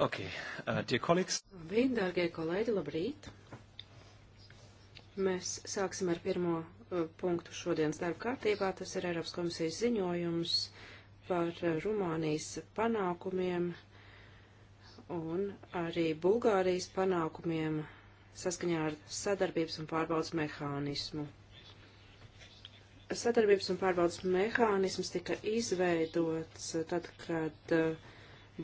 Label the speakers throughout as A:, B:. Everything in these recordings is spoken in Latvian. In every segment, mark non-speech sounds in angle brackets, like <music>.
A: Ok, uh, dear colleagues.
B: Labrīt, dārgie kolēģi, labrīt. Mēs sāksim ar pirmo uh, punktu šodienas darba kārtībā. Tas ir Eiropas komisijas ziņojums par uh, Rumānijas panākumiem un arī Bulgārijas panākumiem saskaņā ar sadarbības un pārbaudas mehānismu. Sadarbības un pārbaudas mehānisms tika izveidots tad, kad uh,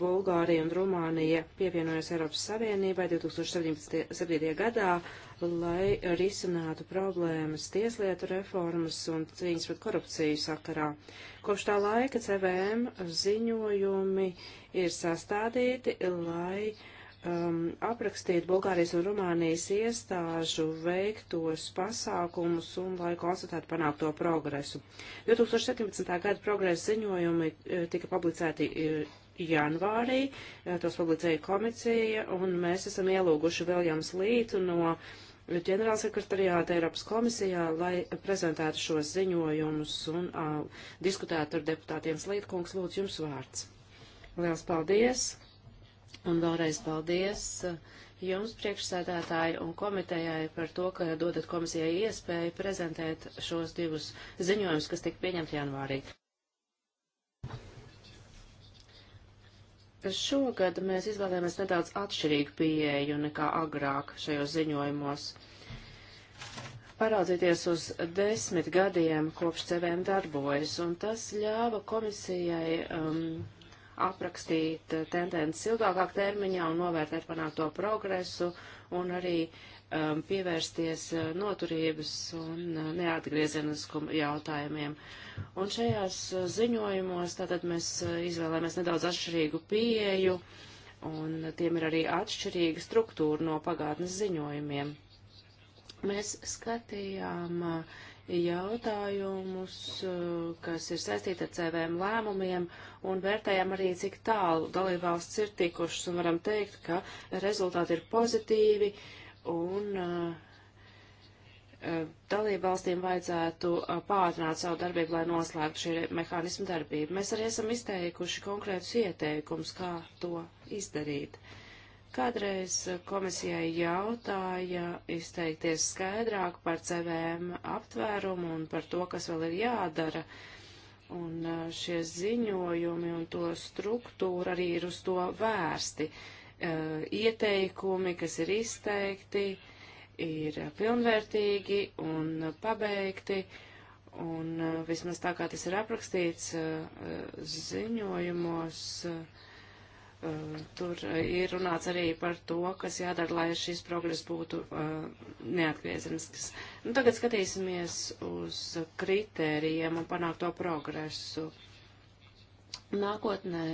B: Bulgārija un Rumānija pievienojas Eiropas Savienībai 2017. gadā, lai risinātu problēmas tieslietu reformas un cīņas pret korupciju sakarā. Kopš tā laika CVM ziņojumi ir sastādīti, lai um, aprakstītu Bulgārijas un Rumānijas iestāžu veiktos pasākumus un lai konstatētu panākto progresu. 2017. gada progresa ziņojumi eh, tika publicēti eh, janvārī, eh, tos publicēja komisija, un mēs esam ielūguši Viljams Lītu no ģenerālsekretariāta Eiropas komisijā, lai prezentētu šos ziņojumus un uh, diskutētu ar deputātiem. Slītkungs, lūdzu, jums vārds. Liels paldies! Un vēlreiz paldies jums, priekšsēdētāji un komitejai, par to, ka dodat komisijai iespēju prezentēt šos divus ziņojumus, kas tika pieņemti janvārī. Šogad mēs izvēlējāmies nedaudz atšķirīgu pieeju nekā agrāk šajos ziņojumos. Paraudzīties uz desmit gadiem kopš CVM darbojas, un tas ļāva komisijai um, aprakstīt tendences ilgākā termiņā un novērtēt panākto progresu un arī uh, um, pievērsties uh, noturības un uh, neatgriezeniskumu jautājumiem. Un šajās uh, ziņojumos tātad mēs uh, izvēlēmies nedaudz atšķirīgu pieeju, un tiem ir arī atšķirīga struktūra no pagātnes ziņojumiem. Mēs skatījām uh, jautājumus, uh, kas ir saistīti ar CVM lēmumiem, un vērtējām arī, cik tālu dalībvalsts ir tikušas, un varam teikt, ka rezultāti ir pozitīvi. Uh, un eh, eh, dalību valstīm vajadzētu eh, pātrināt savu darbību, lai noslēgtu šī mehānismu darbību. Mēs arī esam izteikuši konkrētus ieteikumus, kā to izdarīt. Kādreiz komisijai jautāja izteikties skaidrāk par CVM aptvērumu un par to, kas vēl ir jādara. Un šie ziņojumi un to struktūra arī ir uz to vērsti. Uh, E, ieteikumi, kas ir izteikti, ir pilnvērtīgi un pabeigti. Un e, vismaz tā kā tas ir aprakstīts e, ziņojumos, tur ir runāts arī par to, kas jādara, lai šis progress būtu uh, neatgriezenisks. Nu, tagad skatīsimies uz kritērijiem un panākto progresu. Nākotnē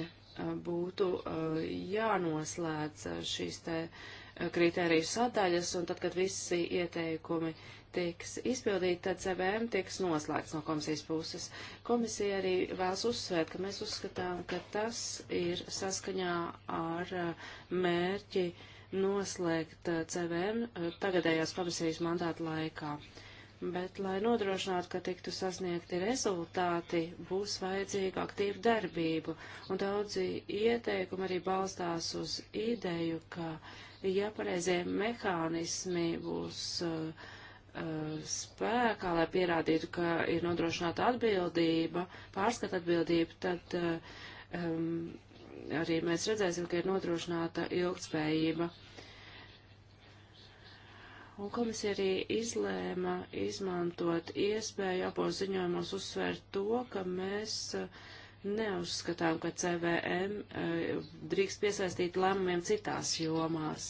B: būtu eh, jānoslēdz šīs te eh, kritēriju sadaļas, un tad, kad visi ieteikumi tiks izpildīti, tad CBM tiks noslēgts no komisijas puses. Komisija arī vēlas uzsvērt, ka mēs uzskatām, ka tas ir saskaņā ar eh, mērķi noslēgt CBM tagadējās komisijas mandāta laikā. Uh, bet, lai nodrošinātu, ka tiktu sasniegti rezultāti, būs vajadzīga aktīva darbība, un daudzi ieteikumi arī balstās uz ideju, ka, ja pareizie mehānismi būs uh, uh spēkā, lai pierādītu, ka ir nodrošināta atbildība, pārskata atbildība, tad uh, um, arī mēs redzēsim, ka ir nodrošināta ilgtspējība. Uh, Un komisija arī izlēma izmantot iespēju abos ziņojumos uzsvērt to, ka mēs eh, neuzskatām, ka CVM eh, drīkst piesaistīt lēmumiem citās jomās.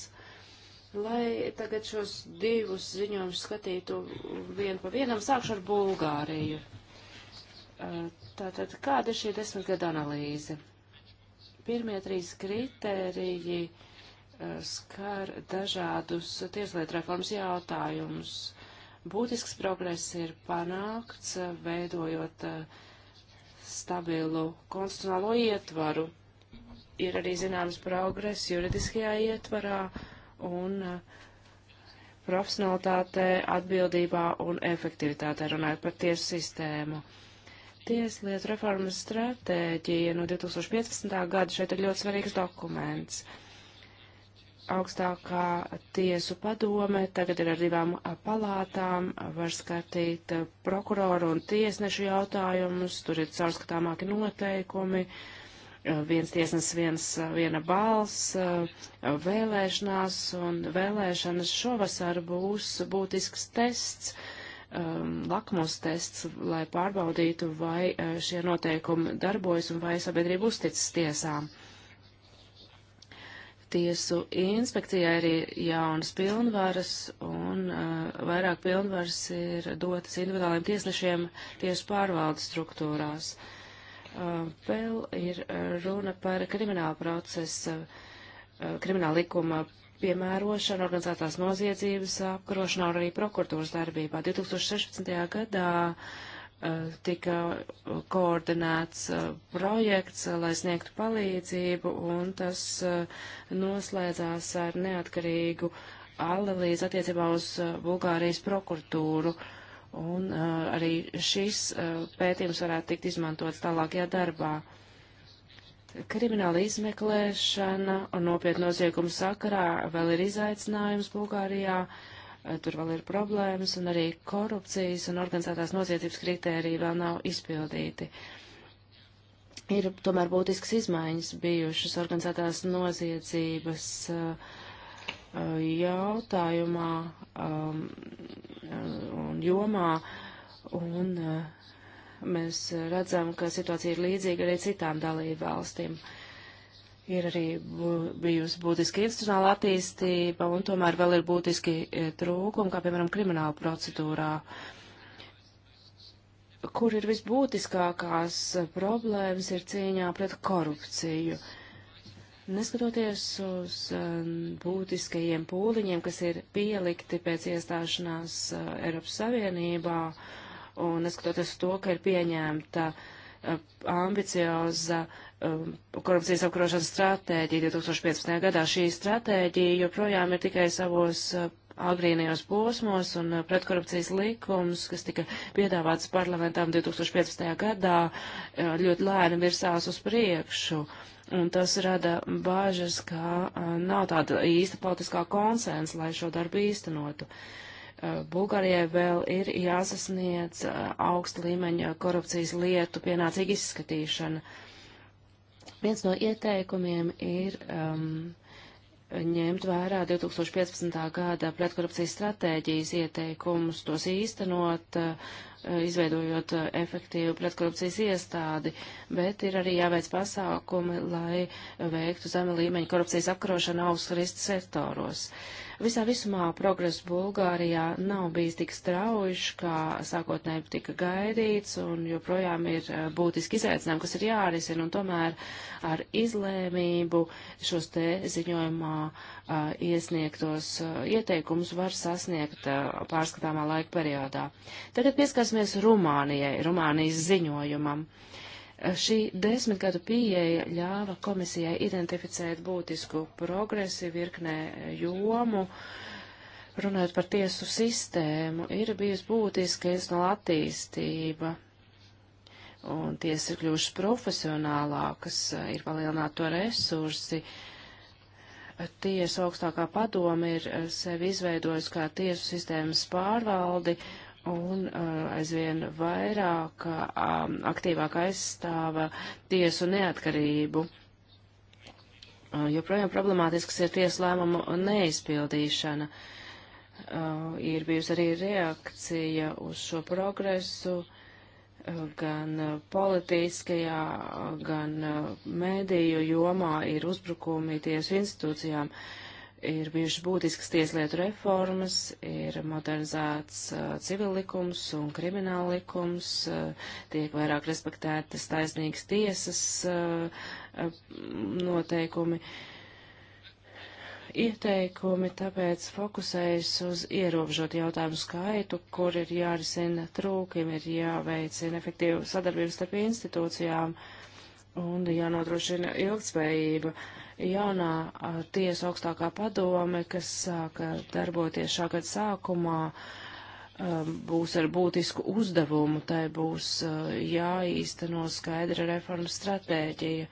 B: Lai tagad šos divus ziņojumus skatītu vienu pa vienam, sākšu ar Bulgāriju. Eh, tātad, kāda ir šī desmitgada analīze? Pirmie trīs kritēriji Eh, skar dažādus tieslietu reformas jautājumus. Būtisks progress ir panākts, eh, veidojot eh, stabilu konstitucionālo ietvaru. Ir arī zināms progress juridiskajā ietvarā un profesionalitātē, atbildībā un efektivitātē runājot par tiesu sistēmu. Tieslietu reformas stratēģija no 2015. gada šeit ir ļoti svarīgs dokuments augstākā tiesu padome tagad ir ar divām palātām, var skatīt prokuroru un tiesnešu jautājumus, tur ir caurskatāmāki noteikumi, viens tiesnes, viens, viena balss, vēlēšanās un vēlēšanas šovasar būs būtisks tests um, lakmus tests, lai pārbaudītu, vai šie noteikumi darbojas un vai sabiedrība uzticas tiesām. Tiesu inspekcijai ir jaunas pilnvaras, un uh, vairāk pilnvaras ir dotas individuāliem tiesnešiem tiesu pārvaldes struktūrās. Uh, vēl ir uh, runa par kriminālu procesu, uh, krimināla likuma piemērošanu, organizētās noziedzības apkarošanā un arī prokuratūras darbībā. 2016. gadā uh, Eh, tika koordinēts eh, projekts, eh, lai sniegtu palīdzību, un tas noslēdzās ar neatkarīgu analīzi attiecībā uz Bulgārijas prokuratūru. Un arī šis pētījums varētu tikt izmantots tālākajā darbā. Krimināla izmeklēšana un nopietnu noziegumu sakarā vēl ir izaicinājums Bulgārijā. Uh, Eh, tur vēl ir problēmas, un arī korupcijas un organizētās noziedzības kritērija vēl nav izpildīti. Ir tomēr būtisks izmaiņas bijušas organizētās noziedzības eh, jautājumā um, eh, un jomā, un mēs redzam, ka situācija ir līdzīga arī citām dalību valstīm. Uh, Ir arī bijusi būtiska institucionāla attīstība, un tomēr vēl ir būtiski e, trūkumi, kā piemēram krimināla procedūrā, kur ir visbūtiskākās problēmas ir cīņā pret korupciju. Neskatoties uz e, būtiskajiem pūliņiem, kas ir pielikti pēc iestāšanās e, Eiropas Savienībā, un neskatoties uz to, ka ir pieņemta ambicioza um, korupcijas apkarošanas stratēģiju 2015. gadā. Šī stratēģija joprojām ir tikai savos uh, agrīnajos posmos un uh, pretkorupcijas likums, kas tika piedāvāts parlamentām 2015. gadā, uh, ļoti lēni virsās uz priekšu. Un tas rada bāžas, ka uh, nav tāda īsta politiskā konsensa, lai šo darbu īstenotu. Uh, Bulgārijai vēl ir jāsasniedz uh, augsta līmeņa korupcijas lietu pienācīga izskatīšana. Uh, Viens no ieteikumiem ir um, ņemt vērā 2015. gada pretkorupcijas stratēģijas ieteikumus, tos īstenot, uh, izveidojot uh, efektīvu pretkorupcijas iestādi, bet ir arī jāveic pasākumi, lai veiktu zema līmeņa korupcijas apkarošanu augstrisks sektoros. Uh, Visā visumā progress Bulgārijā nav bijis tik straujiš, kā sākotnēji tika gaidīts, un joprojām ir eh, būtiski izaicinājumi, kas ir jārisina, un tomēr ar izlēmību šos te ziņojumā a, eh, iesniegtos a, eh, ieteikumus var sasniegt a, pārskatāmā laika periodā. Tagad pieskarsimies Rumānijai, Rumānijas ziņojumam. Uh, Šī desmitgadu pieeja ļāva komisijai identificēt būtisku progresi virknē jomu. Runājot par tiesu sistēmu, ir bijis būtiska iznala attīstība, un tiesas ir kļuvušas profesionālākas, ir palielināti to resursi, tiesa augstākā padome ir sevi izveidojusi kā tiesu sistēmas pārvaldi un uh, aizvien vairāk um, aktīvāk aizstāva tiesu neatkarību. Uh, joprojām problemātisks ir tiesu lēmumu neizpildīšana. Uh, ir bijusi arī reakcija uz šo progresu uh, gan uh, politiskajā, gan uh, mēdīju jomā ir uzbrukumi tiesu institūcijām. Uh, ir bijušas būtiskas tieslietu reformas, ir modernizēts uh, civillikums un krimināllikums, uh, tiek vairāk respektētas taisnīgas tiesas uh, uh, noteikumi, ieteikumi, tāpēc fokusējas uz ierobežot jautājumu skaitu, kur ir jārisina trūkumi, ir jāveicina efektīva sadarbības starp institūcijām un jānodrošina ilgspējība. Uh, jaunā tiesa augstākā padome, kas sāka darboties šā gada sākumā, būs ar būtisku uzdevumu. Tai būs jāīsteno skaidra reformas stratēģija.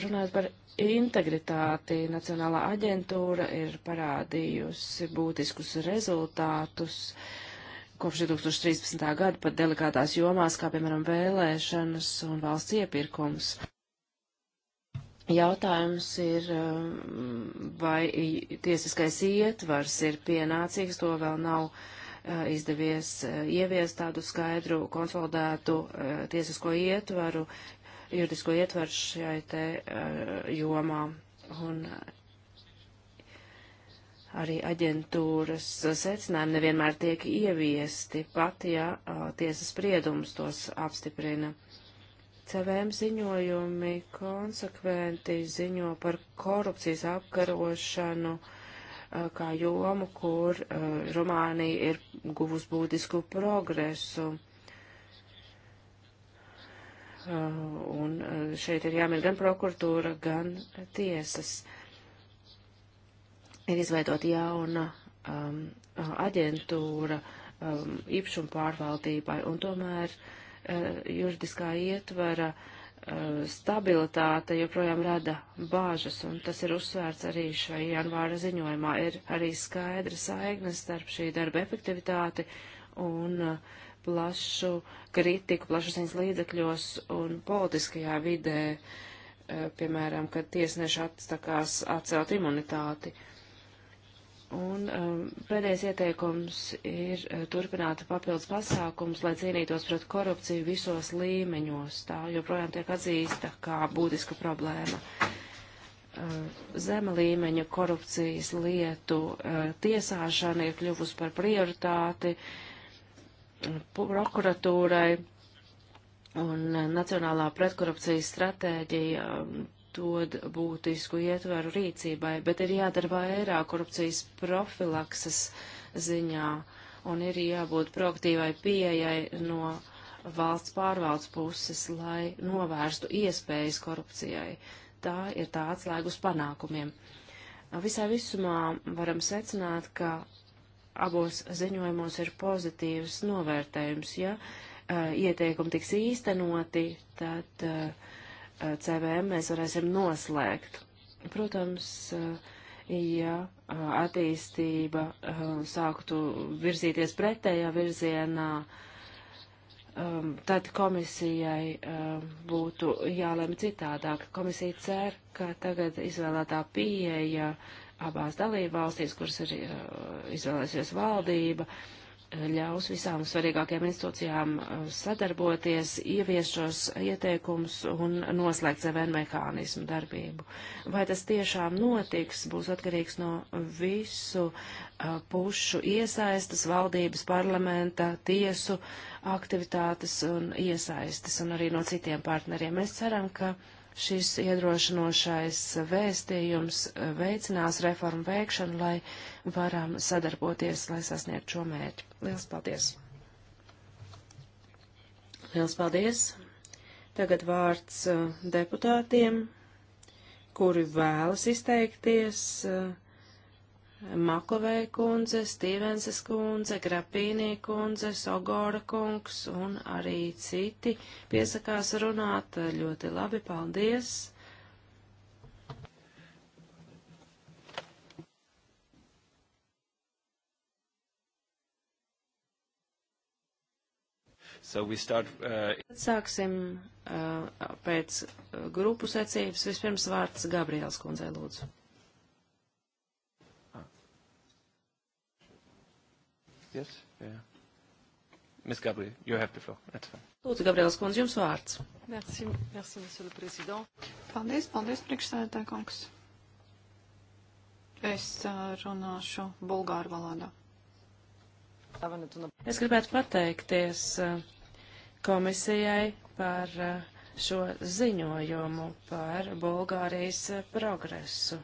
B: Runājot par integritāti, Nacionālā aģentūra ir parādījusi būtiskus rezultātus kopš 2013. gada pat delikātās jomās, kā piemēram vēlēšanas un valsts iepirkums. Jautājums ir, um, vai tiesiskais ietvars ir pienācīgs, to vēl nav uh, izdevies uh, ieviest tādu skaidru, konsolidētu uh, tiesisko ietvaru, juridisko ietvaru šai te jomā. Un arī aģentūras secinājumi nevienmēr tiek ieviesti, pat ja tiesas spriedums tos apstiprina. CVM ziņojumi konsekventi ziņo par korupcijas apkarošanu eh, kā jomu, kur eh, Rumānija ir guvusi būtisku progresu. Eh, un šeit ir jāmin gan prokuratūra, gan tiesas. Ir izveidota jauna um, aģentūra um, īpašuma pārvaldībai, un tomēr uh, E, juridiskā ietvara e, stabilitāte joprojām rada bāžas, un tas ir uzsvērts arī šai janvāra ziņojumā. Ir arī skaidra saigna starp šī darba efektivitāti un e, plašu kritiku plašsaziņas līdzekļos un politiskajā vidē, piemēram, kad tiesneši atstakās atcelt imunitāti. Uh, Un um, pēdējais ieteikums ir uh, turpināt papildus pasākums, lai cīnītos pret korupciju visos līmeņos. Tā joprojām tiek atzīsta kā būtiska problēma. Uh, zema līmeņa korupcijas lietu uh, tiesāšana ir kļuvusi par prioritāti uh, prokuratūrai, un uh, Nacionālā pretkorupcijas stratēģija um, dod būtisku ietveru rīcībai, bet ir jādara vairāk korupcijas profilakses ziņā un ir jābūt proaktīvai pieejai no valsts pārvaldes puses, lai novērstu iespējas korupcijai. Tā ir tā atslēgus panākumiem. Visā visumā varam secināt, ka abos ziņojumos ir pozitīvs novērtējums. Ja uh, ieteikumi tiks īstenoti, tad uh, CVM mēs varēsim noslēgt. Protams, ja attīstība sāktu virzīties pretējā virzienā, um, tad komisijai um, būtu jālem citādāk. Komisija cer, ka tagad izvēlētā pieeja abās dalībvalstīs, kuras ir uh, izvēlēsies valdība, ļaus visām svarīgākajām institūcijām uh, sadarboties, ieviest šos ieteikumus un noslēgt CVN mehānismu darbību. Vai tas tiešām notiks, būs atkarīgs no visu uh, pušu iesaistas, valdības, parlamenta, tiesu aktivitātes un iesaistas un arī no citiem partneriem. Mēs ceram, ka uh, Šis iedrošinošais vēstījums veicinās reformu veikšanu, lai varam sadarboties, lai sasniegtu šo mērķi. Lielas paldies! Lielas paldies! Tagad vārds eh, deputātiem, kuri vēlas izteikties. Uh, Makovei kundze, Stīvenses kundze, Grapīnī kundze, Sogora kungs un arī citi piesakās runāt. Ļoti labi, paldies!
A: So start, uh...
B: Sāksim uh, pēc grupu secības. Vispirms vārds Gabriels kundzei lūdzu.
A: yes? Yeah. Ms. Gabriel, you have the floor. That's fine. Lūdzu, Gabriels kundze,
B: jums vārds.
C: Merci, merci, monsieur le président.
D: Paldies, paldies, priekšsēdētāj kungs. Es uh, runāšu bulgāru valodā.
B: Es gribētu pateikties uh, komisijai par uh, šo ziņojumu par Bulgārijas progresu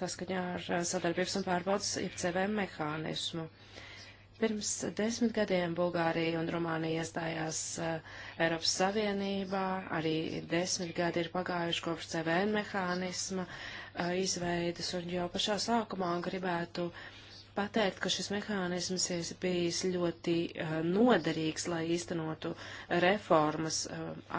B: saskaņā ar eh, sadarbības un pārbaudas IPCVM mehānismu. Pirms desmit gadiem Bulgārija un Rumānija iestājās uh, Eiropas Savienībā, arī desmit gadi ir pagājuši kopš CVN mehānisma uh, izveidas, un jau pašā sākumā gribētu pateikt, ka šis mehānisms ir bijis ļoti uh, noderīgs, lai īstenotu reformas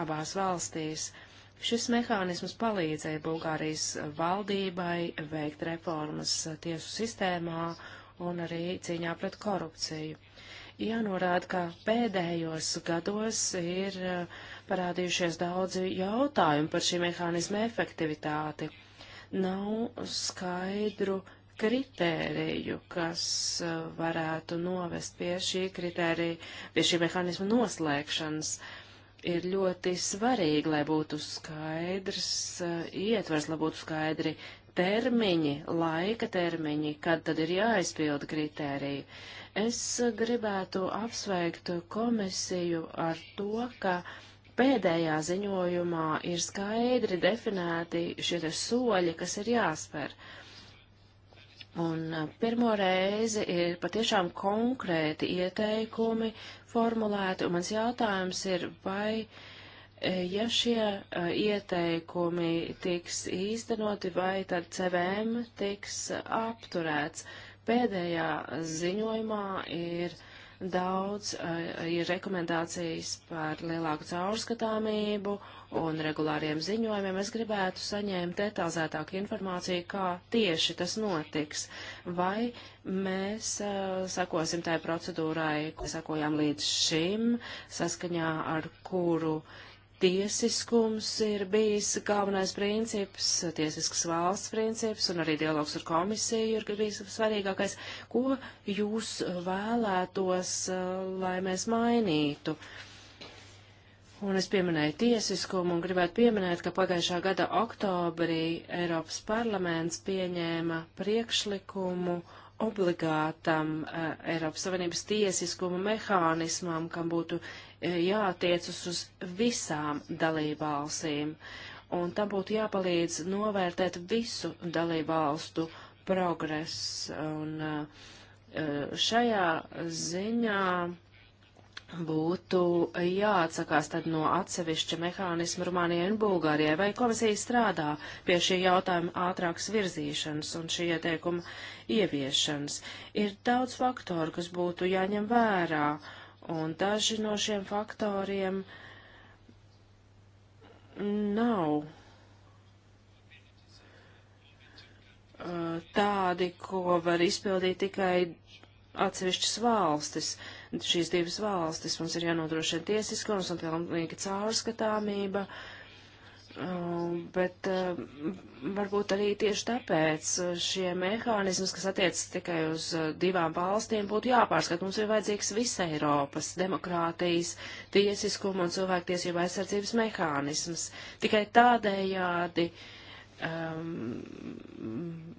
B: abās valstīs. Uh, Šis mehānisms palīdzēja Bulgārijas valdībai veikt reformas tiesu sistēmā un arī cīņā pret korupciju. Jānorāda, ka pēdējos gados ir uh, parādījušies daudzi jautājumi par šī mehānisma efektivitāti. Nav skaidru kritēriju, kas uh, varētu novest pie šī kritērija, pie šī mehānisma noslēgšanas. Uh, ir ļoti svarīgi, lai būtu skaidrs uh, ietvers, lai būtu skaidri termiņi, laika termiņi, kad tad ir jāizpilda kritēriju. Es gribētu apsveikt komisiju ar to, ka pēdējā ziņojumā ir skaidri definēti šie soļi, kas ir jāspēr. Uh, Un pirmo reizi ir patiešām konkrēti ieteikumi formulēti, un mans jautājums ir, vai, ja šie ieteikumi tiks īstenoti, vai tad CVM tiks apturēts. Pēdējā ziņojumā ir daudz, ir rekomendācijas par lielāku caurskatāmību un regulāriem ziņojumiem, es gribētu saņēmt detalizētāku informāciju, kā tieši tas notiks. Vai mēs uh, sakosim tai procedūrai, ko sakojām līdz šim, saskaņā ar kuru tiesiskums ir bijis galvenais princips, tiesisks valsts princips un arī dialogs ar komisiju ir bijis svarīgākais. Ko jūs vēlētos, uh, lai mēs mainītu? Uh, Un es pieminēju tiesiskumu un gribētu pieminēt, ka pagājušā gada oktobrī Eiropas parlaments pieņēma priekšlikumu obligātam uh, Eiropas Savienības tiesiskuma mehānismam, kam būtu uh, jātiecas uz visām dalībvalstīm. Un tam būtu jāpalīdz novērtēt visu dalībvalstu progresu. Un uh, šajā ziņā būtu jāatsakās tad no atsevišķa mehānisma Rumānijai un Bulgārijai, vai komisija strādā pie šī jautājuma ātrākas virzīšanas un šī ieteikuma ieviešanas. Ir daudz faktoru, kas būtu jāņem vērā, un daži no šiem faktoriem nav uh, tādi, ko var izpildīt tikai atsevišķas valstis. Uh, šīs divas valstis. Mums ir jānodrošina tiesiskums un pilnīga caurskatāmība. Um, bet um, varbūt arī tieši tāpēc uh, šie mehānismi, kas attiecas tikai uz uh, divām valstīm, būtu jāpārskat. Mums ir vajadzīgs visa Eiropas demokrātijas, tiesiskuma un cilvēktiesība aizsardzības mehānisms. Tikai tādējādi uh, um,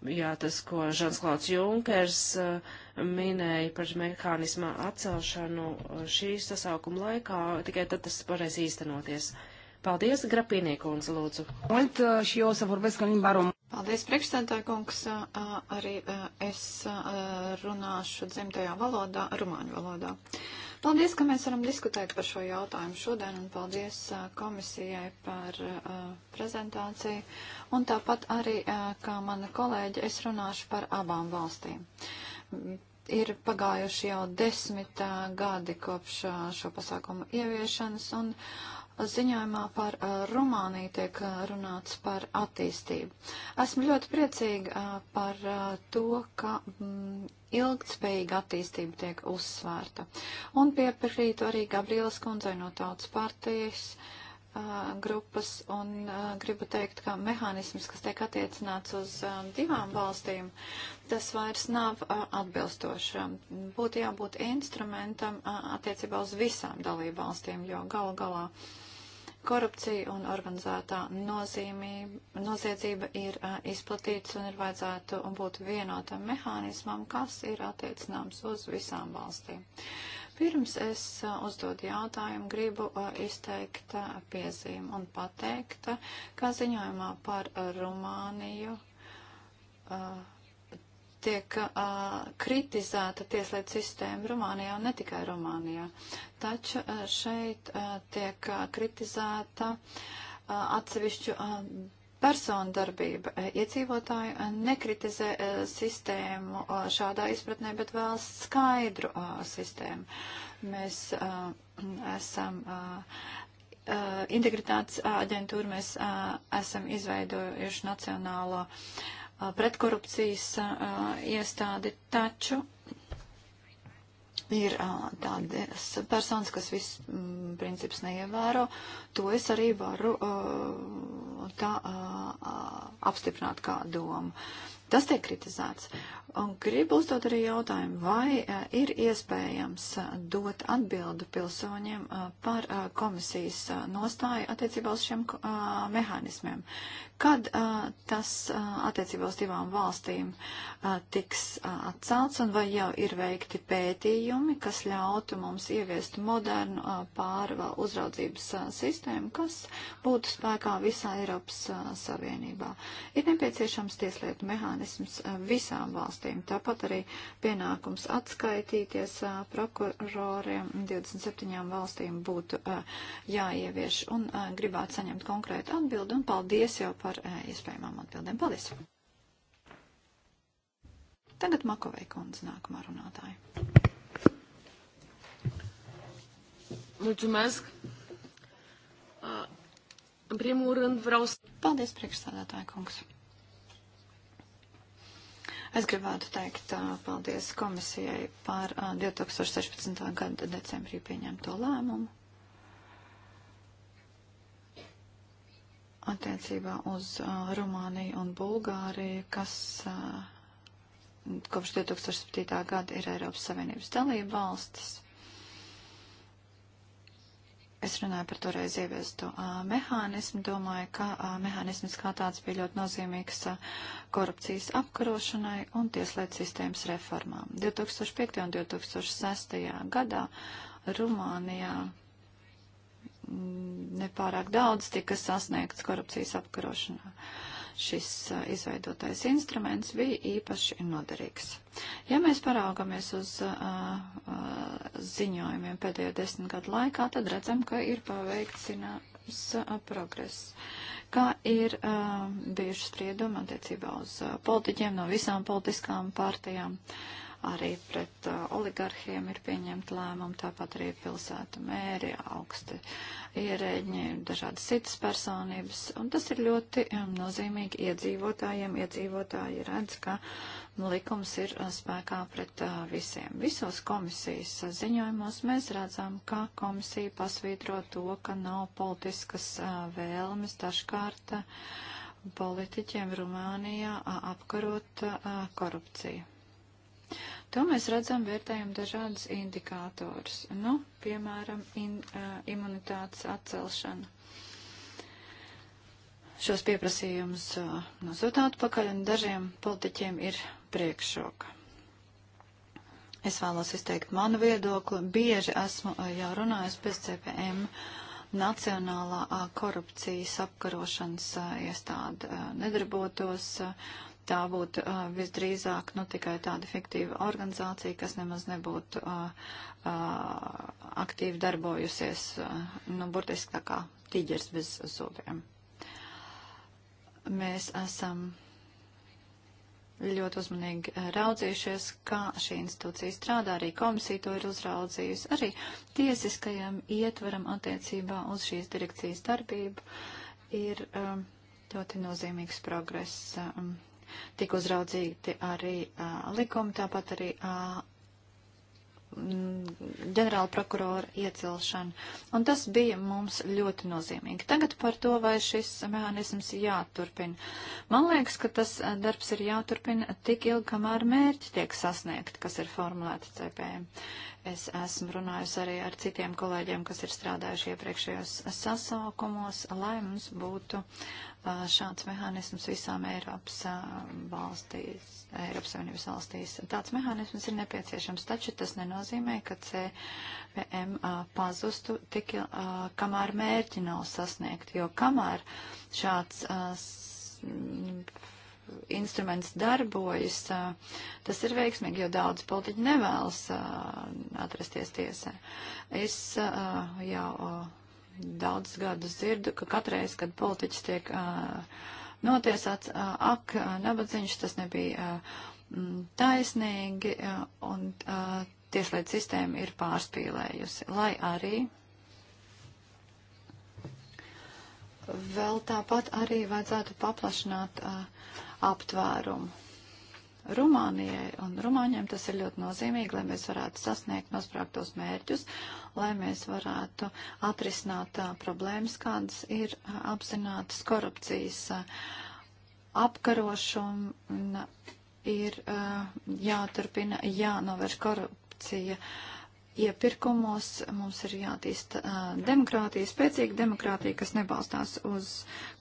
B: jā, tas, ko Žansklāts Junkers uh, minēja par mehānismu atcelšanu uh, šīs sasaukuma laikā, tikai tad tas varēs īstenoties. Paldies, Grapīniekundze, lūdzu.
D: Uh, Paldies, priekšstādāja kungs. Uh, arī es runāšu dzimtajā valodā, rumāņu valodā. Uh, Paldies, ka mēs varam diskutēt par šo jautājumu šodien, un paldies komisijai par prezentāciju. Un tāpat arī, kā mana kolēģa, es runāšu par abām valstīm ir pagājuši jau desmit gadi kopš šo pasākumu ieviešanas, un ziņojumā par Rumāniju tiek runāts par attīstību. Esmu ļoti priecīga par to, ka ilgtspējīga attīstība tiek uzsvērta. Un pieprītu arī Gabrielas kundzei no tautas partijas uh, grupas un uh, gribu teikt, ka mehānisms, kas tiek attiecināts uz uh, divām valstīm, tas vairs nav atbilstošs. Būtu jābūt instrumentam attiecībā uz visām dalību valstīm, jo galu galā. galā Korupcija un organizētā nozīmība, noziedzība ir uh, izplatīts un ir vajadzētu būt vienotam mehānismam, kas ir attiecināms uz visām valstīm. Pirms es uh, uzdodu jautājumu, gribu uh, izteikt uh, piezīmu un pateikt, uh, ka ziņojumā par uh, Rumāniju. Uh, tiek uh, kritizēta tieslietu sistēma Rumānijā un ne tikai Rumānijā. Taču uh, šeit uh, tiek uh, kritizēta uh, atsevišķu uh, personu darbība. Iedzīvotāji uh, nekritizē uh, sistēmu uh, šādā izpratnē, bet vēl skaidru uh, sistēmu. Mēs uh, esam. Uh, Integritātes aģentūru mēs a, esam izveidojuši nacionālo uh, pretkorupcijas iestādi, taču ir tādas personas, kas viss mm, princips neievēro. To es arī varu tā apstiprināt kā domu. Tas tiek kritizēts. Un gribu uzdot arī jautājumu, vai a, ir iespējams a, dot atbildu pilsoņiem a, par komisijas nostāju attiecībā uz šiem mehānismiem kad uh, tas uh, attiecībā uz divām valstīm uh, tiks uh, atcelts un vai jau ir veikti pētījumi, kas ļautu mums ieviest modernu uh, pārva uzraudzības uh, sistēmu, kas būtu spēkā visā Eiropas uh, Savienībā. Ir nepieciešams tieslietu mehānisms uh, visām valstīm, tāpat arī pienākums atskaitīties uh, prokuroriem 27 valstīm būtu uh, jāievieš un uh, gribētu saņemt konkrētu atbildi un paldies jau par par eh, iespējamām atbildēm. Paldies! Tagad Makovei kundze nākamā runātāja. Mulțumesc! În primul rând vreau să... Paldies, priekšstādātāja kungs! Es gribētu teikt paldies komisijai par 2016. gada decembrī pieņemto lēmumu. attiecībā uz uh, Rumāniju un Bulgāriju, kas uh, kopš 2007. gada ir Eiropas Savienības dalība valstis. Es runāju par toreiz ieviesto uh, mehānismu, domāju, ka uh, mehānisms kā tāds bija ļoti nozīmīgs uh, korupcijas apkarošanai un tieslietu sistēmas reformām. 2005. un 2006. gadā Rumānijā Mm, nepārāk daudz tika sasniegts korupcijas apkarošanā. Šis uh, izveidotais instruments bija īpaši noderīgs. Ja mēs paraugamies uz uh, uh, ziņojumiem pēdējo desmit gadu laikā, tad redzam, ka ir paveikts zināms uh, progress. Kā ir uh, bijuši spriedumi attiecībā uz uh, politiķiem no visām politiskām partijām? Uh, Arī pret uh, oligarhiem ir pieņemta lēmuma, tāpat arī pilsētu mēri, augsti ierēģi, dažādas citas personības. Un tas ir ļoti um, nozīmīgi iedzīvotājiem. Iedzīvotāji redz, ka likums ir uh, spēkā pret uh, visiem. Visos komisijas ziņojumos mēs redzam, ka komisija pasvītro to, ka nav politiskas uh, vēlmes dažkārt. Uh, politiķiem Rumānijā uh, apkarot uh, korupciju. To mēs redzam, vērtējam dažādas indikātors, nu, piemēram, in, uh, imunitātes atcelšana. Šos pieprasījumus uh, nosūtāt pakaļ un dažiem politiķiem ir priekšroka. Es vēlos izteikt manu viedokli. Bieži esmu uh, jau runājis pēc CPM Nacionālā uh, korupcijas apkarošanas uh, iestāde uh, nedarbotos. Uh, tā būtu uh, visdrīzāk nu, tikai tāda fiktīva organizācija, kas nemaz nebūtu uh, uh, aktīvi darbojusies, uh, nu, burtiski tā kā tīģers bez zobiem. Mēs esam ļoti uzmanīgi raudzījušies, kā šī institūcija strādā, arī komisija to ir uzraudzījusi, arī tiesiskajam ietvaram attiecībā uz šīs direkcijas darbību ir um, ļoti nozīmīgs progress. Um, Tik uzraudzīti arī uh, likumi, tāpat arī uh, ģenerāla prokurora iecelšana. Un tas bija mums ļoti nozīmīgi. Tagad par to, vai šis mehānisms jāturpina. Man liekas, ka tas darbs ir jāturpina tik ilgi, kamēr mērķi tiek sasniegti, kas ir formulēti CPM. Es esmu runājusi arī ar citiem kolēģiem, kas ir strādājuši iepriekšējos sasaukumos, lai mums būtu šāds mehānisms visām Eiropas valstīs, Eiropas Savienības valstīs. Tāds mehānisms ir nepieciešams, taču tas nenozīmē, ka CVM pazustu tik, kamēr mērķi nav sasniegti, jo kamēr šāds instruments darbojas, tas ir veiksmīgi, jo daudz politiķi nevēlas atrasties tiesē. Es jau daudz gadus dzirdu, ka katreiz, kad politiķis tiek notiesāts, ak, nabadziņš, tas nebija taisnīgi, un tieslietu sistēma ir pārspīlējusi, lai arī vēl tāpat arī vajadzētu paplašināt uh, aptvērumu. Rumānijai un Rumāņiem tas ir ļoti nozīmīgi, lai mēs varētu sasniegt nosprāktos mērķus, lai mēs varētu atrisināt a, problēmas, kādas ir a, apzinātas korupcijas a, apkarošana, ir jāturpina, jānovērš korupcija. Uh, iepirkumos mums ir jātīst uh, demokrātija, spēcīga demokrātija, kas nebalstās uz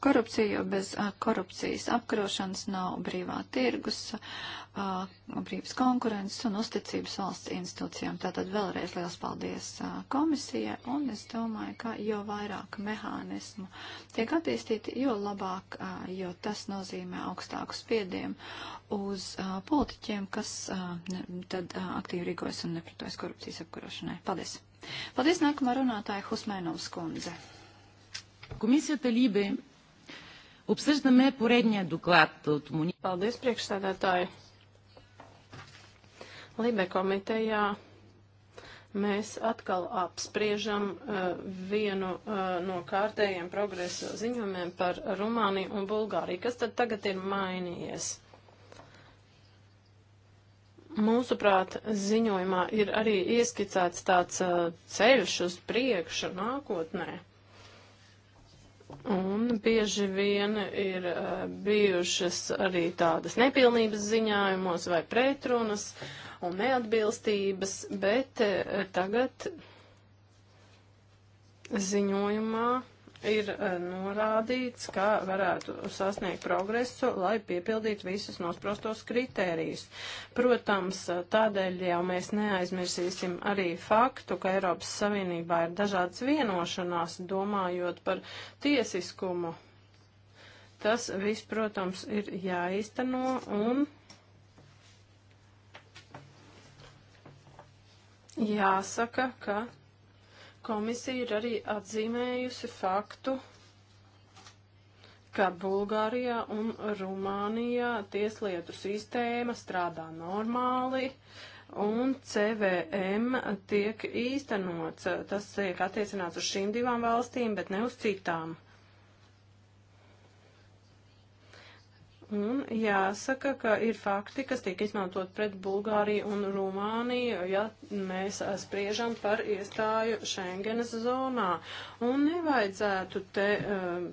D: korupciju, jo bez uh, korupcijas apkarošanas nav brīvā tirgus, uh, brīvas konkurences un uzticības valsts institūcijām. Tātad vēlreiz liels paldies uh, komisijai, un es domāju, ka jo vairāk mehānismu tiek attīstīti, jo labāk, uh, jo tas nozīmē augstāku spiedienu uz uh, politiķiem, kas uh, tad uh, aktīvi rīkojas un nepratojas korupcijas apkarošanai. Paldies! Paldies nākamā runātāja Хусменов Скунзе. Комисията Либе обсъждаме
B: поредния доклад от Муни. Paldies, priekšsēdētāji.
C: Libe komitejā mēs atkal apspriežam uh, vienu uh, no kārtējiem progresa ziņojumiem par Rumāniju un Bulgāriju. Kas tad tagad ir mainījies? Mūsuprāt, ziņojumā ir arī ieskicēts tāds uh, ceļš uz priekšu nākotnē. Un bieži vien ir uh, bijušas arī tādas nepilnības ziņājumos vai pretrunas. Uh, un neatbilstības, bet eh, tagad ziņojumā ir eh, norādīts, kā varētu sasniegt progresu, lai piepildītu visus nosprostos kritērijus. Protams, eh, tādēļ jau mēs neaizmirsīsim arī faktu, ka Eiropas Savienībā ir dažādas vienošanās, domājot par tiesiskumu. Tas viss, protams, ir jāīsteno un Jāsaka, ka komisija ir arī atzīmējusi faktu, ka Bulgārijā un Rumānijā tieslietu sistēma strādā normāli un CVM tiek īstenots. Tas tiek attiecināts uz šīm divām valstīm, bet ne uz citām. Un jāsaka, ka ir fakti, kas tiek izmantot pret Bulgāriju un Rumāniju, ja mēs spriežam par iestāju Schengenas zonā. Un nevajadzētu te. Uh,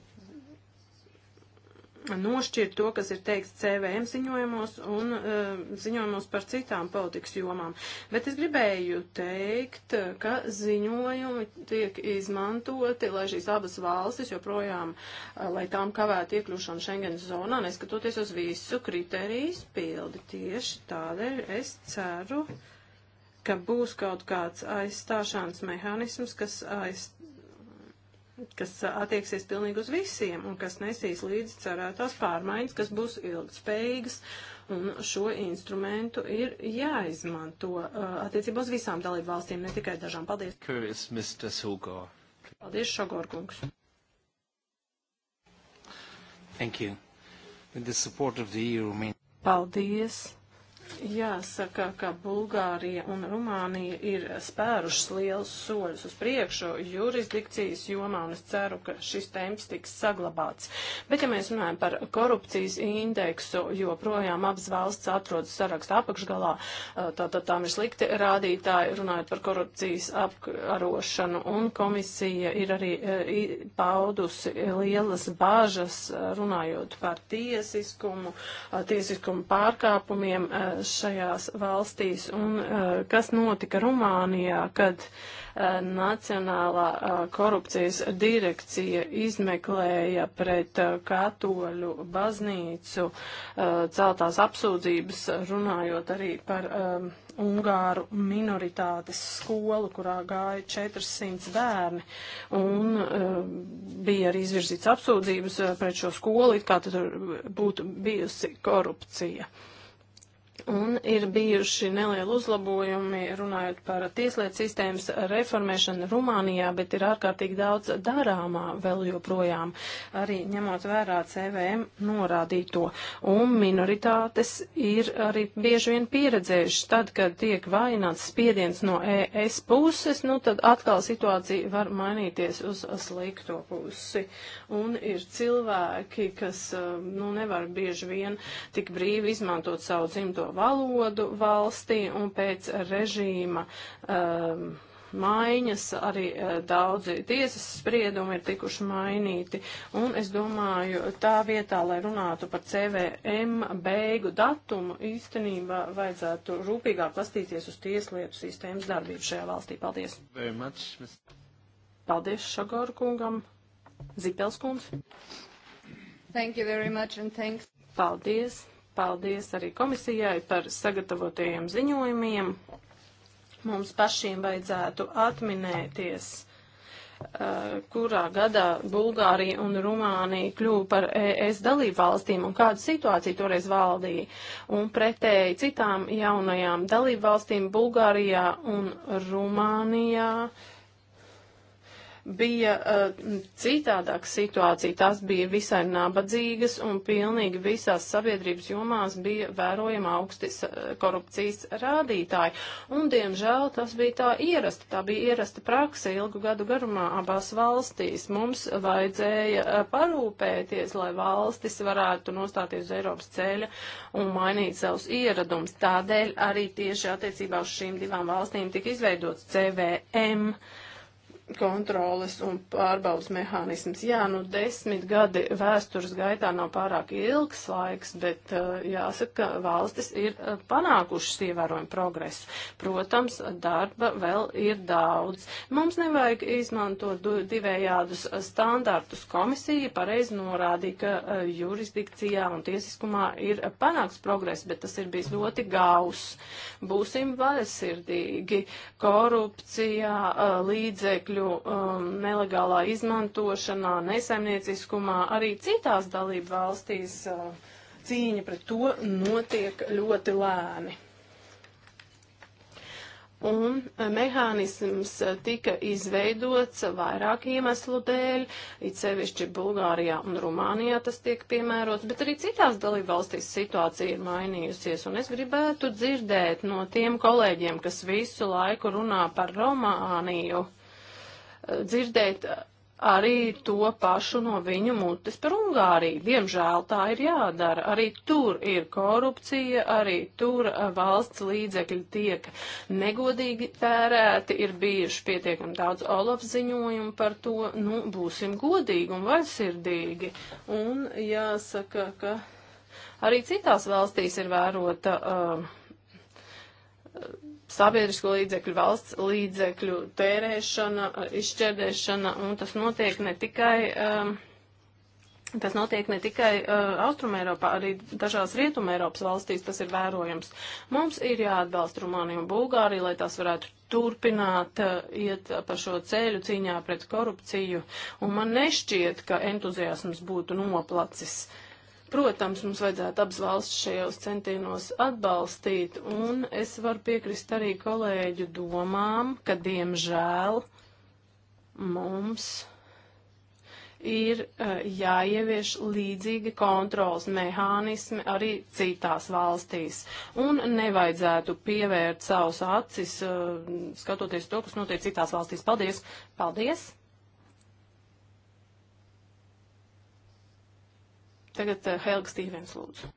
C: nošķirt to, kas ir teikts CVM ziņojumos un uh, ziņojumos par citām politikas jomām. Bet es gribēju teikt, ka ziņojumi tiek izmantoti, lai šīs abas valstis joprojām, uh, lai tām kavētu iekļūšanu Schengen zonā, neskatoties uz visu kriteriju izpildi. Tieši tādēļ es ceru, ka būs kaut kāds aizstāšanas mehānisms, kas aizstāšanas kas attieksies pilnīgi uz visiem un kas nesīs līdzi cerētās pārmaiņas, kas būs ilgspējīgas. Un šo instrumentu ir jāizmanto attiecībā uz visām dalību valstīm, ne tikai dažām. Paldies.
A: Kuris, Mr. Sugo.
C: Paldies, Šogorkungs.
A: Thank you.
B: With the support of the EU, mean... Paldies
C: Jāsaka, ka Bulgārija un Rumānija ir spērušas liels soļus uz priekšu jurisdikcijas jomā, un es ceru, ka šis temps tiks saglabāts. Bet, ja mēs runājam par korupcijas indeksu, joprojām abas valsts atrodas saraksta apakšgalā, tātad tā, tām ir slikti rādītāji, runājot par korupcijas apkarošanu, un komisija ir arī paudusi lielas bāžas, runājot par tiesiskumu, tiesiskumu pārkāpumiem šajās valstīs un uh, kas notika Rumānijā, kad uh, Nacionālā uh, korupcijas direkcija izmeklēja pret katoļu baznīcu celtās apsūdzības, runājot arī par um, Ungāru minoritātes skolu, kurā gāja 400 bērni, un uh, bija arī izvirzīts apsūdzības pret šo skolu, it kā tur būtu bijusi korupcija. Uh, Un ir bijuši nelieli uzlabojumi, runājot par tieslietu sistēmas reformēšanu Rumānijā, bet ir ārkārtīgi daudz darāmā vēl joprojām, arī ņemot vērā CVM norādīto. Un minoritātes ir arī bieži vien pieredzējušas tad, kad tiek vaināts spiediens no ES puses, nu tad atkal situācija var mainīties uz slikto pusi. Un ir cilvēki, kas, um, nu, nevar bieži vien tik brīvi izmantot savu dzimto oficiālo valodu valstī un pēc režīma. Um, maiņas, arī uh, daudzi tiesas spriedumi ir tikuši mainīti. Un es domāju, tā vietā, lai runātu par CVM beigu datumu, īstenībā vajadzētu rūpīgāk pastīties uz tieslietu sistēmas darbību šajā valstī. Paldies! Much, Paldies Šagoru kungam! Zipels kungs!
B: Thank you very much and thanks!
C: Paldies! Paldies arī komisijai par sagatavotajiem ziņojumiem. Mums pašiem vajadzētu atminēties, eh, kurā gadā Bulgārija un Rumānija kļuva par ES dalību valstīm un kādu situāciju toreiz valdīja. Un pretēji citām jaunajām dalību valstīm Bulgārijā un Rumānijā uh, bija uh, citādāka situācija. Tās bija visai nabadzīgas un pilnīgi visās sabiedrības jomās bija vērojama augsti eh, korupcijas rādītāji. Un, diemžēl, tas bija tā ierasta. Tā bija ierasta praksa ilgu gadu garumā abās valstīs. Mums vajadzēja eh, parūpēties, lai valstis varētu nostāties uz Eiropas ceļa un mainīt savus ieradumus. Tādēļ arī tieši attiecībā uz šīm divām valstīm tika izveidots CVM. Uh, kontroles un pārbaudas mehānisms. Jā, nu desmit gadi vēstures gaitā nav pārāk ilgs laiks, bet uh, jāsaka, ka valstis ir uh, panākušas ievērojumu progresu. Protams, darba vēl ir daudz. Mums nevajag izmantot divējādus standartus. Komisija pareizi norādīja, ka uh, jurisdikcijā un tiesiskumā ir panāks progress, bet tas ir bijis ļoti gaus. Būsim vaļasirdīgi korupcijā, līdzekļu produktu um, nelegālā izmantošanā, nesaimnieciskumā, arī citās dalību valstīs uh, cīņa pret to notiek ļoti lēni. Un uh, mehānisms uh, tika izveidots vairāk iemeslu dēļ, it sevišķi Bulgārijā un Rumānijā tas tiek piemērots, bet arī citās dalībvalstīs situācija ir mainījusies. Un es gribētu dzirdēt no tiem kolēģiem, kas visu laiku runā par Romāniju. Uh, dzirdēt arī to pašu no viņu mutes par Ungāriju. Diemžēl tā ir jādara. Arī tur ir korupcija, arī tur uh, valsts līdzekļi tiek negodīgi tērēti, ir bijuši pietiekam daudz Olaf ziņojumu par to. Nu, būsim godīgi un vaisirdīgi. Un jāsaka, ka arī citās valstīs ir vērota. Uh, sabiedrisko līdzekļu, valsts līdzekļu tērēšana, eh, izšķērdēšana, un tas notiek ne tikai. Um, Tas notiek ne tikai uh, Austrumēropā, arī dažās Rietumēropas valstīs tas ir vērojams. Mums ir jāatbalsta Rumānija un Bulgārija, lai tās varētu turpināt uh, iet pa šo ceļu cīņā pret korupciju. Un man nešķiet, ka entuziasms būtu noplacis. Uh, Protams, mums vajadzētu abas valsts šajos centienos atbalstīt, un es varu piekrist arī kolēģu domām, ka diemžēl mums ir eh, jāievieš līdzīgi kontrols mehānismi arī citās valstīs. Un nevajadzētu pievērt savus acis, eh, skatoties to, kas notiek citās valstīs. Paldies! Paldies! Tagad uh, Helga Stīvens lūdzu.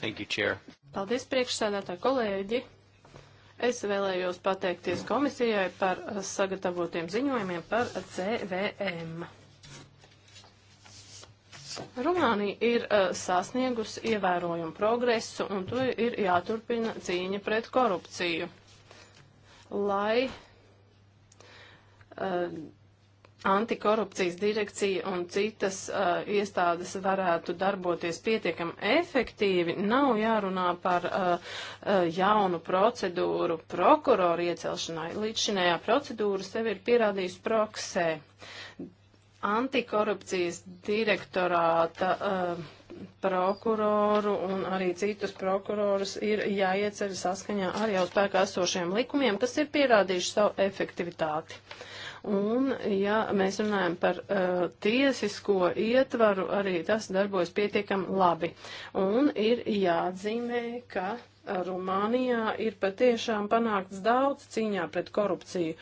C: Thank you, Chair. Paldies priekšsēdētā kolēģi. Es vēlējos pateikties komisijai par eh, sagatavotiem ziņojumiem par CVM. Rumānija ir uh, sasniegusi ievērojumu progresu, un to ir jāturpina cīņa pret korupciju, lai uh, antikorupcijas direkcija un citas uh, iestādes varētu darboties pietiekami efektīvi, nav jārunā par uh, uh, jaunu procedūru prokuroru iecelšanai. Līdzšinējā procedūra sevi ir pierādījusi proksē. Antikorupcijas direktorāta uh, prokuroru un arī citus prokurorus ir jāieceļ saskaņā ar jau spēkā esošiem likumiem, kas ir pierādījuši savu efektivitāti. Uh, Un, ja mēs runājam par uh, tiesisko ietvaru, arī tas darbojas pietiekami labi. Un ir jāatzīmē, ka. Uh, Rumānijā ir patiešām panākts daudz cīņā pret korupciju,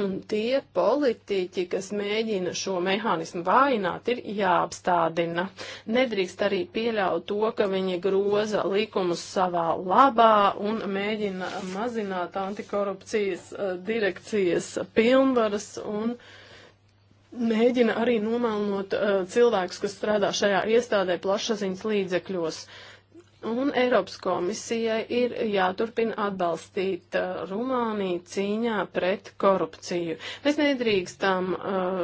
C: un tie politiķi, kas mēģina šo mehānismu vājināt, ir jāapstādina. Nedrīkst arī pieļaut to, ka viņi groza likumus savā labā un mēģina mazināt antikorupcijas eh, direkcijas pilnvaras un mēģina arī nomelnot eh, cilvēkus, kas strādā šajā iestādē plašsaziņas līdzekļos. Uh, Un Eiropas komisijai ir jāturpina atbalstīt uh, Rumāniju cīņā pret korupciju. Mēs nedrīkstam uh,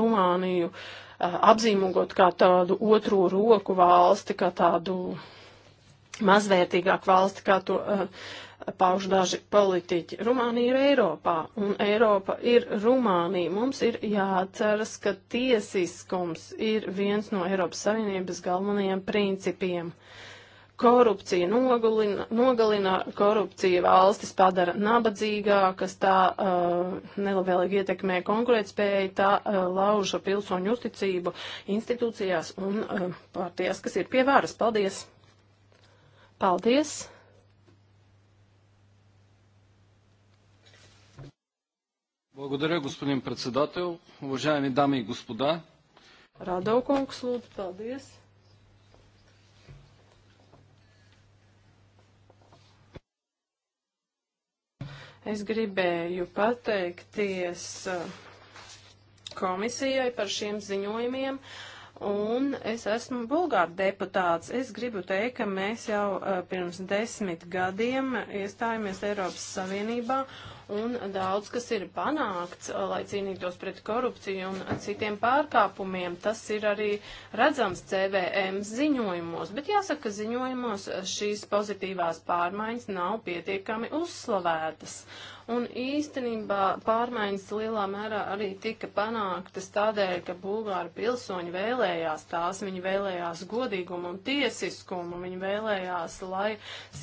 C: Rumāniju uh, apzīmogot kā tādu otro roku valsti, kā tādu mazvērtīgāku valsti, kā to uh, pauž daži politiķi. Rumānija ir Eiropā, un Eiropa ir Rumānija. Mums ir jāatceras, ka tiesiskums ir viens no Eiropas Savienības galvenajiem principiem. Uh, Korupcija nogalina, nogalina korupcija valstis padara nabadzīgākas, tā uh, nelabvēlīgi ietekmē konkurētspēju, tā uh, lauža pilsoņu uzticību institūcijās un uh, pārties, kas ir pie varas. Paldies! Paldies!
B: Благодаря, господин председател. Уважаеми дами и господа.
C: Радо Конкс, луд, пълдес. Es gribēju pateikties eh, komisijai par šiem ziņojumiem. Un es esmu bulgāra deputāts. Es gribu teikt, ka mēs jau eh, pirms desmit gadiem iestājāmies Eiropas Savienībā un daudz, kas ir panākts, uh, lai cīnītos pret korupciju un citiem pārkāpumiem. Tas ir arī redzams CVM ziņojumos, bet jāsaka, ka ziņojumos šīs pozitīvās pārmaiņas nav pietiekami uzslavētas. Un īstenībā pārmaiņas lielā mērā arī tika panāktas tādēļ, ka bulgāri pilsoņi vēlējās tās, viņi vēlējās godīgumu un tiesiskumu, viņi vēlējās, lai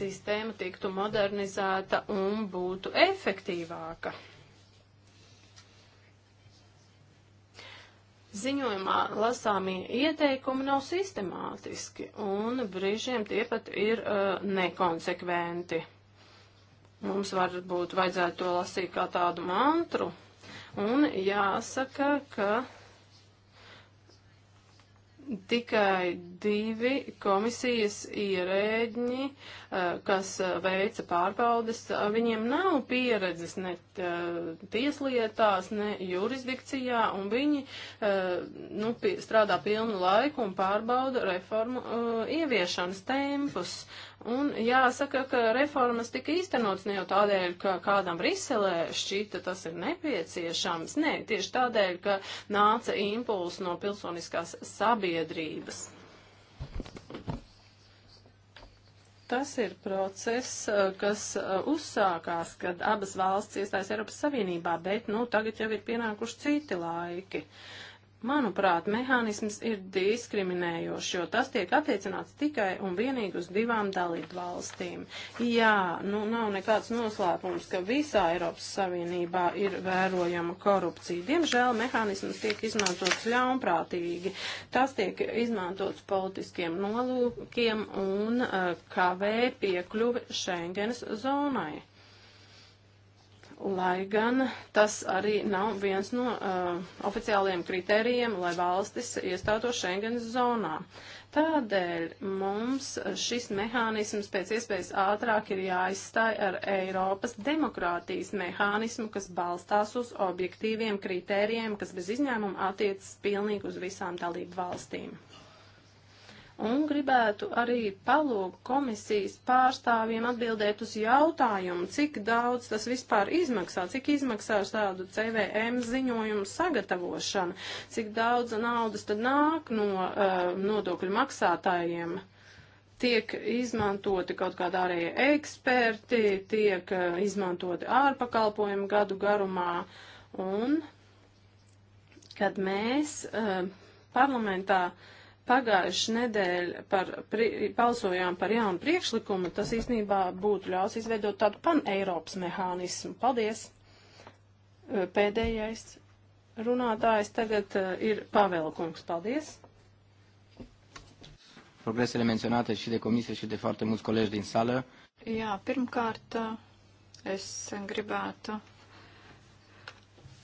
C: sistēma tiktu modernizēta un būtu efektīvāka. Ziņojumā lasāmie ieteikumi nav sistemātiski, un brīžiem tie pat ir uh, nekonsekventi. Mums varbūt vajadzētu to lasīt kā tādu mantru. Un jāsaka, ka tikai divi komisijas ierēģi, eh, kas eh, veica pārbaudes, eh, viņiem nav pieredzes ne tieslietās, ne jurisdikcijā, un viņi nu, strādā pilnu laiku un pārbauda reformu ieviešanas tempus. Un jāsaka, ka reformas tika īstenots ne jau tādēļ, ka kādam Briselē šķita tas ir nepieciešams, nē, ne, tieši tādēļ, ka nāca impuls no pilsoniskās sabiedrības. Tas ir process, kas uh, uzsākās, kad abas valsts iestājas Eiropas Savienībā, bet, nu, tagad jau ir pienākuši citi laiki. Uh, Manuprāt, mehānisms ir diskriminējošs, jo tas tiek attiecināts tikai un vienīgi uz divām dalību valstīm. Jā, nu nav nekāds noslēpums, ka visā Eiropas Savienībā ir vērojama korupcija. Diemžēl mehānisms tiek izmantots ļaunprātīgi. Tas tiek izmantots politiskiem nolūkiem un uh, kavē piekļuvi Schengenas zonai lai gan tas arī nav viens no uh, oficiālajiem kritērijiem, lai valstis iestātos Schengens zonā. Tādēļ mums šis mehānisms pēc iespējas ātrāk ir jāizstāj ar Eiropas demokrātijas mehānismu, kas balstās uz objektīviem kritērijiem, kas bez izņēmuma attiecas pilnīgi uz visām dalību valstīm un gribētu arī palūgt komisijas pārstāvjiem atbildēt uz jautājumu, cik daudz tas vispār izmaksā, cik izmaksā tādu CVM ziņojumu sagatavošana, cik daudz naudas tad nāk no uh, nodokļu maksātājiem. Tiek izmantoti kaut kādi ārējie eksperti, tiek uh, izmantoti ārpakalpojumi gadu garumā, un kad mēs uh, parlamentā uh, pagājuši nedēļ par, pri, balsojām par jaunu priekšlikumu, tas īstenībā būtu ļaus izveidot tādu pan-Eiropas mehānismu. Paldies! Pēdējais runātājs tagad ir
D: Pavelkungs. Paldies!
C: Progresele menționate și de comisie și de foarte mulți colegi din sală.
D: Jā, pirmkārt, es gribētu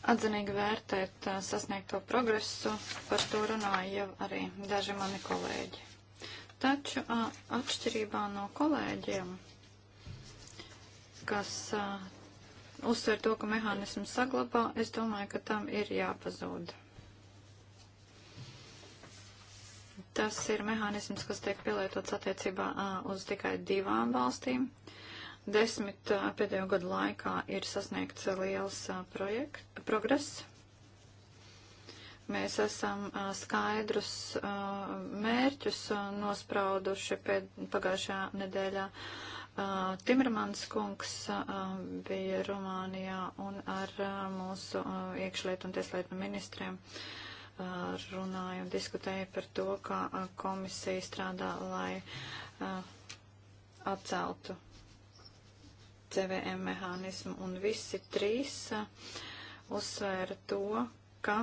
D: atzinīgi vērtēt sasniegto progresu, par to runāja jau arī daži mani kolēģi. Taču atšķirībā no kolēģiem, kas uzsver to, ka mehānismu saglabā, es domāju, ka tam ir jāpazūd. Tas ir mehānisms, kas tiek pielietots attiecībā uz tikai divām valstīm. Uh, desmit pēdējo gadu laikā ir sasniegts liels projekt, progress. Mēs esam skaidrus mērķus nosprauduši pēd, pagājušajā nedēļā. Timermans kungs bija Rumānijā un ar mūsu iekšlietu un tieslietu ministriem runāja un diskutēja par to, kā komisija strādā, lai atceltu CVM mehānismu, un visi trīs uzsvēra to, ka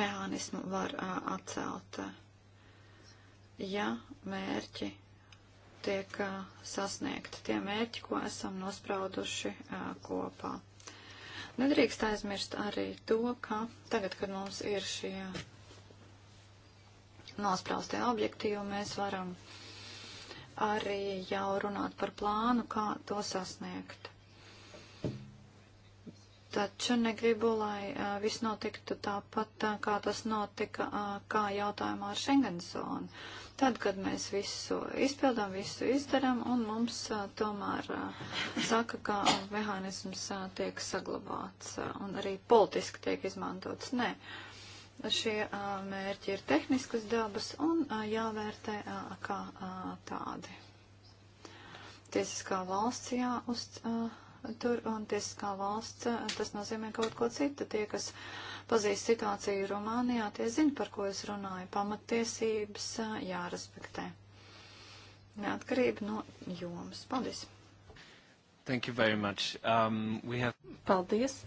D: mehānismu var atcelt, ja mērķi tiek sasniegti, tie mērķi, ko esam nosprauduši kopā. Nedrīkst aizmirst arī to, ka tagad, kad mums ir šie nospraustie objektīvi, mēs varam uh, arī jau runāt par plānu, kā to sasniegt. Taču negribu, lai uh, viss notiktu tāpat, uh, kā tas notika, uh, kā jautājumā ar Schengen zonu. Tad, kad mēs visu izpildām, visu izdarām, un mums uh, tomēr uh, saka, ka mehānisms uh, tiek saglabāts uh, un arī politiski tiek izmantots. Nē. Uh, Šie mērķi ir tehniskas dabas un jāvērtē kā tādi. Tiesiskā valsts jāuztur un tiesiskā valsts tas nozīmē kaut ko citu. Tie, kas pazīst situāciju Rumānijā, tie zina, par ko es runāju. Pamattiesības jārespektē. Neatkarība no jomas. Paldies!
A: Thank you very much. Um, we have...
D: Paldies!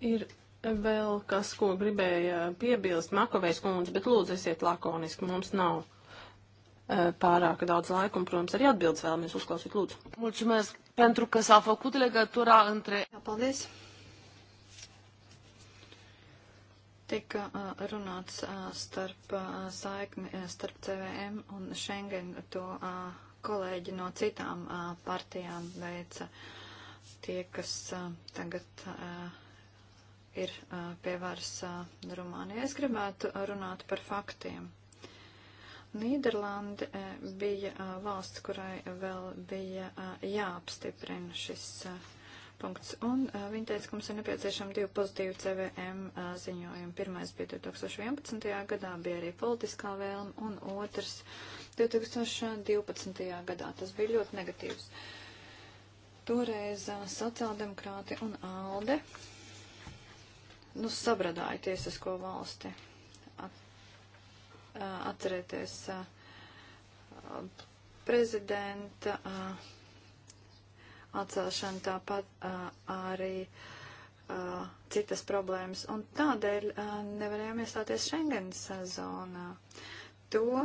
D: Ir vēl kas,
C: ko gribēja piebilst Makovejs kundze, bet lūdzu esiet lakoniski, mums nav e, pārāk daudz laika, un, protams, arī atbildes vēlamies uzklausīt, lūdzu. Mulțumesc pentru că
D: s-a făcut legătura între... Paldies. Tika e, runāts e, starp saikni, starp CVM un Schengen, to kolēģi no citām partijām veica tie, kas tagad ir pie varas Rumānija. Es gribētu runāt par faktiem. Nīderlanda bija valsts, kurai vēl bija jāapstiprina šis punkts. Un viņa teica, ka mums ir nepieciešama divi pozitīvi CVM ziņojumi. Pirmais bija 2011. gadā, bija arī politiskā vēlme, un otrs 2012. gadā. Tas bija ļoti negatīvs. Toreiz sociāldemokrāti un ALDE nu, sabradāja tiesisko valsti. At, atcerieties prezidenta atcelšanu, tāpat arī citas problēmas. Un tādēļ nevarējām iestāties Schengens zonā. To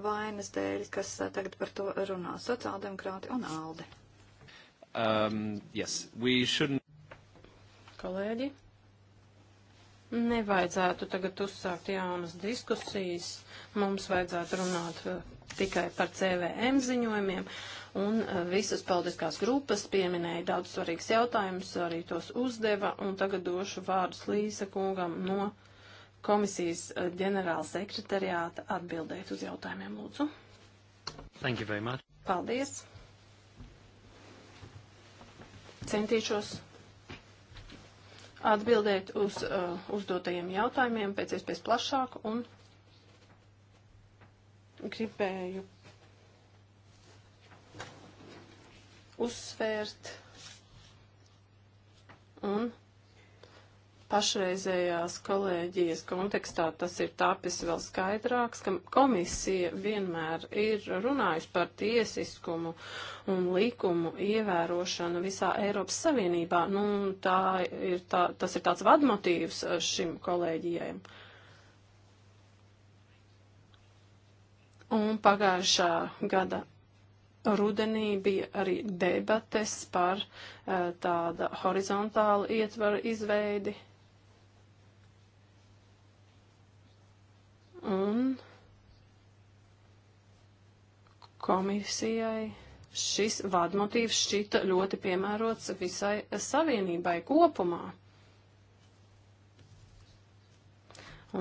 D: vainas dēļ, kas tagad par to runā sociāldemokrāti un Alde.
A: Um, yes, we shouldn't
D: kolēģi.
C: Nevajadzētu tagad uzsākt jaunas diskusijas. Mums vajadzētu runāt uh, tikai par CVM ziņojumiem, un uh, visas politiskās grupas pieminēja daudz svarīgs jautājumus, arī tos uzdeva, un tagad došu vārdus Līsa kungam no komisijas uh, ģenerāla sekretariāta atbildēt uz jautājumiem, lūdzu. Thank you very much. Paldies. Centīšos atbildēt uz uh, uzdotajiem jautājumiem pēc iespējas plašāk un gribēju uzsvērt un pašreizējās kolēģijas kontekstā tas ir tapis vēl skaidrāks, ka komisija vienmēr ir runājusi par tiesiskumu un likumu ievērošanu visā Eiropas Savienībā. Nu, tā ir tā, tas ir tāds vadmotīvs uh, šim kolēģijai. Un pagājušā gada rudenī bija arī debates par uh, tāda horizontāla ietvara izveidi, un komisijai šis vadmotīvs šķita ļoti piemērots visai savienībai kopumā.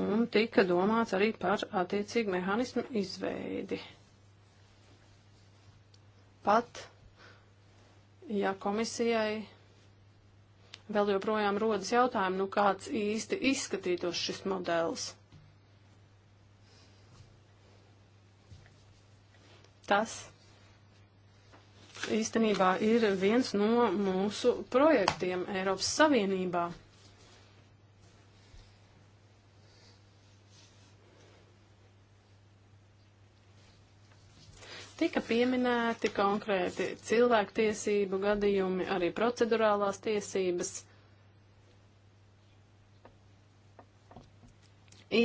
C: Un tika domāts arī par attiecīgu mehānismu izveidi. Pat, ja komisijai vēl joprojām rodas jautājumi, nu kāds īsti izskatītos šis modelis. Tas īstenībā ir viens no mūsu projektiem Eiropas Savienībā. Tika pieminēti konkrēti cilvēktiesību gadījumi, arī procedurālās tiesības.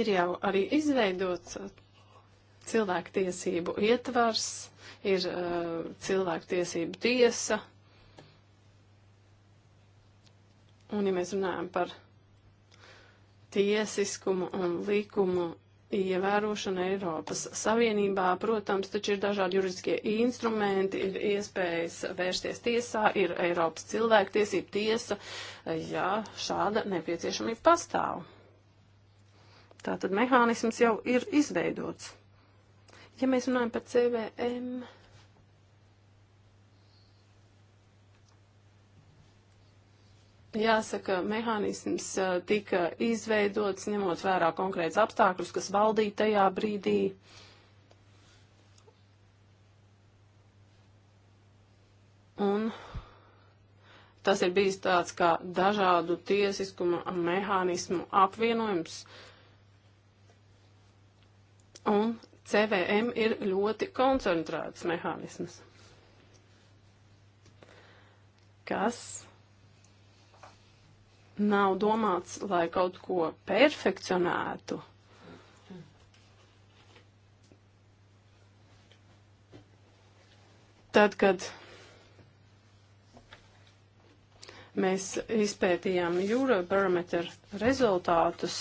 C: Ir jau arī izveidots cilvēku tiesību ietvars, ir uh, cilvēku tiesību tiesa. Un, ja mēs runājam par tiesiskumu un likumu ievērošanu Eiropas Savienībā, protams, taču ir dažādi juridiskie instrumenti, ir iespējas vērsties tiesā, ir Eiropas cilvēktiesība tiesa, ja šāda nepieciešamība pastāv. Tātad mehānisms jau ir izveidots. Ja mēs runājam par CVM, Jāsaka, mehānisms tika izveidots ņemot vērā konkrēts apstākļus, kas valdīja tajā brīdī. Un tas ir bijis tāds kā dažādu tiesiskuma mehānismu apvienojums. Un CVM ir ļoti koncentrēts mehānisms. Kas nav domāts, lai kaut ko perfekcionētu. Tad, kad mēs izpētījām jūra barometru rezultātus,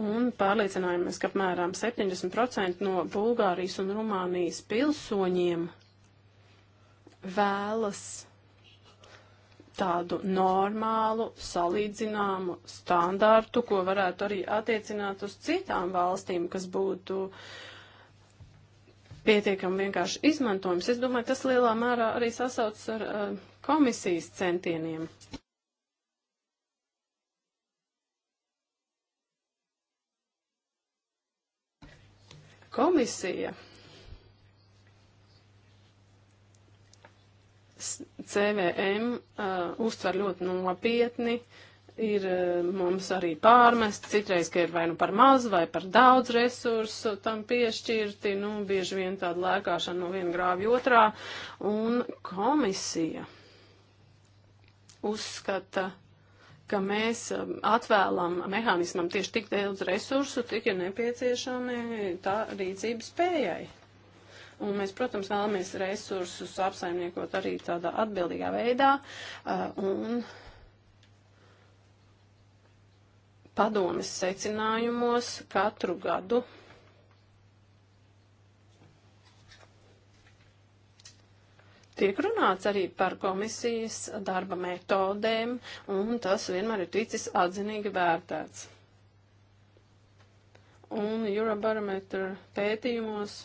C: un pārliecinājamies, ka apmēram 70% no Bulgārijas un Rumānijas pilsoņiem vēlas tādu normālu, salīdzināmu standārtu, ko varētu arī attiecināt uz citām valstīm, kas būtu pietiekami vienkārši izmantojums. Es domāju, tas lielā mērā arī sasaucas ar uh, komisijas centieniem. Komisija CVM uh, uztver ļoti nopietni. Ir uh, mums arī pārmest, citreiz, ka ir vai nu par maz, vai par daudz resursu tam piešķirti, nu, bieži vien tāda lēkāšana no viena grāvi otrā, un komisija uzskata, uh, ka mēs um, atvēlam mehānismam tieši tik daudz resursu, cik ir nepieciešami tā rīcības spējai. Un mēs, protams, vēlamies resursus apsaimniekot arī tādā atbildīgā veidā. Uh, un padomes secinājumos katru gadu Tiek runāts arī par komisijas darba metodēm, un tas vienmēr ir ticis atzinīgi vērtēts. Un Eurobarometra pētījumos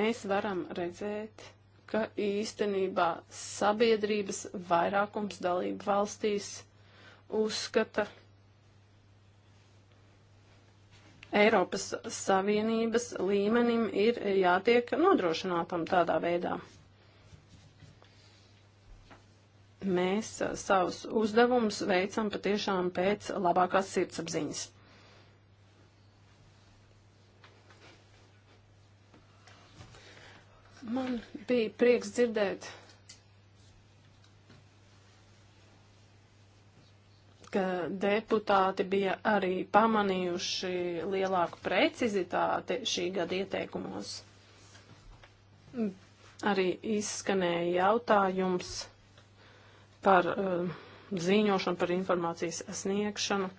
C: mēs varam redzēt, ka īstenībā sabiedrības vairākums dalību valstīs uzskata, Eiropas Savienības līmenim ir jātiek nodrošinātam tādā veidā. Mēs savus uzdevumus veicam patiešām pēc labākās sirdsapziņas. Man bija prieks dzirdēt ka deputāti bija arī pamanījuši lielāku precizitāti šī gada ieteikumos. Arī izskanēja jautājums par uh, ziņošanu, par informācijas sniegšanu.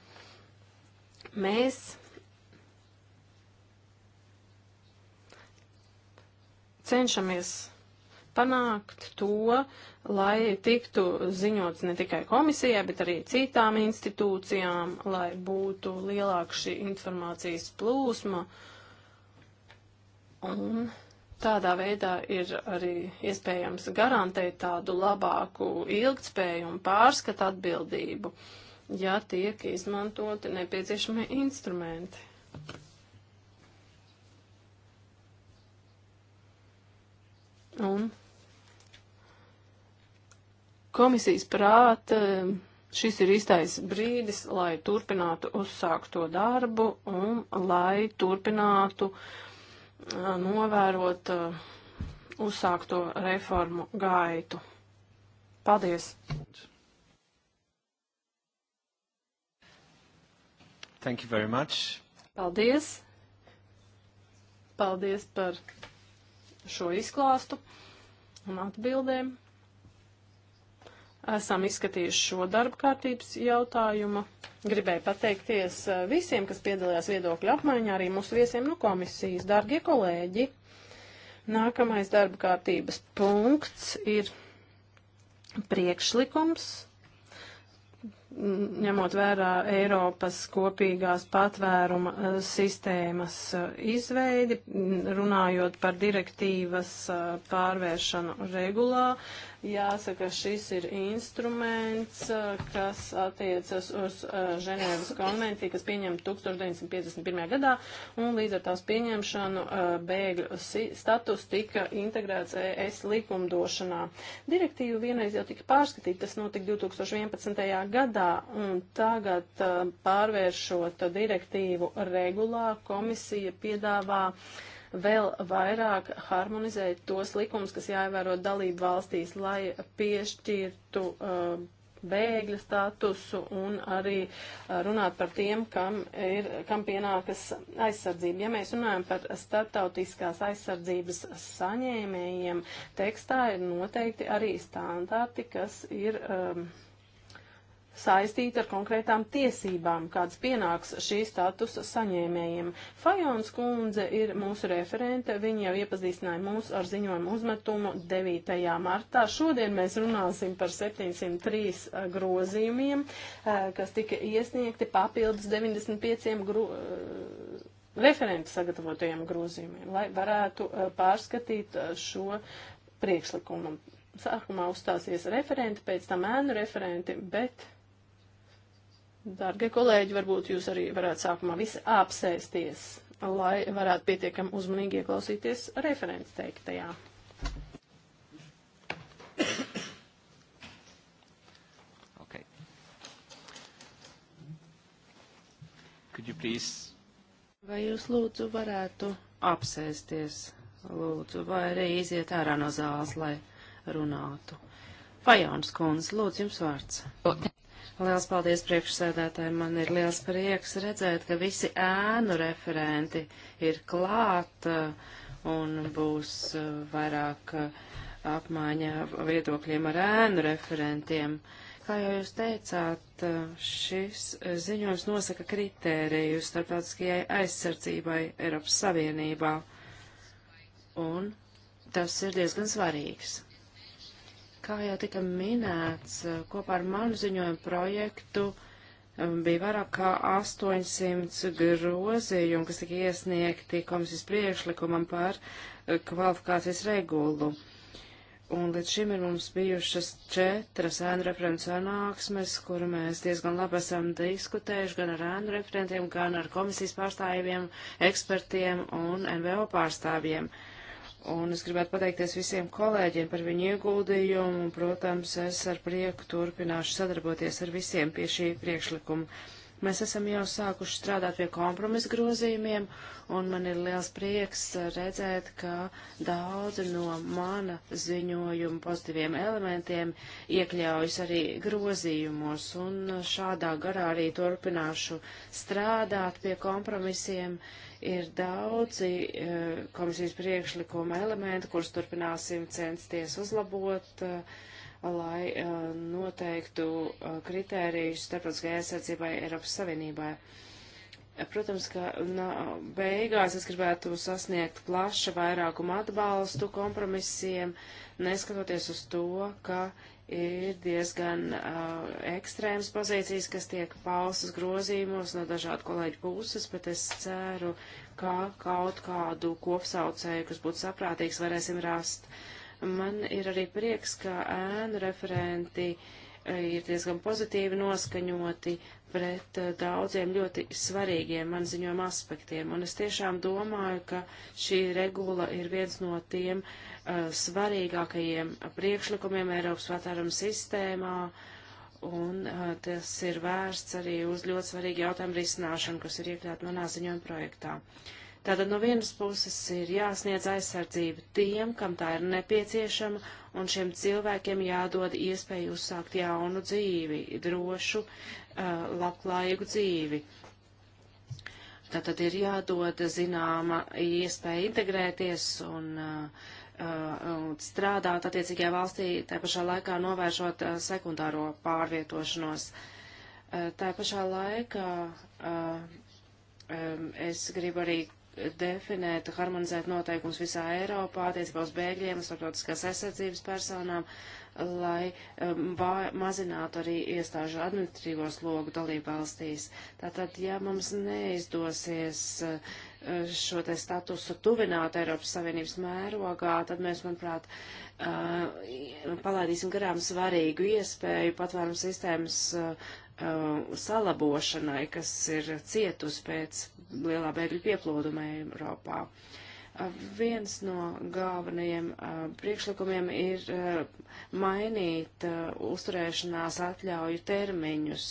C: Mēs cenšamies panākt to, lai tiktu ziņots ne tikai komisijai, bet arī citām institūcijām, lai būtu lielāka šī informācijas plūsma. Un tādā veidā ir arī iespējams garantēt tādu labāku ilgtspēju un pārskatu atbildību, ja tiek izmantoti nepieciešamie instrumenti. Un komisijas prāta eh, šis ir īstais brīdis, lai turpinātu uzsākto darbu un lai turpinātu eh, novērot eh, uzsākto reformu gaitu. Paldies!
A: Thank you very much.
C: Paldies! Paldies par šo izklāstu un atbildēm esam izskatījuši šo darba kārtības jautājumu. Gribēju pateikties eh, visiem, kas piedalījās viedokļu apmaiņā, arī mūsu viesiem no komisijas. Dargie kolēģi, nākamais darba kārtības punkts ir priekšlikums, ņemot vērā Eiropas kopīgās patvēruma eh, sistēmas eh, izveidi, runājot par direktīvas pārvēršanu regulā, Jāsaka, šis ir instruments, uh, kas attiecas uz uh, Ženēvas konvenciju, kas pieņemta 1951. gadā, un līdz ar tās pieņemšanu uh, bēgļu status tika integrēts ES likumdošanā. Direktīva vienreiz jau tika pārskatīta, tas notika 2011. gadā, un tagad pārvēršot direktīvu regulā, komisija piedāvā vēl vairāk harmonizēt tos likumus, kas jāievēro dalību valstīs, lai piešķirtu uh, bēgļa statusu un arī uh, runāt par tiem, kam, ir, kam pienākas aizsardzība. Ja mēs runājam par startautiskās aizsardzības saņēmējiem, tekstā ir noteikti arī standarti, kas ir. Um, saistīta ar konkrētām tiesībām, kāds pienāks šī statusa saņēmējiem. Fajons kundze ir mūsu referente, viņa jau iepazīstināja mūs ar ziņojumu uzmetumu 9. martā. Šodien mēs runāsim par 703 eh, grozījumiem, eh, kas tika iesniegti papildus 95 gro eh, referentu sagatavotajiem grozījumiem, lai varētu pārskatīt šo priekšlikumu. Sākumā uzstāsies referenti, pēc tam ēnu referenti, bet Dārgie kolēģi, varbūt jūs arī varētu sākumā visi apsēsties, lai varētu pietiekam uzmanīgi ieklausīties referents teiktajā.
A: Okay. Could you please?
B: Vai jūs lūdzu varētu apsēsties, lūdzu, vai arī iziet ārā no zāles, lai runātu? Fajons kundze, lūdzu jums vārds. Oh, Liels paldies priekšsēdētājiem. Man ir liels prieks redzēt, ka visi ēnu referenti ir klāt uh, un būs uh, vairāk uh, apmaiņa viedokļiem ar ēnu referentiem. Kā jau jūs teicāt, šis ziņojums nosaka kritēriju starptautiskajai aizsardzībai Eiropas Savienībā. Un tas ir diezgan svarīgs. Kā jau tika minēts, kopā ar manu ziņojumu projektu um, bija vairāk kā 800 grozījumu, kas tika iesniegti komisijas priekšlikumam par uh, kvalifikācijas regulu. Un līdz šim ir mums bijušas četras ēnu referentu sanāksmes, kur mēs diezgan labi esam diskutējuši gan ar ēnu referentiem, gan ar komisijas pārstāvjiem, ekspertiem un NVO pārstāvjiem. Uh, Un es gribētu pateikties visiem kolēģiem par viņu ieguldījumu, un, protams, es ar prieku turpināšu sadarboties ar visiem pie šī priekšlikuma. Mēs esam jau sākuši strādāt pie kompromisa grozījumiem, un man ir liels prieks redzēt, ka daudzi no mana ziņojuma pozitīviem elementiem iekļaujas arī grozījumos, un šādā garā arī turpināšu strādāt pie kompromisiem. Ir daudzi eh, komisijas priekšlikuma elementi, kurus turpināsim censties uzlabot. Uh, lai eh, noteiktu eh, kritērijus starptautiskajai aizsardzībai Eiropas Savienībai. Eh, protams, ka nā, beigās es gribētu sasniegt plaša vairākuma atbalstu kompromisiem, neskatoties uz to, ka ir diezgan uh, ekstrēmas pozīcijas, kas tiek paustas grozījumos no dažādu kolēģu puses, bet es ceru, ka kaut kādu kopsaucēju, kas būtu saprātīgs, varēsim rast. Uh, Man ir arī prieks, ka ēnu referenti e, ir diezgan pozitīvi noskaņoti pret e, daudziem ļoti svarīgiem man ziņojuma aspektiem. Un es tiešām domāju, ka šī regula ir viens no tiem uh, svarīgākajiem priekšlikumiem Eiropas patēruma sistēmā. Un uh, tas ir vērsts arī uz ļoti svarīgu jautājumu risināšanu, kas ir iekļaut manā ziņojuma projektā. Uh, Tātad no vienas puses ir jāsniedz aizsardzība tiem, kam tā ir nepieciešama, un šiem cilvēkiem jādod iespēju uzsākt jaunu dzīvi, drošu, uh, labklājīgu dzīvi. Tātad ir jādod zināma iespēja integrēties un uh, uh strādāt attiecīgajā valstī, tā pašā laikā novēršot uh, sekundāro pārvietošanos. Uh, tā pašā laikā uh, um, es gribu arī definēt, harmonizēt noteikums visā Eiropā attiecībā uz bēgļiem, starptautiskās aizsardzības personām, lai um, mazinātu arī iestāžu administratīvo slogu dalību valstīs. Tātad, ja mums neizdosies uh, šo te statusu tuvināt Eiropas Savienības mērogā, tad mēs, manuprāt, uh, palaidīsim garām svarīgu iespēju patvērums sistēmas uh, uh, salabošanai, kas ir cietusi pēc lielā bēgļu pieplūduma Eiropā. Uh, viens no galvenajiem uh, priekšlikumiem ir uh, mainīt uh, uzturēšanās atļauju termiņus.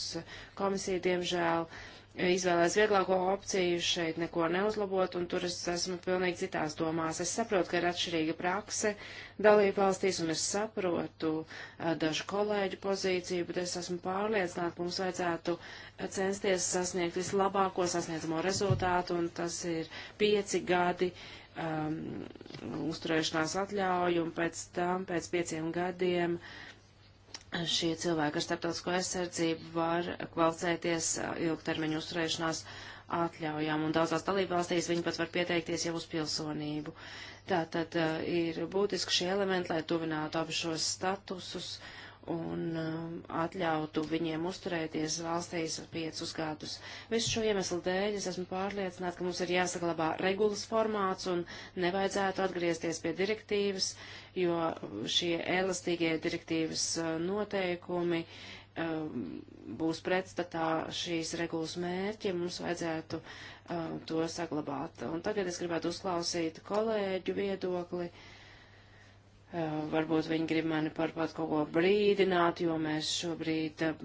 B: Komisija, diemžēl, uh, izvēlēs vieglāko opciju, šeit neko neuzlabot, un tur es esmu pilnīgi citās domās. Es saprotu, ka ir atšķirīga prakse dalība valstīs, un es saprotu dažu kolēģu pozīciju, bet es esmu pārliecināta, ka mums vajadzētu censties sasniegt vislabāko sasniedzamo rezultātu, un tas ir pieci gadi um, uzturēšanās atļauju, un pēc tam, pēc pieciem gadiem, uh, šie cilvēki ar starptautisko aizsardzību var kvalificēties ilgtermiņu uzturēšanās atļaujām, un daudzās dalībvalstīs viņi pat var pieteikties jau uz pilsonību. Tā tad ir būtiski šie elementi, lai tuvinātu abus šos statusus. Uh, un um, atļautu viņiem uzturēties valstīs piecus gadus. Visu šo iemeslu dēļ es esmu pārliecināta, ka mums ir jāsaglabā regulas formāts un nevajadzētu atgriezties pie direktīvas, jo šie elastīgie direktīvas uh, noteikumi um, būs pretstatā šīs regulas mērķiem, mums vajadzētu um, to saglabāt. Un tagad es gribētu uzklausīt kolēģu viedokli. Uh, Eh, varbūt viņi grib mani par pat kaut ko brīdināt, jo mēs šobrīd eh,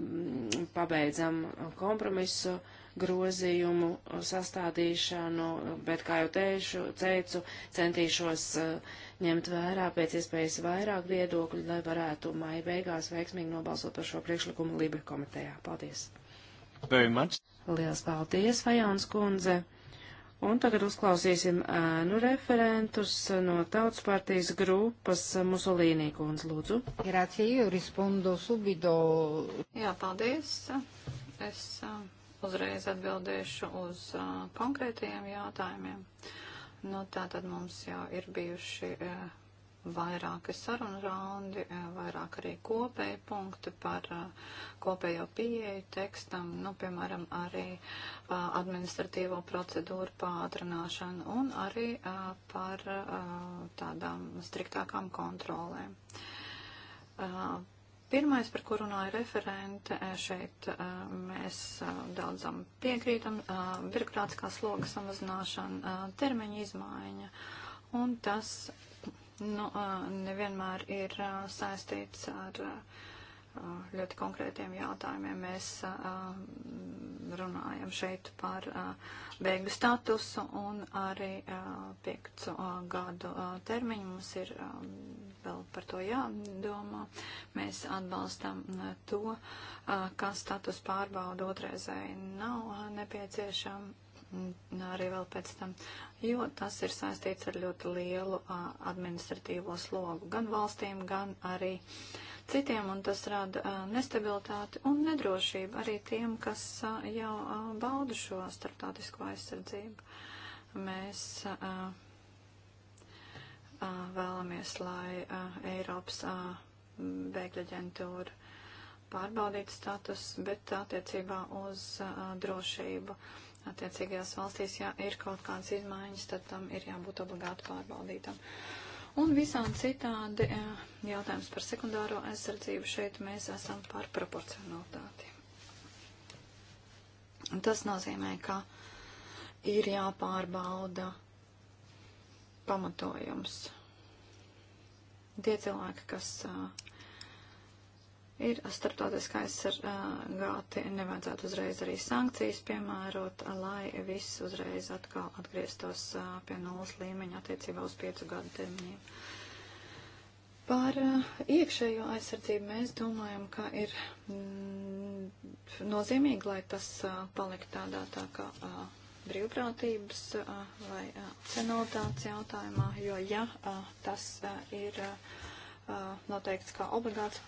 B: pabeidzam kompromisu grozījumu sastādīšanu, bet, kā jau teišu, teicu, centīšos eh, ņemt vērā pēc iespējas vairāk viedokļu, lai varētu maija beigās veiksmīgi nobalsot par šo priekšlikumu Libe komitejā. Paldies! Liels paldies, Fajons kundze! Un tagad uzklausīsim ēnu referentus no Tautas partijas grupas Musolīnī kundz, lūdzu.
D: Jā, paldies. Es uzreiz atbildēšu uz konkrētajiem jautājumiem. Nu, tā tad mums jau ir bijuši vairāki sarunu raundi, eh, vairāk arī kopēji punkti par eh, kopējo pieeju tekstam, nu, piemēram, arī eh, administratīvo procedūru pātrināšanu un arī par tādām striktākām kontrolēm. Pirmais, par ko runāja referente, šeit mēs daudzam piekrītam, birokrātiskā sloga samazināšana, termiņa izmaiņa, un tas nu, nevienmēr ir saistīts ar ļoti konkrētiem jautājumiem. Mēs runājam šeit par bēgļu statusu un arī piektu gadu termiņu. Mums ir vēl par to jādomā. Mēs atbalstam to, ka status pārbauda otrreizēji nav nepieciešama arī vēl pēc tam, jo tas ir saistīts ar ļoti lielu administratīvo slogu gan valstīm, gan arī citiem, un tas rada nestabilitāti un nedrošību arī tiem, kas jau bauda šo starptautisko aizsardzību. Mēs vēlamies, lai Eiropas bēgļa ģentūra pārbaudīt status, bet attiecībā uz a, drošību attiecīgajās valstīs, ja ir kaut kādas izmaiņas, tad tam ir jābūt obligāti pārbaudītam. Un visām citādi eh, jautājums par sekundāro aizsardzību šeit mēs esam par proporcionalitāti. Un tas nozīmē, ka ir jāpārbauda pamatojums. Tie cilvēki, kas uh, ir starptautiski aizsargāti, nevajadzētu uzreiz arī sankcijas piemērot, lai viss uzreiz atkal atgrieztos pie nulles līmeņa attiecībā uz piecu gadu termiņiem. Par iekšējo aizsardzību mēs domājam, ka ir mm, nozīmīgi, lai tas paliktu tādā tā kā brīvprātības vai cenotāts jautājumā, jo ja tas ir. A, noteikts kā obligāts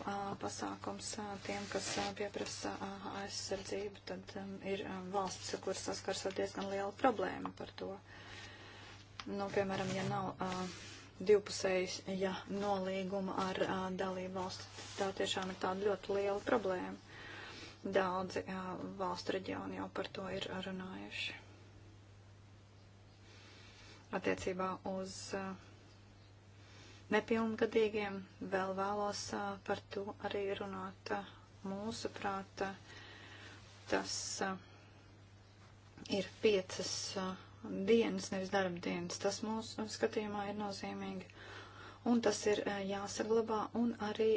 D: pasākums tiem, kas pieprasa aizsardzību, tad um, ir valsts, kuras saskars ar diezgan lielu problēmu par to. Nu, piemēram, ja nav divpusējas ja nolīguma ar dalību valsts, tā tiešām ir tāda ļoti liela problēma. Daudzi valstu reģioni jau par to ir runājuši. Attiecībā uz uh, nepilngadīgiem. Vēl vēlos par to arī runāt. Mūsuprāt, tas ir piecas dienas, nevis darba dienas. Tas mūsu skatījumā ir nozīmīgi. Un tas ir jāsaglabā un arī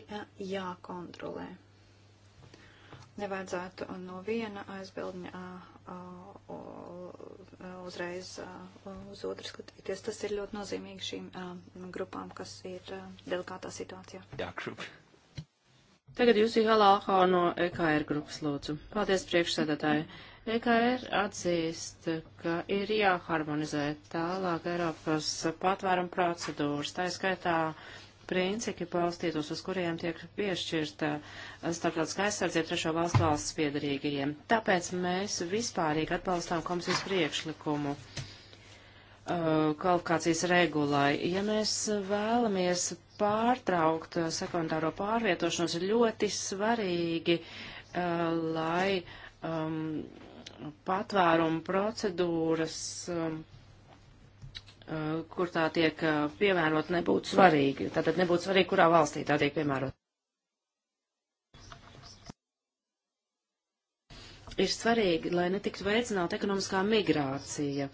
D: jākontrolē nevajadzētu no viena aizbildņa uzreiz uz otru skatīties. Tas ir ļoti nozīmīgi šīm grupām, kas ir delikātā situācijā.
B: Jā, grupa. Tagad jūs ir halāhā no EKR grupas lūdzu. Paldies priekšsēdētāji. EKR atzīst, ka ir jāharmonizē tālāk Eiropas patvērumu procedūras, tā skaitā principi balstītos, uz kuriem tiek piešķirta starptautiskā aizsardzība trešo valstu valsts piedarīgajiem. Tāpēc mēs vispārīgi atbalstām komisijas priekšlikumu uh, kvalifikācijas regulai. Ja mēs vēlamies pārtraukt sekundāro pārvietošanos, ir ļoti svarīgi, uh, lai um, patvērumu procedūras um, Uh, kur tā tiek uh, piemērot, nebūtu svarīgi. Tātad nebūtu svarīgi, kurā valstī tā tiek piemērot. Ir svarīgi, lai netiktu veicināta ekonomiskā migrācija.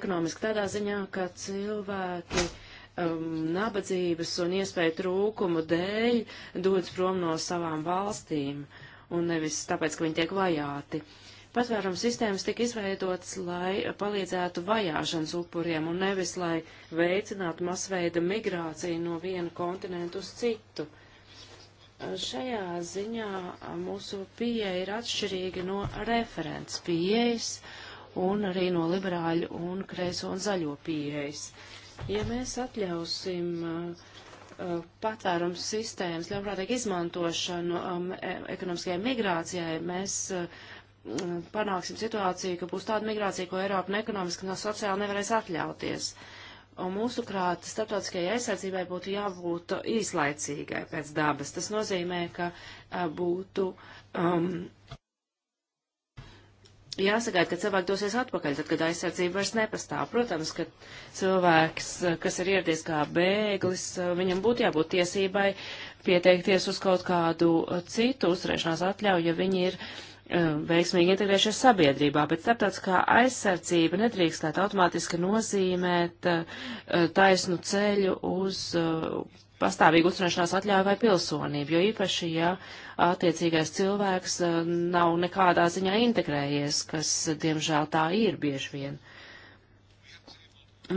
B: Ekonomiski tādā ziņā, ka cilvēki um, nabadzības un iespēju trūkumu dēļ dodas prom no savām valstīm un nevis tāpēc, ka viņi tiek vajāti. Uh, Patvērums sistēmas tika izveidotas, lai palīdzētu vajāšanas upuriem un nevis, lai veicinātu masveida migrāciju no viena kontinentu uz citu. Šajā ziņā mūsu pieeja ir atšķirīga no referents pieejas un arī no liberāļu un kreiso un zaļo pieejas. Ja mēs atļausim uh, uh patvērums sistēmas ļaunprātīgu izmantošanu um, e, ekonomiskajai migrācijai, mēs uh, Mm, panāksim situāciju, ka būs tāda migrācija, ko Eiropa ekonomiski un no sociāli nevarēs atļauties. Un mūsuprāt, starptautiskajai aizsardzībai būtu jābūt īslaicīgai pēc dabas. Tas nozīmē, ka būtu um, jāsagaida, ka cilvēki dosies atpakaļ, tad, kad aizsardzība vairs nepastāv. Protams, ka cilvēks, kas ir ieradies kā bēglis, viņam būtu jābūt tiesībai pieteikties uz kaut kādu citu uzturēšanās atļauju, ja viņi ir uh, Um, veiksmīgi integrējušies sabiedrībā, bet starptautiskā aizsardzība nedrīkstētu automātiski nozīmēt uh, taisnu ceļu uz uh, pastāvīgu uzturēšanās atļauju vai pilsonību, jo īpaši, ja attiecīgais cilvēks uh, nav nekādā ziņā integrējies, kas, diemžēl, tā ir bieži vien. Uh,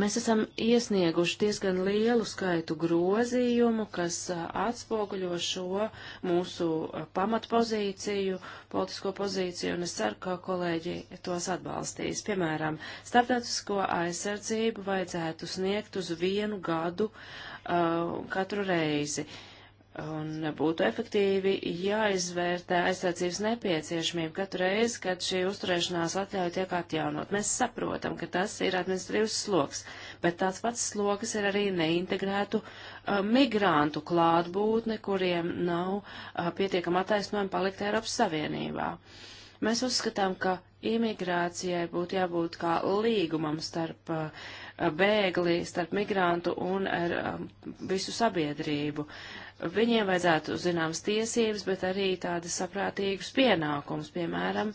B: Mēs esam iesnieguši diezgan lielu skaitu grozījumu, kas atspoguļo šo mūsu pamatpozīciju, politisko pozīciju, un es ceru, ka kolēģi tos atbalstīs. Piemēram, starptautisko aizsardzību vajadzētu sniegt uz vienu gadu uh, katru reizi. Uh, Un būtu efektīvi jāizvērtē aizsardzības nepieciešamība katru reizi, kad šī uzturēšanās atļauja tiek atjaunot. Mēs saprotam, ka tas ir administratīvs sloks, bet tāds pats sloks ir arī neintegrētu uh, migrantu klātbūtne, kuriem nav uh, pietiekama attaisnojuma palikt Eiropas Savienībā. Mēs uzskatām, ka imigrācijai būtu jābūt kā līgumam starp uh, bēgli, starp migrantu un ar um, visu sabiedrību. Viņiem vajadzētu zināmas tiesības, bet arī tādas saprātīgas pienākums, piemēram,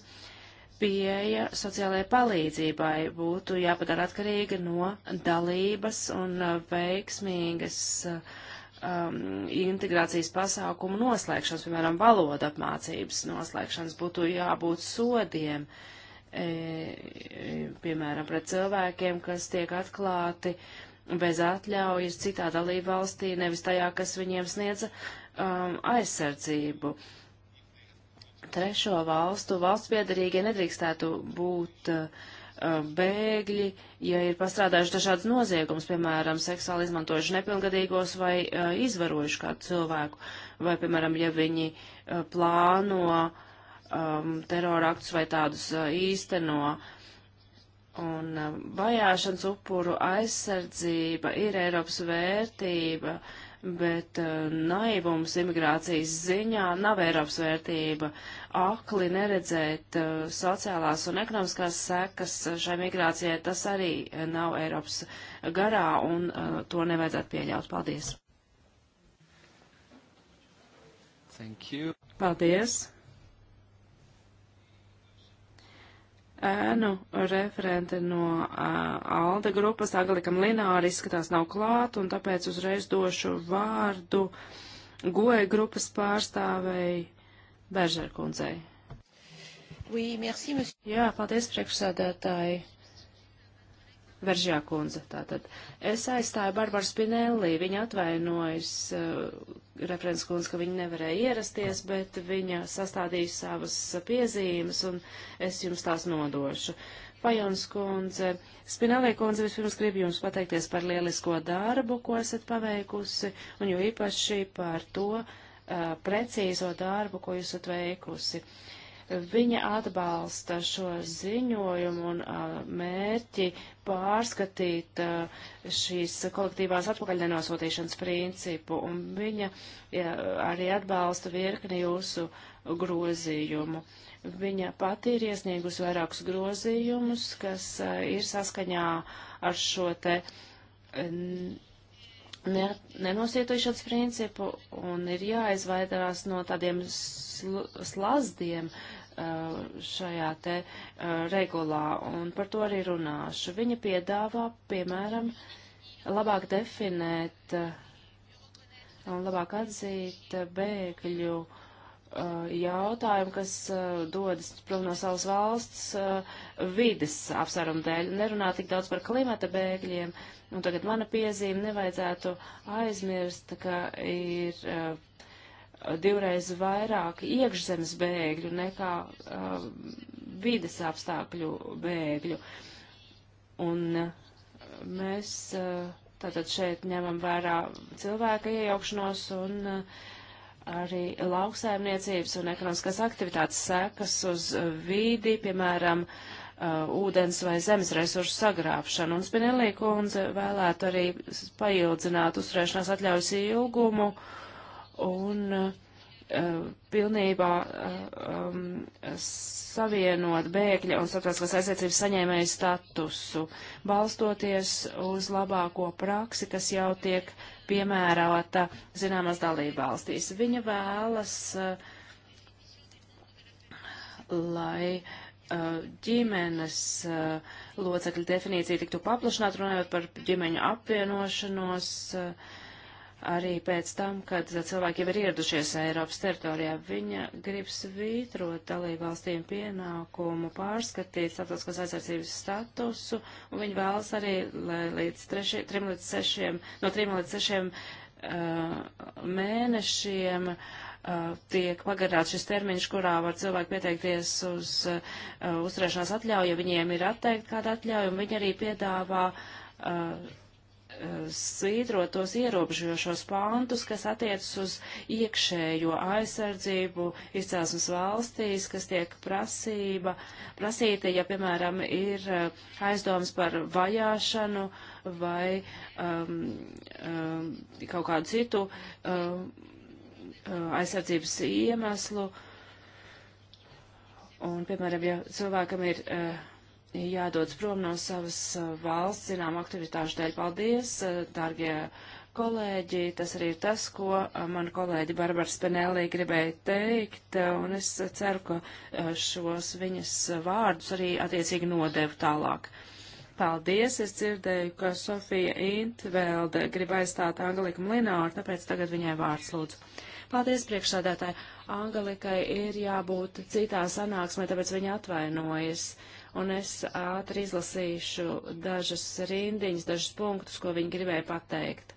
B: pieeja sociālajai palīdzībai būtu jāpadara atkarīga no dalības un uh, veiksmīgas uh, um, integrācijas pasākumu noslēgšanas, piemēram, valoda apmācības noslēgšanas, būtu jābūt sodiem. Uh, E, e, piemēram, pret cilvēkiem, kas tiek atklāti bez atļaujas citā dalība valstī, nevis tajā, kas viņiem sniedz um, aizsardzību. Trešo valstu valsts piedarīgie nedrīkstētu būt uh, bēgļi, ja ir pastrādājuši dažādas noziegumus, piemēram, seksuāli izmantojuši nepilngadīgos vai uh, izvarojuši kādu cilvēku, vai, piemēram, ja viņi uh, plāno uh, um, teroraktus vai tādus uh, īsteno. Un uh, vajāšanas upuru aizsardzība ir Eiropas vērtība, bet uh, naivums imigrācijas ziņā nav Eiropas vērtība. Akli neredzēt uh, sociālās un ekonomiskās sekas šai migrācijai, tas arī nav Eiropas garā un uh, to nevajadzētu pieļaut. Paldies! Thank you. Paldies! ēnu referente no uh, Alda grupas, Agalikam Lināri izskatās nav klāt, un tāpēc uzreiz došu vārdu goja grupas pārstāvei Beržerkundzei. Oui, merci, monsieur. Jā, paldies, priekšsādātāji. Veržjā kundze. Tātad es aizstāju Barbaru Spinelli, viņa atvainojas, uh, referents kundze, ka viņa nevarēja ierasties, bet viņa sastādīja savas piezīmes un es jums tās nodošu. Pajons kundze, Spinelli kundze, vispirms gribu jums pateikties par lielisko darbu, ko esat paveikusi, un jo īpaši par to uh, precīzo darbu, ko jūs esat veikusi. Uh, Viņa atbalsta šo ziņojumu un mērķi pārskatīt šīs kolektīvās atpakaļnenosūtīšanas principu, un viņa arī atbalsta virkni jūsu grozījumu. Viņa pati ir iesniegusi vairākus grozījumus, kas ir saskaņā ar šo te nenosietošanas principu un ir jāizvairās no tādiem sl slazdiem, Eh, šajā te eh, regulā, un par to arī runāšu. Viņa piedāvā, piemēram, labāk definēt eh, un labāk atzīt bēgļu jautājumu, kas dodas prom no savas valsts vides apsvērumu dēļ. Nerunā tik daudz par klimata bēgļiem. Un tagad mana piezīme nevajadzētu aizmirst, ka ir divreiz vairāk iekšzemes bēgļu nekā uh, vides apstākļu bēgļu. Un uh, mēs uh, tātad šeit ņemam vērā cilvēka iejaukšanos un uh, arī lauksaimniecības un ekonomiskās aktivitātes sekas uz uh, vīdi, piemēram, uh, ūdens vai zemes resursu sagrābšanu. Un Spinelī kundze vēlētu arī paildzināt uzturēšanās atļaujas ilgumu. Uh, un eh, pilnībā eh, um, savienot bēgļa un starptautiskās aizsardzības saņēmēju statusu, balstoties uz labāko praksi, kas jau tiek piemērota zināmas dalībvalstīs. Viņa vēlas, uh, lai uh, ģimenes uh, locekļu definīcija tiktu paplašināta, runājot par ģimeņu apvienošanos. Uh, arī pēc tam, kad cilvēki jau ir ieradušies Eiropas teritorijā, viņa grib svītrot dalībvalstīm pienākumu, pārskatīt starptautiskās aizsardzības statusu, un viņa vēlas arī, lai līdz treši, trim līdz sešiem, no trim līdz sešiem uh, mēnešiem uh, tiek pagarāts šis termiņš, kurā var cilvēki pieteikties uz uh, uzturēšanās atļauju, ja viņiem ir atteikta kāda atļauja, un viņi arī piedāvā uh, svītrot tos ierobežojošos pāntus, kas attiecas uz iekšējo aizsardzību izcelsmes valstīs, kas tiek prasība, prasīta, ja, piemēram, ir eh, aizdomas par vajāšanu vai um, um, kaut kādu citu um, uh, aizsardzības iemeslu. Un, piemēram, ja cilvēkam ir. Uh, jādodas prom no savas valsts, zinām, aktivitāšu dēļ. Paldies, dārgie kolēģi, tas arī ir tas, ko man kolēģi Barbara Spenelī gribēja teikt, un es ceru, ka šos viņas vārdus arī attiecīgi nodevu tālāk. Paldies, es dzirdēju, ka Sofija Intvelde grib aizstāt Angeliku Mlināru, tāpēc tagad viņai vārds lūdzu. Paldies, priekšsādātāji. Angelikai ir jābūt citā sanāksmē, tāpēc viņa atvainojas. Uh, un es ātri izlasīšu dažas rindiņas, dažus punktus, ko viņi gribēja pateikt.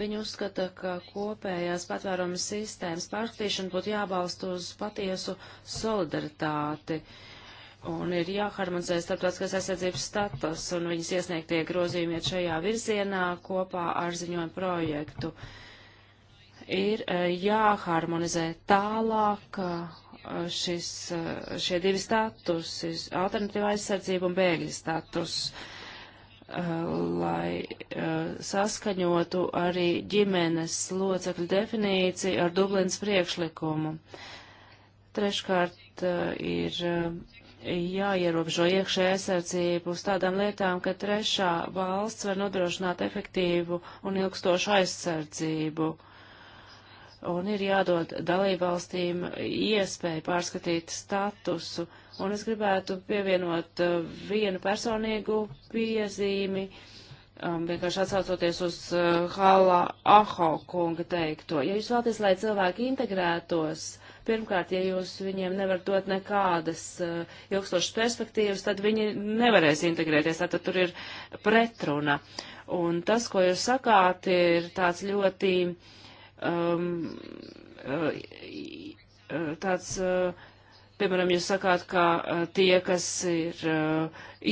B: Viņi uzskata, ka kopējās patvēruma sistēmas pārskatīšana būtu jābalst uz patiesu solidaritāti un ir jāharmonizē starptautiskās aizsardzības status, un viņas iesniegtie grozījumi iet šajā virzienā kopā ar ziņojumu projektu. Ir eh, jāharmonizē tālāk, eh, šis, šie divi statusi, alternatīva aizsardzība un bēgļu status, eh, lai eh, saskaņotu arī ģimenes locekļu definīciju ar Dublins priekšlikumu. Treškārt eh, ir jāierobežo iekšē aizsardzību uz tādām lietām, ka trešā valsts var nodrošināt efektīvu un ilgstošu aizsardzību. Uh, un ir jādod dalībvalstīm iespēju pārskatīt statusu. Un es gribētu pievienot uh, vienu personīgu piezīmi, um, vienkārši atsaucoties uz uh, Hala Aho kunga teikto. Ja jūs vēlaties, lai cilvēki integrētos, pirmkārt, ja jūs viņiem nevarat dot nekādas uh, ilgstošas perspektīvas, tad viņi nevarēs integrēties, tad tur ir pretruna. Un tas, ko jūs sakāt, ir tāds ļoti. Uh, um, uh, uh, tāds, uh, piemēram, jūs sakāt, ka tie, kas ir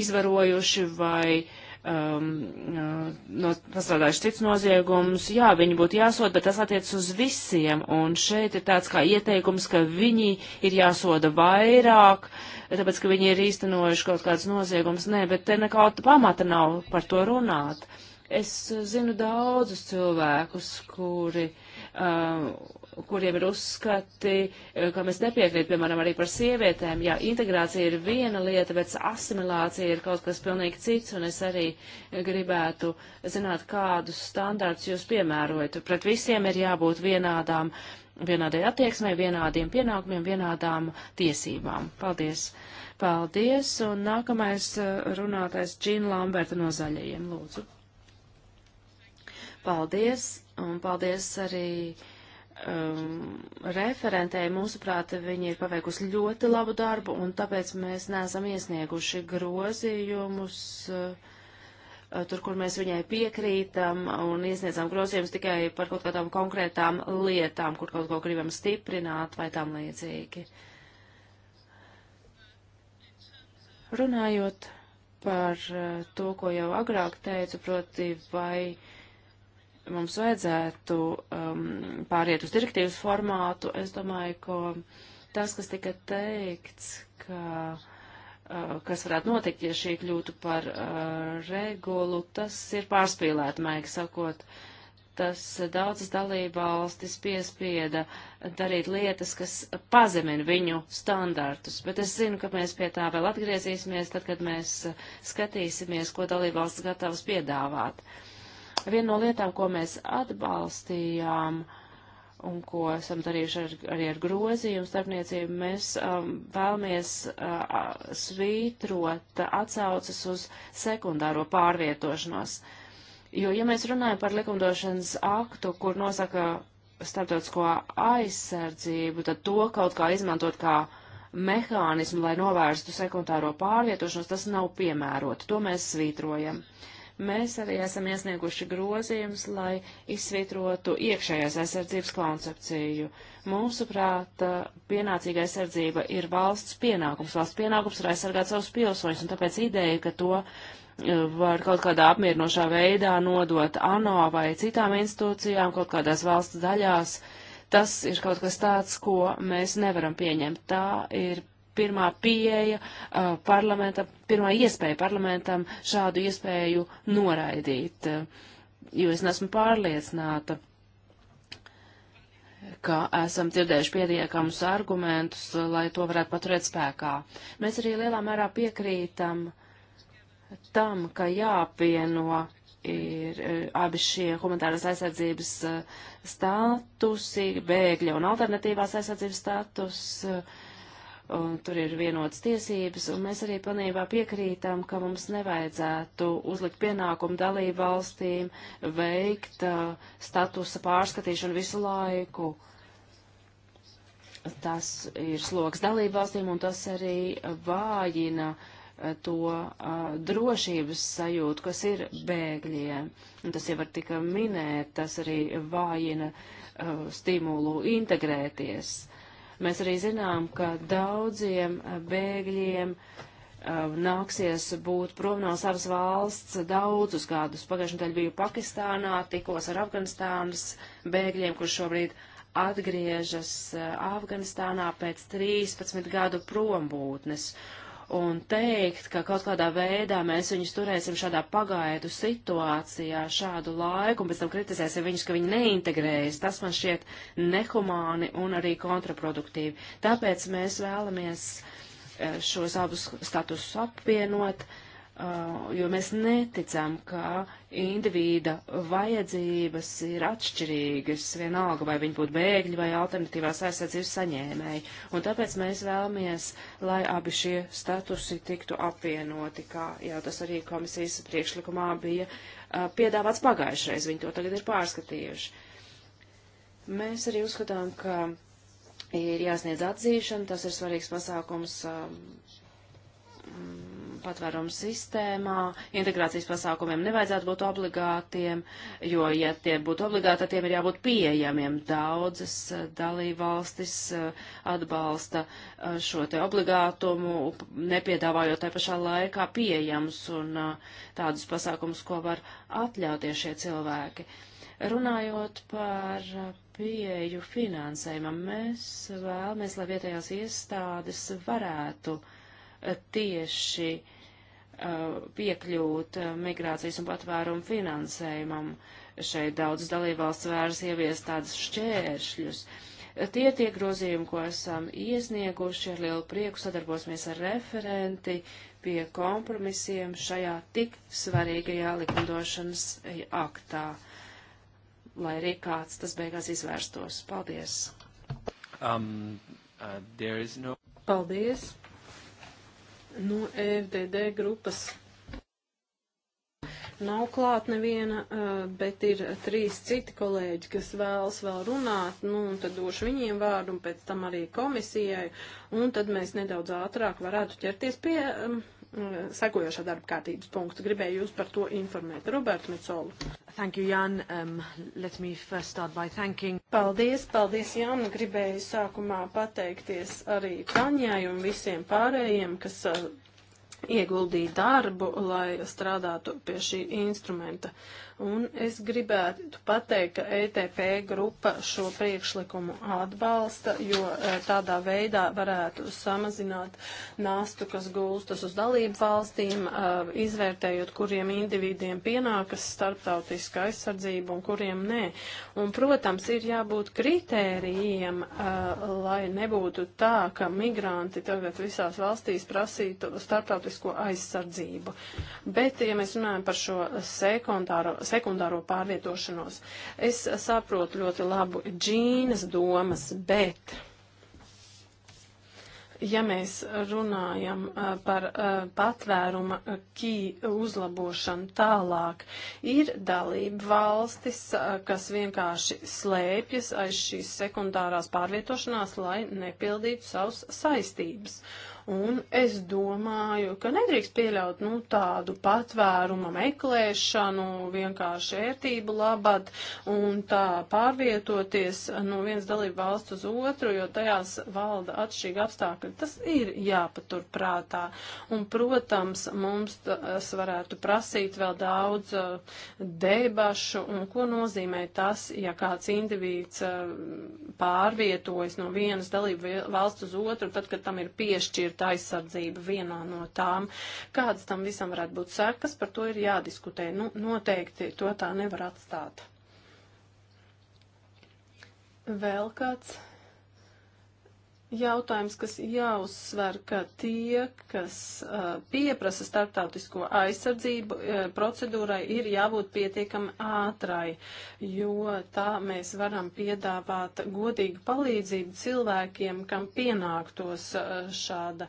B: izvarojuši vai um, no, pastrādājuši cits noziegums, jā, viņi būtu jāsoda, bet tas attiec uz visiem, un šeit ir tāds kā ieteikums, ka viņi ir jāsoda vairāk, tāpēc, ka viņi ir īstenojuši kaut kāds noziegums, nē, bet te nekāda pamata nav par to runāt. Es zinu daudzus cilvēkus, kuri Uh, kuriem ir uzskati, uh, ka mēs nepiekrīt, piemēram, arī par sievietēm. Jā, integrācija ir viena lieta, bet asimilācija ir kaut kas pilnīgi cits, un es arī gribētu zināt, kādus standārts jūs piemērojat. Pret visiem ir jābūt vienādām, vienādai attieksmai, vienādiem pienākumiem, vienādām tiesībām. Paldies! Paldies! Un nākamais uh, runātais Džina Lamberta no Zaļajiem, lūdzu. Paldies! Un paldies arī um, referentēji. Mūsuprāt, viņi ir paveikusi ļoti labu darbu, un tāpēc mēs neesam iesnieguši grozījumus. Uh, tur, kur mēs viņai piekrītam un iesniedzām grozījumus tikai par kaut kādām konkrētām lietām, kur kaut ko gribam stiprināt vai tam līdzīgi. Runājot par uh, to, ko jau agrāk teicu, proti, vai uh, mums vajadzētu um, pāriet uz direktīvas formātu, es domāju, ka tas, kas tika teikts, ka uh, kas varētu notikt, ja šī kļūtu par uh, regulu, tas ir pārspīlēti, maigi sakot. Uh, tas daudzas dalībvalstis piespieda darīt lietas, kas pazemina viņu standartus. Bet es zinu, ka mēs pie tā vēl atgriezīsimies, tad, kad mēs skatīsimies, ko dalībvalsts gatavs piedāvāt. Uh, Viena no lietām, ko mēs atbalstījām un ko esam darījuši ar, arī ar grozījumu starpniecību, mēs um, vēlamies uh, svītrot atsaucas uz sekundāro pārvietošanos. Jo, ja mēs runājam par likumdošanas aktu, kur nosaka starptautisko aizsardzību, tad to kaut kā izmantot kā mehānismu, lai novērstu sekundāro pārvietošanos, tas nav piemērot. To mēs svītrojam. Uh, Mēs arī esam iesnieguši grozījumus, lai izsvitrotu iekšējās aizsardzības koncepciju. Mūsuprāt, uh, pienācīga aizsardzība ir valsts pienākums. Valsts pienākums ir aizsargāt savus pilsoņus, un tāpēc ideja, ka to uh, var kaut kādā apmierinošā veidā nodot ANO vai citām institūcijām kaut kādās valsts daļās. Tas ir kaut kas tāds, ko mēs nevaram pieņemt. Tā ir pirmā pieeja uh, parlamentam, pirmā iespēja parlamentam šādu iespēju noraidīt, uh, jo es nesmu pārliecināta, ka esam dzirdējuši pietiekamus argumentus, uh, lai to varētu paturēt spēkā. Mēs arī lielā mērā piekrītam tam, ka jāpieno ir uh, abi šie humanitāras aizsardzības uh, statusi, bēgļa un alternatīvās aizsardzības status. Uh, un tur ir vienotas tiesības, un mēs arī pilnībā piekrītam, ka mums nevajadzētu uzlikt pienākumu dalību valstīm veikt uh, statusa pārskatīšanu visu laiku. Tas ir sloks dalību valstīm, un tas arī vājina uh, to uh, drošības sajūtu, kas ir bēgļiem. Un tas jau var tikai minēt, tas arī vājina uh, stimulu integrēties. Mēs arī zinām, ka daudziem eh, bēgļiem eh, nāksies būt prom no savas valsts daudzus gadus. Pagājušajā nedēļā biju Pakistānā, tikos ar Afganistānas bēgļiem, kurš šobrīd atgriežas eh, Afganistānā pēc 13 gadu prombūtnes un teikt, ka kaut kādā veidā mēs viņus turēsim šādā pagaidu situācijā šādu laiku un pēc tam kritizēsim viņus, ka viņi neintegrējas, tas man šķiet nehumāni un arī kontraproduktīvi. Tāpēc mēs vēlamies eh, šos abus statusus apvienot. Uh, Uh, jo mēs neticam, ka indivīda vajadzības ir atšķirīgas, vienalga vai viņi būtu bēgļi vai alternatīvās aizsardzības saņēmēji. Un tāpēc mēs vēlamies, lai abi šie statusi tiktu apvienoti, kā jau tas arī komisijas priekšlikumā bija uh, piedāvāts pagājušreiz, viņi to tagad ir pārskatījuši. Mēs arī uzskatām, ka ir jāsniedz atzīšana, tas ir svarīgs pasākums. Um, patvērumu sistēmā integrācijas pasākumiem nevajadzētu būt obligātiem, jo, ja tie būtu obligāti, tiem ir jābūt pieejamiem. Daudzas eh, dalībvalstis eh, atbalsta eh, šo te obligātumu, nepiedāvājot tai pašā laikā pieejams un tādus pasākumus, ko var atļauties šie cilvēki. Runājot par pieeju finansējumam, mēs vēlamies, lai vietējās iestādes varētu uh, tieši piekļūt migrācijas un patvērumu finansējumam. Šeit daudz dalībvalsts vērs ievies tādus šķēršļus. Tie tie grozījumi, ko esam iesnieguši, ar lielu prieku sadarbosimies ar referenti pie kompromisiem šajā tik svarīgajā likumdošanas aktā, lai arī kāds tas beigās izvērstos. Paldies!
A: Um, uh, no...
B: Paldies! no FDD e grupas
C: nav klāt neviena, eh, bet ir trīs citi kolēģi, kas vēlas vēl runāt, nu, un tad došu viņiem vārdu, un pēc tam arī komisijai, un tad mēs nedaudz ātrāk varētu ķerties pie Mm, sekojošā darba kārtības punktu. Gribēju jūs par to informēt. Roberta Micolu. Thank you, Jan. Um, let me first start by thanking. Paldies, paldies, Jan. Gribēju sākumā pateikties arī Taņai un visiem pārējiem, kas uh, ieguldīja darbu, lai strādātu pie šī instrumenta. Uh, Un es gribētu pateikt, ka ETP grupa šo priekšlikumu atbalsta, jo e, tādā veidā varētu samazināt nastu, kas gulstas uz dalību valstīm, e, izvērtējot, kuriem individiem pienākas starptautiska aizsardzība un kuriem nē. Un, protams, ir jābūt kritērijiem, e, lai nebūtu tā, ka migranti tagad visās valstīs prasītu starptautisko aizsardzību. Bet, ja mēs runājam par šo sekundāro sekundāro pārvietošanos. Es saprotu ļoti labu džīnas domas, bet ja mēs runājam uh, par uh, patvēruma kī uzlabošanu tālāk, ir dalība valstis, uh, kas vienkārši slēpjas aiz šīs sekundārās pārvietošanās, lai nepildītu savus saistības. Uh, Un es domāju, ka nedrīkst pieļaut nu, tādu patvēruma meklēšanu vienkārši ērtību labad un tā pārvietoties no vienas dalību valsts uz otru, jo tajās valda atšķirīgi apstākļi. Tas ir jāpatur prātā. Un, protams, mums tas varētu prasīt vēl daudz uh, debašu un ko nozīmē tas, ja kāds individs uh, pārvietojas no vienas dalību valsts uz otru, tad, kad tam ir piešķirta kredīta aizsardzība vienā no tām. Kādas tam visam varētu būt sekas, par to ir jādiskutē. Nu, noteikti to tā nevar atstāt. Vēl kāds jautājums, kas jāuzsver, ka tie, kas uh, pieprasa starptautisko aizsardzību, uh, procedūrai ir jābūt pietiekami ātrai, jo tā mēs varam piedāvāt godīgu palīdzību cilvēkiem, kam pienāktos uh, šāda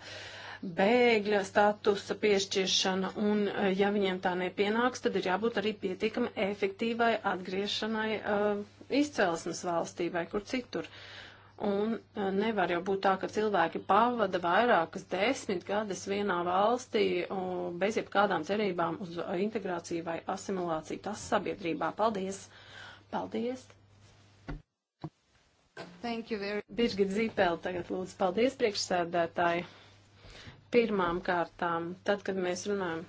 C: bēgļa statusa piešķiršana, un uh, ja viņiem tā nepienāks, tad ir jābūt arī pietiekami efektīvai atgriešanai uh, izcelsmes valstī vai kur citur. Uh, Un eh, nevar jau būt tā, ka cilvēki pavada vairākas desmitgades vienā valstī bez jebkādām cerībām uz integrāciju vai asimilāciju tas sabiedrībā. Paldies! Paldies! Thank you very much. Birgit Zīpēl tagad lūdzu paldies priekšsēdētāji. Pirmām kārtām, tad, kad mēs runājam.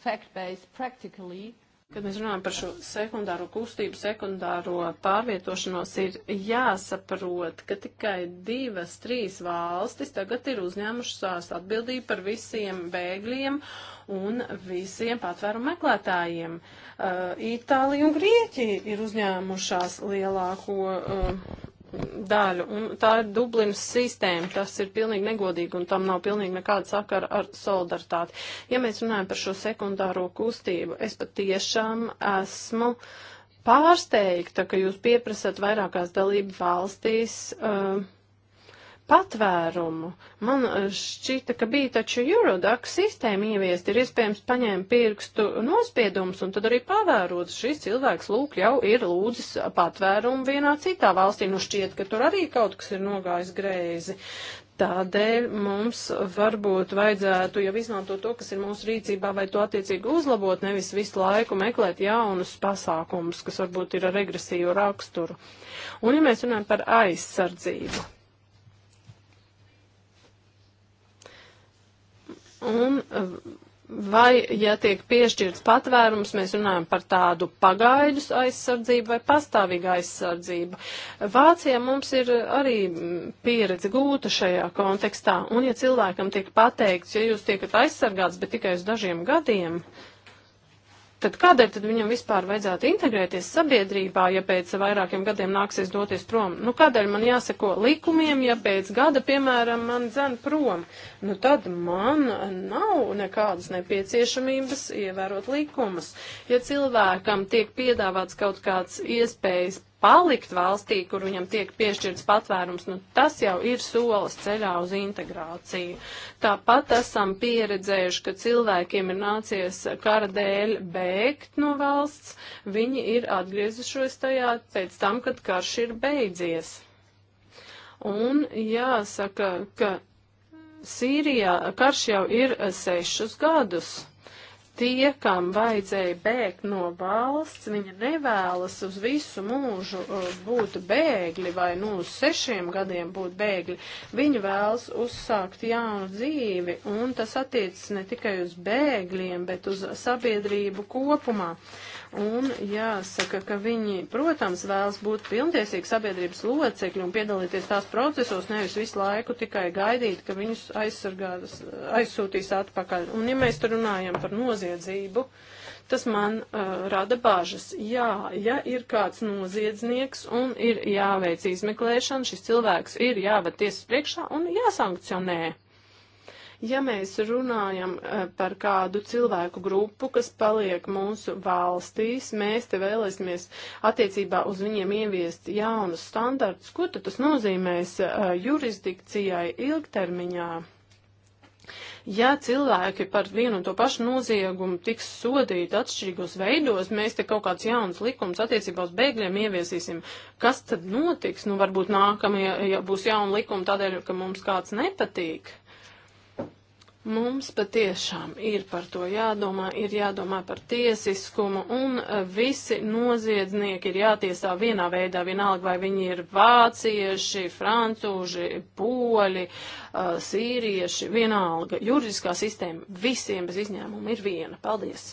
C: Fact-based, practically, Kad mēs runājam par šo sekundāro kustību, sekundāro pārvietošanos, ir jāsaprot, ka tikai divas, trīs valstis tagad ir uzņēmušas atbildību par visiem bēgļiem un visiem patvēru meklētājiem. Uh, Itālija un Grieķija ir uzņēmušās lielāko. Uh, daļu. Un tā ir Dublinas sistēma, tas ir pilnīgi negodīgi un tam nav pilnīgi nekāda sakara ar solidaritāti. Ja mēs runājam par šo sekundāro kustību, es patiešām esmu pārsteigta, ka jūs pieprasat vairākās dalību valstīs. Uh, patvērumu. Man eh, šķita, ka bija taču Eurodax sistēma ieviest, ir iespējams paņēma pirkstu nospiedumus un tad arī pavērot. Šis cilvēks lūk jau ir lūdzis patvērumu vienā citā valstī. Nu šķiet, ka tur arī kaut kas ir nogājis greizi. Tādēļ mums varbūt vajadzētu jau izmantot to, kas ir mūsu rīcībā, vai to attiecīgi uzlabot, nevis visu laiku meklēt jaunus pasākumus, kas varbūt ir ar regresīvu raksturu. Un ja mēs runājam par aizsardzību Un vai, ja tiek piešķirts patvērums, mēs runājam par tādu pagaidus aizsardzību vai pastāvīgu aizsardzību. Vācijā mums ir arī pieredze gūta šajā kontekstā. Un ja cilvēkam tiek pateikts, ja jūs tiekat aizsargāts, bet tikai uz dažiem gadiem, uh, Tad kādēļ tad viņam vispār vajadzētu integrēties sabiedrībā, ja pēc vairākiem gadiem nāksies doties prom? Nu, kādēļ man jāseko likumiem, ja pēc gada, piemēram, man dzen prom? Nu, tad man nav nekādas nepieciešamības ievērot likumus. Ja cilvēkam tiek piedāvāts kaut kāds iespējas palikt valstī, kur viņam tiek piešķirts patvērums, nu, tas jau ir solis ceļā uz integrāciju. Tāpat esam pieredzējuši, ka cilvēkiem ir nācies kara dēļ bēgt no valsts, viņi ir atgriezušies tajā pēc tam, kad karš ir beidzies. Un jāsaka, ka Sīrijā karš jau ir sešus gadus tie, kam vajadzēja bēgt no valsts, viņi nevēlas uz visu mūžu uh, būt bēgļi vai nu uz sešiem gadiem būt bēgļi. Viņi vēlas uzsākt jaunu dzīvi, un tas attiecas ne tikai uz bēgļiem, bet uz sabiedrību kopumā. Uh, Un jāsaka, ka viņi, protams, vēlas būt pilntiesīgi sabiedrības locekļi un piedalīties tās procesos, nevis visu laiku tikai gaidīt, ka viņus aizsargās, aizsūtīs atpakaļ. Un ja mēs tur runājam par noziedzību, tas man uh, rada bažas. Jā, ja ir kāds noziedznieks un ir jāveic izmeklēšana, šis cilvēks ir jāved tiesas priekšā un jāsankcionē. Ja mēs runājam eh, par kādu cilvēku grupu, kas paliek mūsu valstīs, mēs te vēlēsimies attiecībā uz viņiem ieviest jaunus standartus, ko tad tas nozīmēs eh, jurisdikcijai ilgtermiņā? ja cilvēki par vienu un to pašu noziegumu tiks sodīti atšķirīgos veidos, mēs te kaut kāds jauns likums attiecībā uz bēgļiem ieviesīsim. Kas tad notiks? Nu, varbūt nākamie ja būs jauni likumi tādēļ, ka mums kāds nepatīk. Mums patiešām ir par to jādomā, ir jādomā par tiesiskumu, un eh, visi noziedznieki ir jātiesā vienā veidā, vienalga vai viņi ir vācieši, francūži, poļi, eh, sīrieši, vienalga. Juridiskā sistēma visiem bez izņēmuma ir viena. Paldies!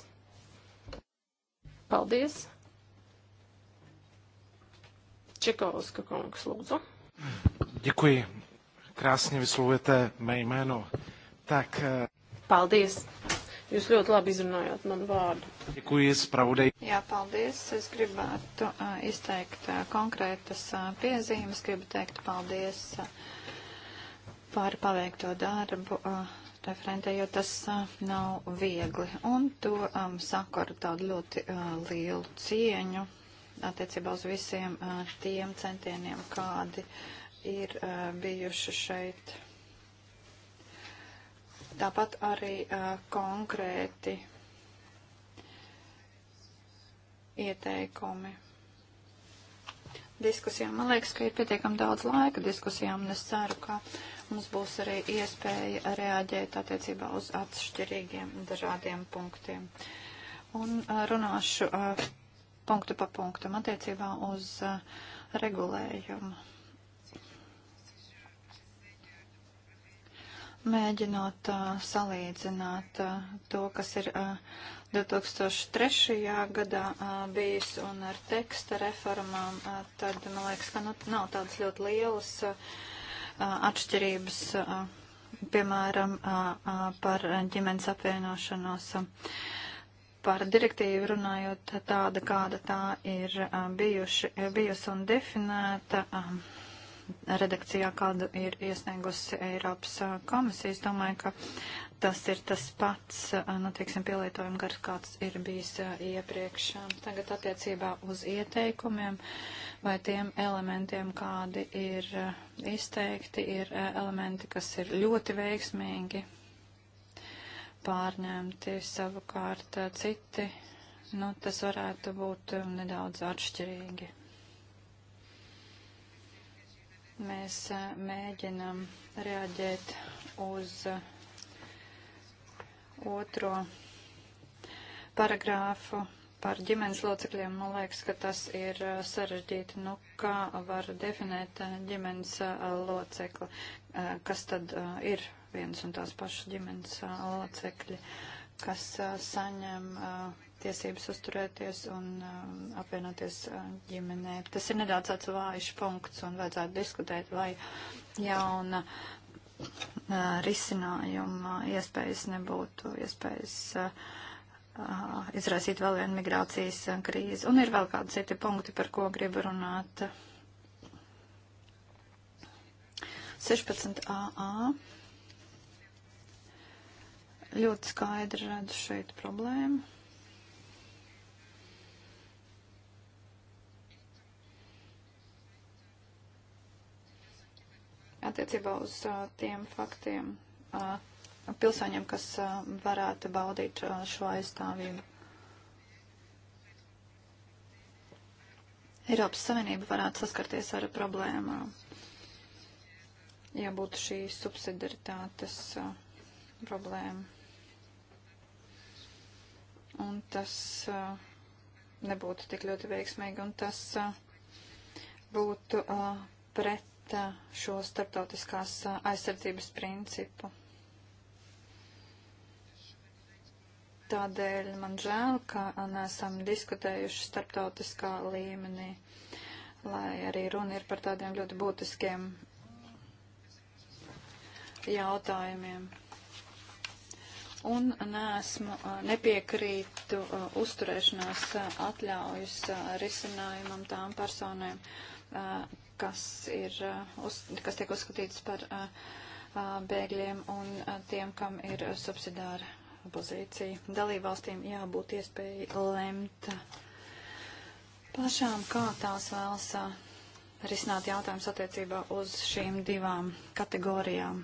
C: Paldies! Čekovska kungs, lūdzu.
D: Děkuji. Krásně vyslovujete mé jméno. Tak. Eh, paldies! Jūs ļoti labi izrunājāt manu vārdu. Jā, paldies. Es gribētu uh, izteikt uh, konkrētas uh, piezīmes. Gribu teikt paldies uh, par paveikto darbu uh, referentē, jo tas uh, nav viegli. Un to um, saku ar tādu ļoti uh, lielu cieņu attiecībā uz visiem uh, tiem centieniem, kādi ir uh, bijuši šeit Tāpat arī uh, konkrēti ieteikumi diskusijām. Man liekas, ka ir pietiekami daudz laika diskusijām, un es ceru, ka mums būs arī iespēja reaģēt attiecībā uz atšķirīgiem dažādiem punktiem. Un uh, runāšu uh, punktu pa punktam attiecībā uz uh, regulējumu mēģinot uh, salīdzināt uh, to, kas ir uh, 2003. gadā uh, bijis un ar teksta reformām, uh, tad, man liekas, ka nu, nav tādas ļoti lielas uh, atšķirības, uh, piemēram, uh, uh, par ģimenes apvienošanos. Uh, par direktīvu runājot tāda, kāda tā ir uh, bijuši, bijusi un definēta. Uh, redakcijā, kādu ir iesniegusi Eiropas komisijas. Domāju, ka tas ir tas pats, nu, teiksim, pielietojuma gars, kāds ir bijis iepriekš. Tagad attiecībā uz ieteikumiem vai tiem elementiem, kādi ir izteikti, ir elementi, kas ir ļoti veiksmīgi pārņemti savukārt citi. Nu, tas varētu būt nedaudz atšķirīgi. Mēs eh, mēģinam reaģēt uz eh, otro paragrāfu par ģimenes locekļiem. Man liekas, ka tas ir eh, sarežģīti. Nu, kā var definēt ģimenes locekli? Kas tad ir viens un tās pašas ģimenes locekļi, kas saņem tiesības uzturēties un um, apvienoties uh, ģimenē. Tas ir nedaudz tāds vājš punkts un vajadzētu diskutēt, vai jauna uh, risinājuma iespējas nebūtu iespējas uh, uh, izraisīt vēl vienu migrācijas uh, krīzi. Un ir vēl kādi citi punkti, par ko gribu runāt. 16 AA ļoti skaidri redzu šeit problēmu. attiecībā uz tiem faktiem pilsoņiem, kas varētu baudīt šo aizstāvību. Eiropas Savienība varētu saskarties ar problēmām, ja būtu šī subsidaritātes uh, problēma. Un tas uh, nebūtu tik ļoti veiksmīgi, un tas uh, būtu pret pret šo starptautiskās aizsardzības principu. Tādēļ man žēl, ka nesam diskutējuši starptautiskā līmenī, lai arī runa ir par tādiem ļoti būtiskiem jautājumiem. Un nesmu, nepiekrītu uzturēšanās atļaujas risinājumam tām personēm, kas, ir, uh, uz, kas tiek uzskatīts par uh, uh, bēgļiem un tiem, kam ir subsidāra pozīcija. Dalībvalstīm jābūt iespēja lemt pašām, kā tās vēlas risināt jautājumus attiecībā uz šīm divām kategorijām.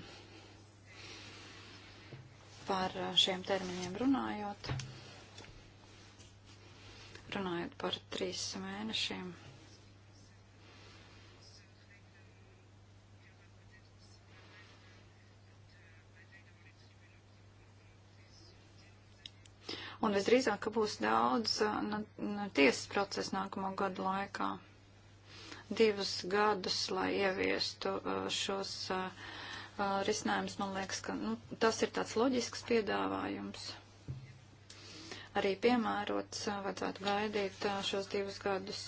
D: Par šiem termiņiem runājot, runājot par trīs mēnešiem. un visdrīzāk, ka būs daudz uh, nu, nu, tiesas procesu nākamo gadu laikā. Divus gadus, lai ieviestu uh, šos uh, risinājumus, man liekas, ka nu, tas ir tāds loģisks piedāvājums. Arī piemērots vajadzētu gaidīt šos divus gadus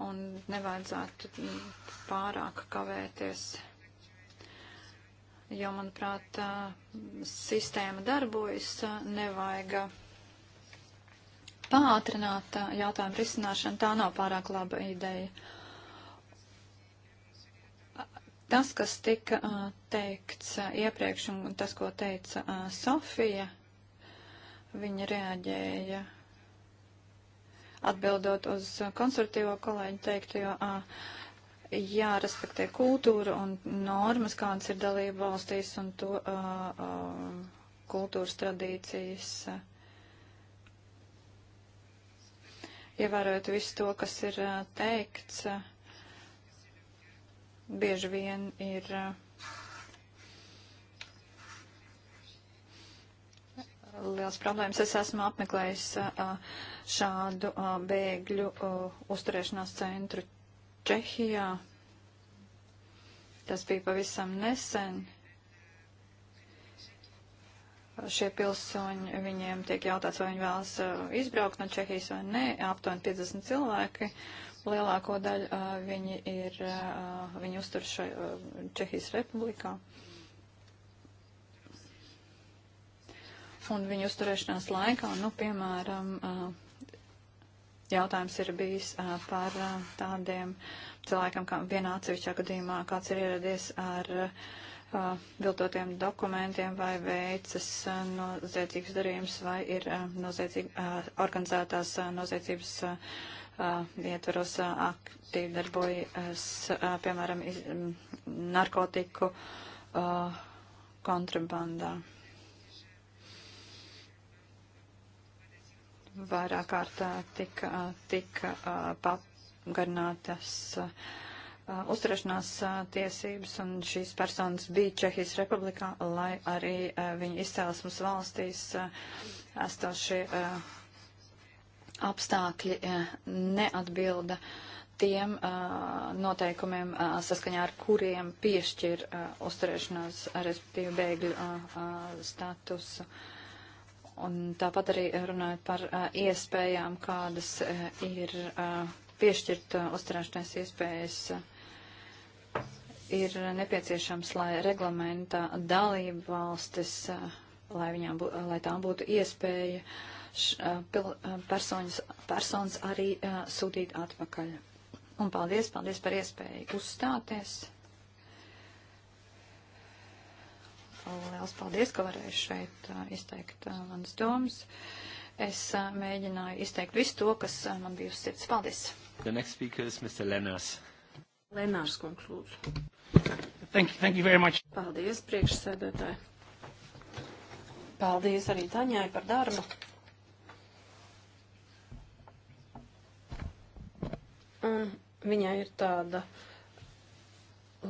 D: un nevajadzētu mm, pārāk kavēties jo, manuprāt, sistēma darbojas, nevajag pātrināt jautājumu risināšanu, tā nav pārāk laba ideja. Tas, kas tika teikts iepriekš un tas, ko teica Sofija, viņa reaģēja atbildot uz konservatīvo kolēģi teikto, jo jārespektē kultūra un normas, kādas ir dalība valstīs un to uh, uh, kultūras tradīcijas. Ievērojot visu to, kas ir uh, teikts, uh, bieži vien ir. Uh, liels problēmas. Es esmu apmeklējis a, šādu a, bēgļu a, uzturēšanās centru Čehijā. Tas bija pavisam nesen. Šie pilsoņi, viņiem tiek jautāts, vai viņi vēlas uh, izbraukt no Čehijas vai nē, aptuveni 50 cilvēki. Lielāko daļu uh, viņi ir, uh, viņi uztur šai Čehijas republikā. Un viņu uzturēšanās laikā, nu, piemēram, jautājums ir bijis par tādiem cilvēkam, kā vienā atsevišķā gadījumā kāds ir ieradies ar viltotiem dokumentiem vai veicis noziedzīgs darījums vai ir noziedzīga, organizētās noziedzības ietvaros aktīvi darbojas, piemēram, iz, narkotiku kontrabandā. vairāk kārt tika, tika pagarinātas uzturēšanās tiesības, un šīs personas bija Čehijas republikā, lai arī viņa izcēlesmes valstīs esošie apstākļi neatbilda tiem noteikumiem, saskaņā ar kuriem piešķir uzturēšanās, respektīvi bēgļu statusu. Uh, Un tāpat arī runājot par uh, iespējām, kādas uh, ir uh, piešķirt uh, uzturēšanās iespējas, uh, ir nepieciešams, lai reglamentā dalība valstis, uh, lai, viņām, bū, lai tām būtu iespēja š, uh, pil, uh, personas, personas arī uh, sūtīt atpakaļ. Un paldies, paldies par iespēju uzstāties. liels paldies, ka varēju šeit izteikt manas domas. Es mēģināju izteikt visu to, kas man bija uz sirds. Paldies!
A: The next speaker is Mr. Lenārs.
D: Lenārs kungs, lūdzu.
B: Thank you, thank you very much.
C: Paldies, priekšsēdētāji. Paldies arī Taņai par darbu. Un viņai ir tāda uh,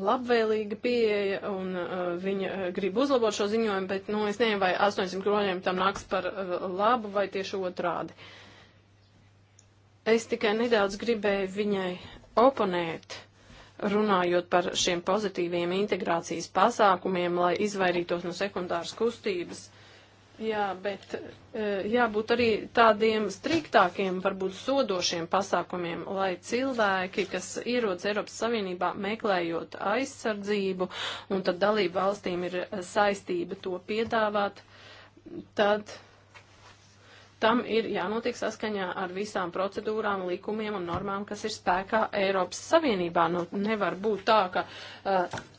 C: labvēlīga pieeja un uh, viņa uh, grib uzlabot šo ziņojumu, bet, nu, es nezinu, vai 800 kroniem tam nāks par uh, labu vai tieši otrādi. Es tikai nedaudz gribēju viņai oponēt, runājot par šiem pozitīviem integrācijas pasākumiem, lai izvairītos no sekundāras kustības. Uh, Jā, bet e, jābūt arī tādiem striktākiem, varbūt sodošiem pasākumiem, lai cilvēki, kas ierodas Eiropas Savienībā meklējot aizsardzību, un tad dalību valstīm ir saistība to piedāvāt, tad tam ir jānotiek saskaņā ar visām procedūrām, likumiem un normām, kas ir spēkā Eiropas Savienībā. Nu, nevar būt tā, ka. Uh,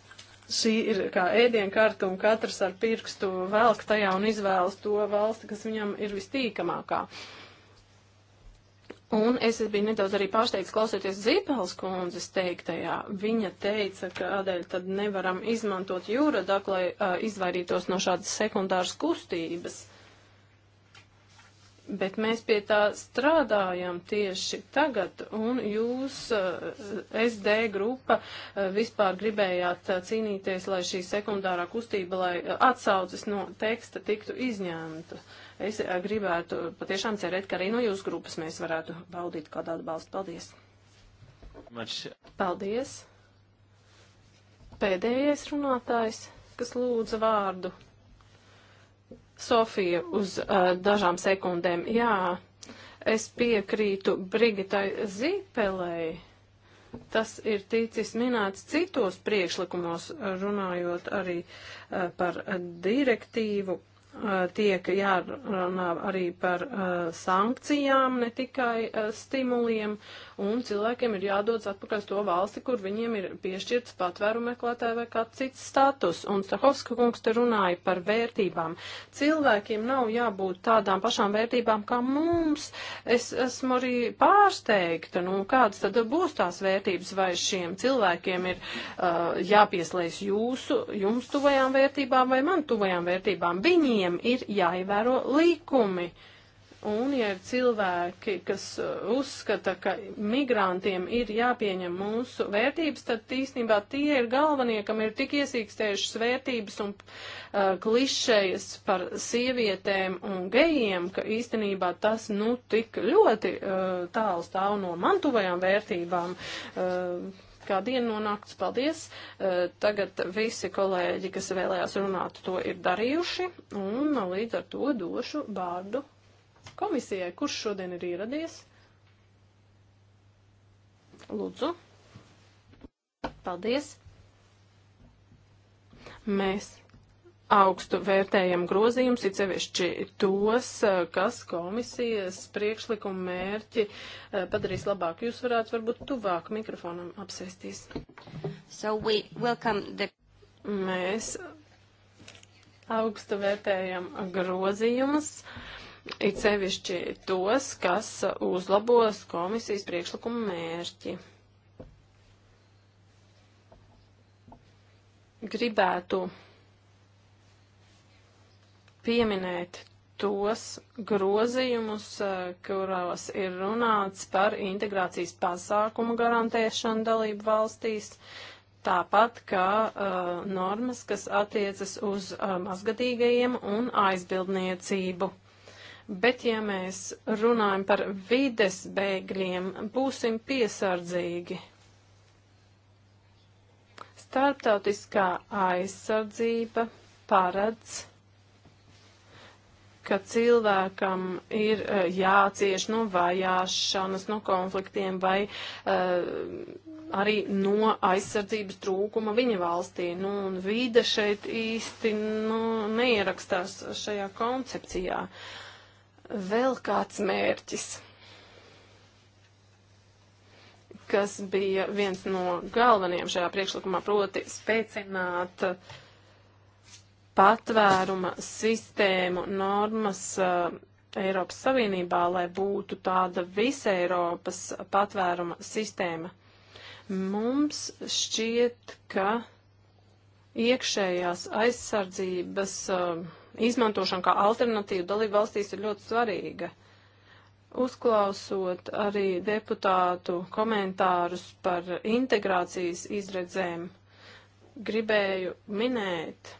C: šī ir kā ēdienkarte un katrs ar pirkstu velk tajā un izvēlas to valsti, kas viņam ir vistīkamākā. Un es biju nedaudz arī pārsteigts klausoties Zīpels kundzes teiktajā. Viņa teica, ka kādēļ tad nevaram izmantot jūradaku, lai uh, izvairītos no šādas sekundāras kustības. Bet mēs pie tā strādājam tieši tagad, un jūs, eh, SD grupa, eh, vispār gribējāt eh, cīnīties, lai šī sekundārā kustība, lai atsaucis no teksta tiktu izņemta. Es gribētu patiešām cerēt, ka arī no jūsu grupas mēs varētu baudīt kādu atbalstu. Paldies! Much. Paldies! Pēdējais runātājs, kas lūdza vārdu. Sofija uz uh, dažām sekundēm. Jā, es piekrītu Brigitai Zīpelei. Tas ir ticis minēts citos priekšlikumos, runājot arī uh, par direktīvu Eh, tiek jārunā arī par uh, sankcijām, ne tikai uh, stimuliem, un cilvēkiem ir jādodas atpakaļ uz to valsti, kur viņiem ir piešķirts patvēru meklētāju vai kāds cits status. Un Stahovska kungs te runāja par vērtībām. Cilvēkiem nav jābūt tādām pašām vērtībām kā mums. Es esmu arī pārsteigta, nu kādas tad būs tās vērtības, vai šiem cilvēkiem ir uh, jāpieslēs jūsu, jums tuvajām vērtībām vai man tuvajām vērtībām. Viņiem viņiem ir jāievēro likumi. Un, ja ir cilvēki, kas uh, uzskata, ka migrantiem ir jāpieņem mūsu vērtības, tad īstenībā tie ir galvenie, kam ir tik iesīkstējušas vērtības un uh, klišejas par sievietēm un gejiem, ka īstenībā tas, nu, tik ļoti uh, tālu stāv no mantuvajām vērtībām. Uh, kā diena no nakts. Paldies! E, tagad visi kolēģi, kas vēlējās runāt, to ir darījuši, un līdz ar to došu vārdu komisijai, kurš šodien ir ieradies. Lūdzu! Paldies! Mēs augstu vērtējam grozījumus, it sevišķi tos, eh, kas komisijas priekšlikumu mērķi eh, padarīs labāk. Jūs varētu varbūt tuvāk mikrofonam apsēsties. So we welcome the... Mēs augstu vērtējam grozījumus, it sevišķi tos, kas uzlabos komisijas priekšlikumu mērķi. Gribētu pieminēt tos grozījumus, eh, kurās ir runāts par integrācijas pasākumu garantēšanu dalību valstīs, tāpat kā uh, normas, kas attiecas uz uh, mazgadīgajiem un aizbildniecību. Bet, ja mēs runājam par vides bēgļiem, būsim piesardzīgi. Starptautiskā aizsardzība paredz ka cilvēkam ir uh, jācieš no vajāšanas, no konfliktiem vai uh, arī no aizsardzības trūkuma viņa valstī. Nu, un vīde šeit īsti nu, neierakstās šajā koncepcijā. Vēl kāds mērķis, kas bija viens no galvenajiem šajā priekšlikumā, proti spēcināt uh, patvēruma sistēmu normas uh, Eiropas Savienībā, lai būtu tāda visa Eiropas patvēruma sistēma. Mums šķiet, ka iekšējās aizsardzības uh, izmantošana kā alternatīva dalību valstīs ir ļoti svarīga. Uzklausot arī deputātu komentārus par integrācijas izredzēm, gribēju minēt,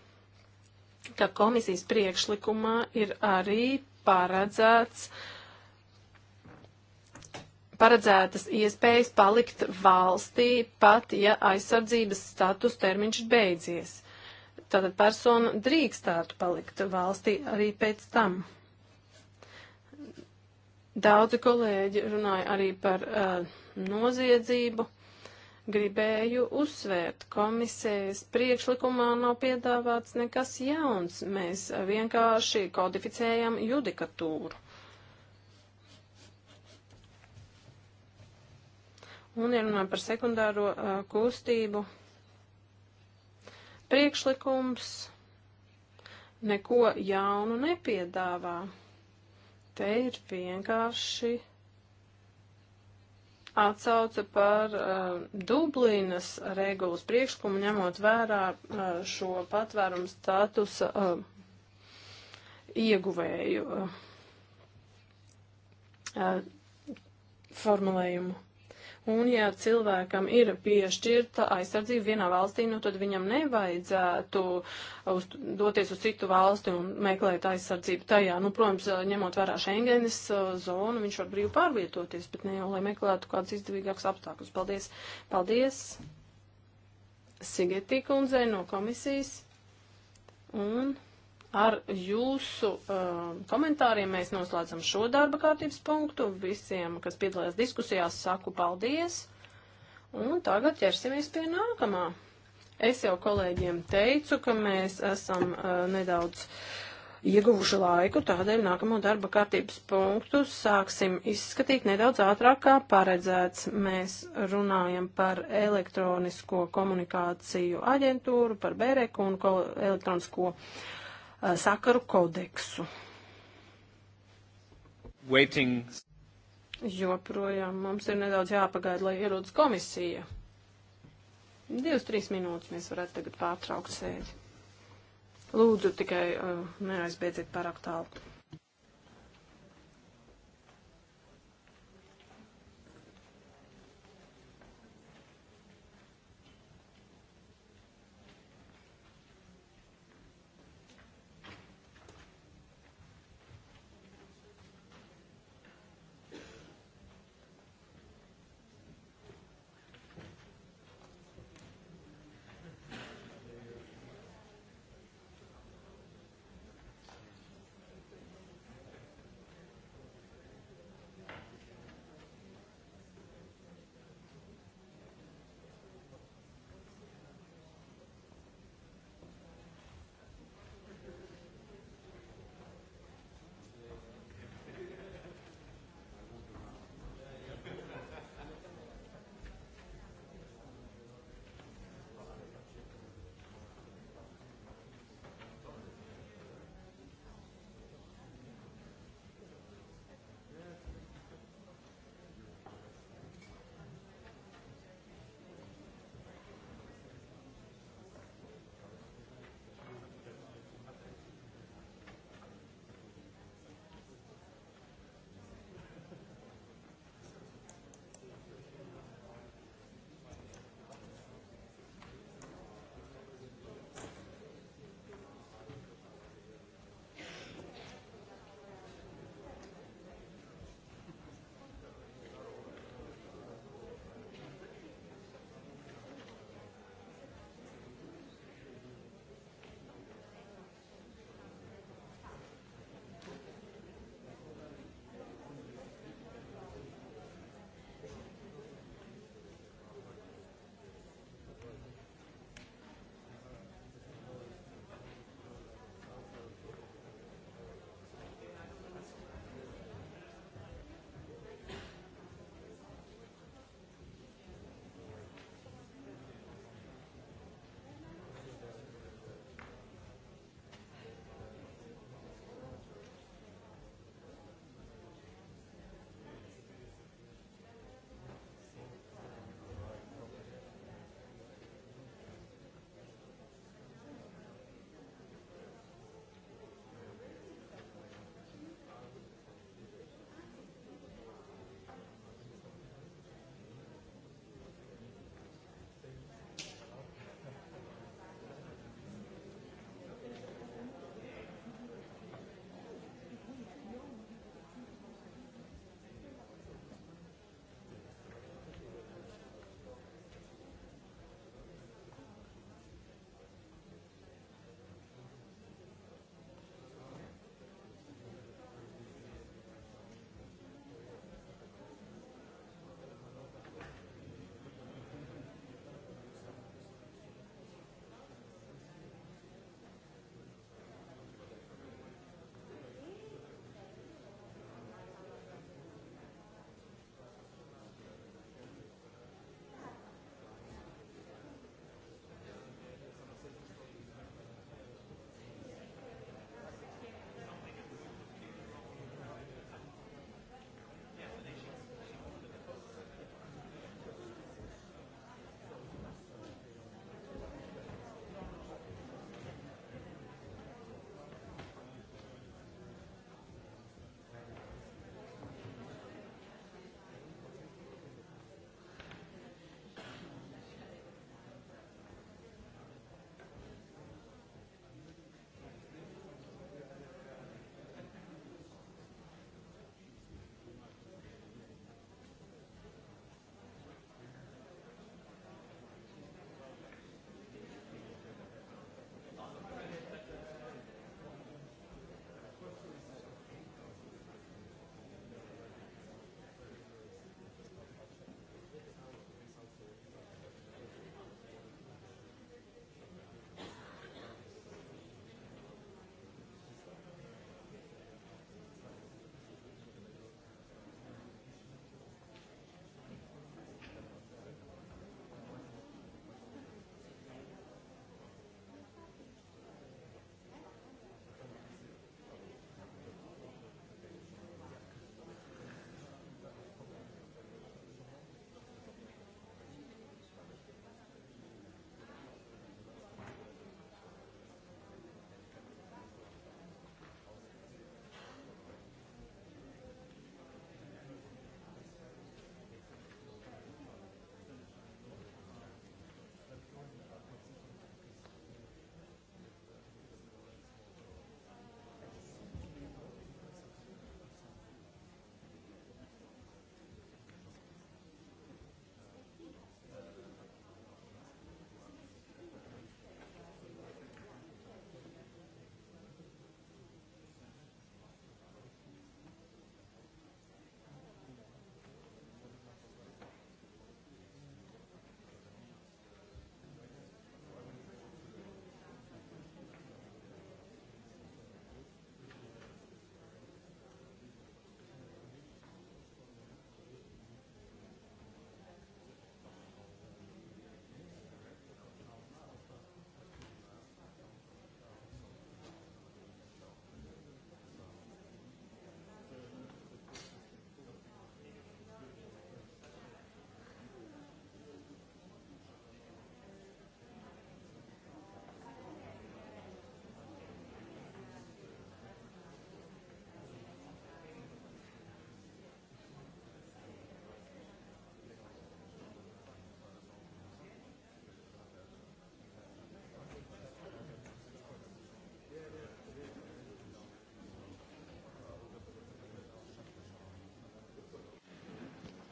C: ka komisijas priekšlikumā ir arī paredzēts paredzētas iespējas palikt valstī, pat ja aizsardzības status termiņš beidzies. Tātad persona drīkstētu palikt valstī arī pēc tam. Daudzi kolēģi runāja arī par uh, noziedzību gribēju uzsvērt. Komisijas priekšlikumā nav piedāvāts nekas jauns. Mēs vienkārši kodificējam judikatūru. Un, ja runājam par sekundāro uh, kustību, priekšlikums neko jaunu nepiedāvā. Te ir vienkārši atsauca par uh, eh, Dublīnas regulas priekšlikumu, ņemot vērā uh, šo patvērumu statusa uh, eh, ieguvēju uh, uh, formulējumu. Un ja cilvēkam ir piešķirta aizsardzība vienā valstī, nu tad viņam nevajadzētu uz, doties uz citu valsti un meklēt aizsardzību tajā. Nu, protams, ņemot vērā Schengenes uh, zonu, viņš var brīvi pārvietoties, bet ne jau, lai meklētu kādus izdevīgākus apstākļus. Paldies! Paldies! Sigetī kundzei no komisijas. Un... Ar jūsu uh, komentāriem mēs noslēdzam šo darba kārtības punktu. Visiem, kas piedalījās diskusijās, saku paldies. Un tagad ķersimies pie nākamā. Es jau kolēģiem teicu, ka mēs esam uh, nedaudz ieguvuši laiku, tādēļ nākamo darba kārtības punktu sāksim izskatīt nedaudz ātrāk kā paredzēts. Mēs runājam par elektronisko komunikāciju aģentūru, par BEREK un elektronisko komunikāciju Uh, sakaru kodeksu. Waiting. Joprojām mums ir nedaudz jāpagaida, lai ierodas komisija. Divas, trīs minūtes mēs varētu tagad pārtraukt sēdi. Lūdzu, tikai uh, neaizbiedziet pārāk tālu.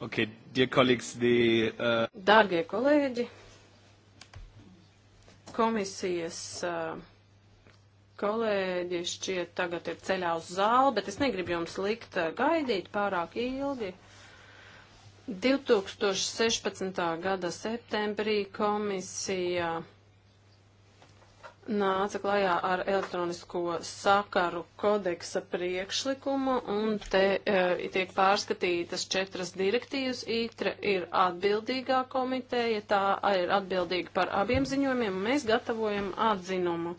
A: Okay, dear colleagues, the... Uh...
C: Dārgie kolēģi, komisijas uh, kolēģi šķiet tagad ir ceļā uz zāli, bet es negribu jums likt uh, gaidīt pārāk ilgi. 2016. gada septembrī komisija. Uh, nāca klajā ar elektronisko sakaru kodeksa priekšlikumu, un te uh, e, tiek pārskatītas četras direktīvas. ITRE ir atbildīgā komiteja, tā ir atbildīga par abiem ziņojumiem, un mēs gatavojam atzinumu.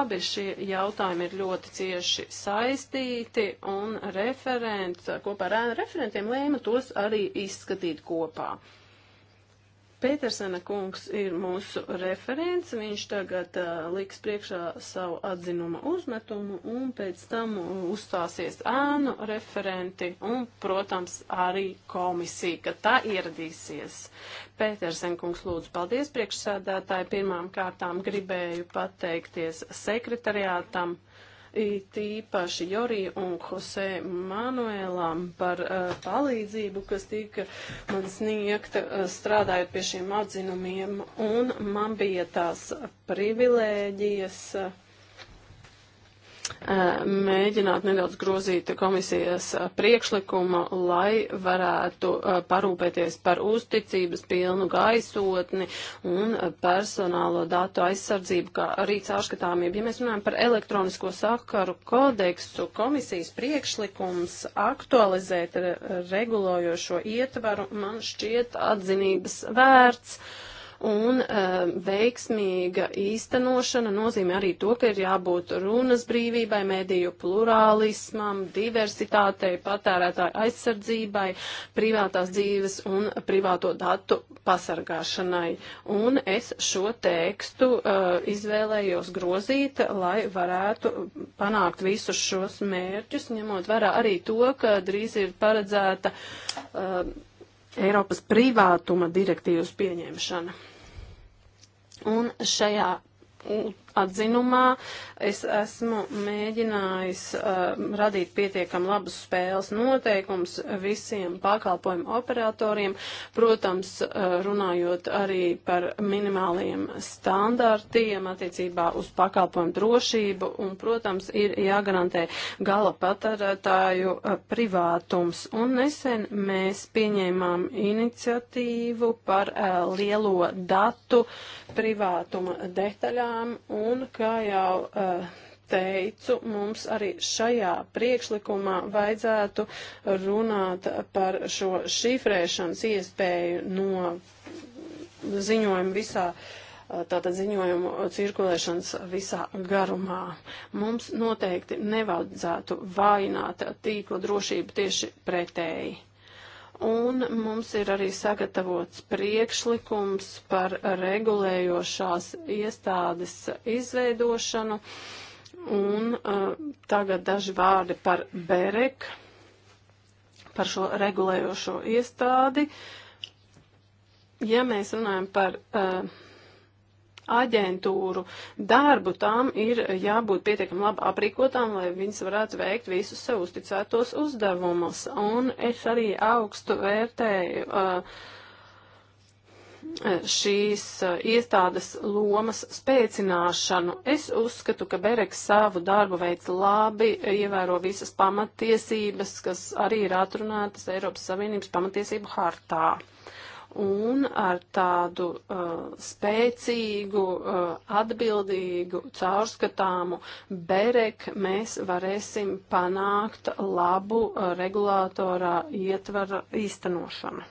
C: Abi šie jautājumi ir ļoti cieši saistīti, un referents kopā ar referentiem lēma tos arī izskatīt kopā. Uh, Pētersena kungs ir mūsu referents, viņš tagad uh, liks priekšā savu atzinuma uzmetumu un pēc tam uzstāsies ēnu referenti un, protams, arī komisija, ka tā ieradīsies. Pētersen kungs lūdzu paldies priekšsēdētāji. Pirmām kārtām gribēju pateikties sekretariātam it īpaši Jorī un Jose Manuēlam par uh, palīdzību, kas tika man sniegta uh, strādājot pie šiem atzinumiem, un man bija tās privilēģijas. Uh, mēģināt nedaudz grozīt komisijas priekšlikumu, lai varētu parūpēties par uzticības pilnu gaisotni un personālo datu aizsardzību, kā arī cārskatāmību. Ja mēs runājam par elektronisko sakaru kodeksu, komisijas priekšlikums aktualizēt regulējošo ietvaru man šķiet atzinības vērts. Uh, un uh, veiksmīga īstenošana nozīmē arī to, ka ir jābūt runas brīvībai, mediju plurālismam, diversitātei, patērētāju aizsardzībai, privātās dzīves un privāto datu pasargāšanai. Un es šo tekstu uh, izvēlējos grozīt, lai varētu panākt visus šos mērķus, ņemot vērā arī to, ka drīz ir paredzēta uh, Eiropas privātuma direktīvas pieņemšana. Un šajā atzinumā Es esmu mēģinājis uh, radīt pietiekam labus spēles noteikums visiem pakalpojumu operatoriem, protams, uh, runājot arī par minimāliem standartiem attiecībā uz pakalpojumu drošību un, protams, ir jāgarantē gala patērētāju uh, privātums. Un nesen mēs pieņēmām iniciatīvu par uh, lielo datu privātuma detaļām un, kā jau uh, teicu, mums arī šajā priekšlikumā vajadzētu runāt par šo šifrēšanas iespēju no ziņojuma visā uh, tātad ziņojumu cirkulēšanas visā garumā. Mums noteikti nevajadzētu vainot tīkla drošību tieši pretēji. Un mums ir arī sagatavots priekšlikums par regulējošās iestādes izveidošanu. Un uh, tagad daži vārdi par BEREK, par šo regulējošo iestādi. Ja mēs runājam par uh, aģentūru darbu, tām ir jābūt pietiekami labi aprīkotām, lai viņas varētu veikt visus sev uzticētos uzdevumus. Un es arī augstu vērtēju šīs iestādes lomas spēcināšanu. Es uzskatu, ka Bereks savu darbu veic labi, ievēro visas pamatiesības, kas arī ir atrunātas Eiropas Savienības pamatiesību hartā un ar tādu uh, spēcīgu, uh, atbildīgu, caurskatāmu berek mēs varēsim panākt labu uh, regulātorā ietvara īstenošanu.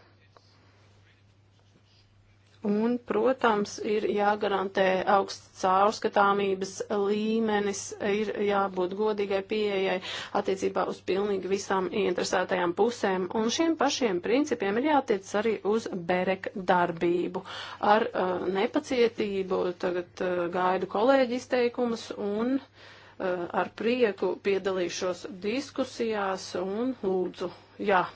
C: Un, protams, ir jāgarantē augsts caurskatāmības līmenis, ir jābūt godīgai pieejai attiecībā uz pilnīgi visām interesētajām pusēm. Un šiem pašiem principiem ir jātiec arī uz berek darbību. Ar uh, nepacietību tagad uh, gaidu kolēģi izteikumus un uh, ar prieku piedalīšos diskusijās un lūdzu. Jā.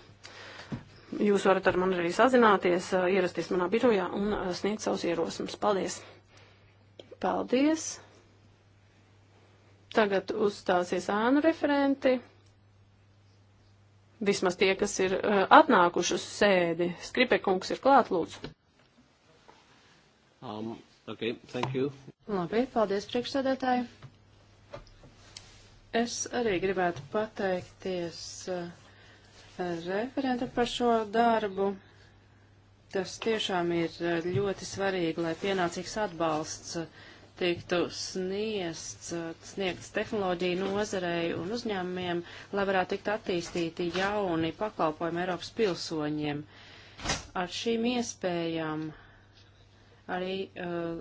C: Jūs varat ar mani arī sazināties, ierasties manā birojā un sniegt savus ierosmes. Paldies! Paldies! Tagad uzstāsies ēnu referenti. Vismaz tie, kas ir atnākuši uz sēdi. Skripekungs
B: ir klāt, lūdzu.
A: Um, okay, thank you.
C: Labi,
B: paldies priekšsēdētāji. Es arī gribētu pateikties. Uh, referenta par šo darbu. Tas tiešām ir eh, ļoti svarīgi, lai pienācīgs atbalsts eh, tiktu sniests, eh, sniegts tehnoloģiju nozarei un uzņēmumiem, lai varētu tikt attīstīti jauni pakalpojumi Eiropas pilsoņiem. Ar šīm iespējām arī uh,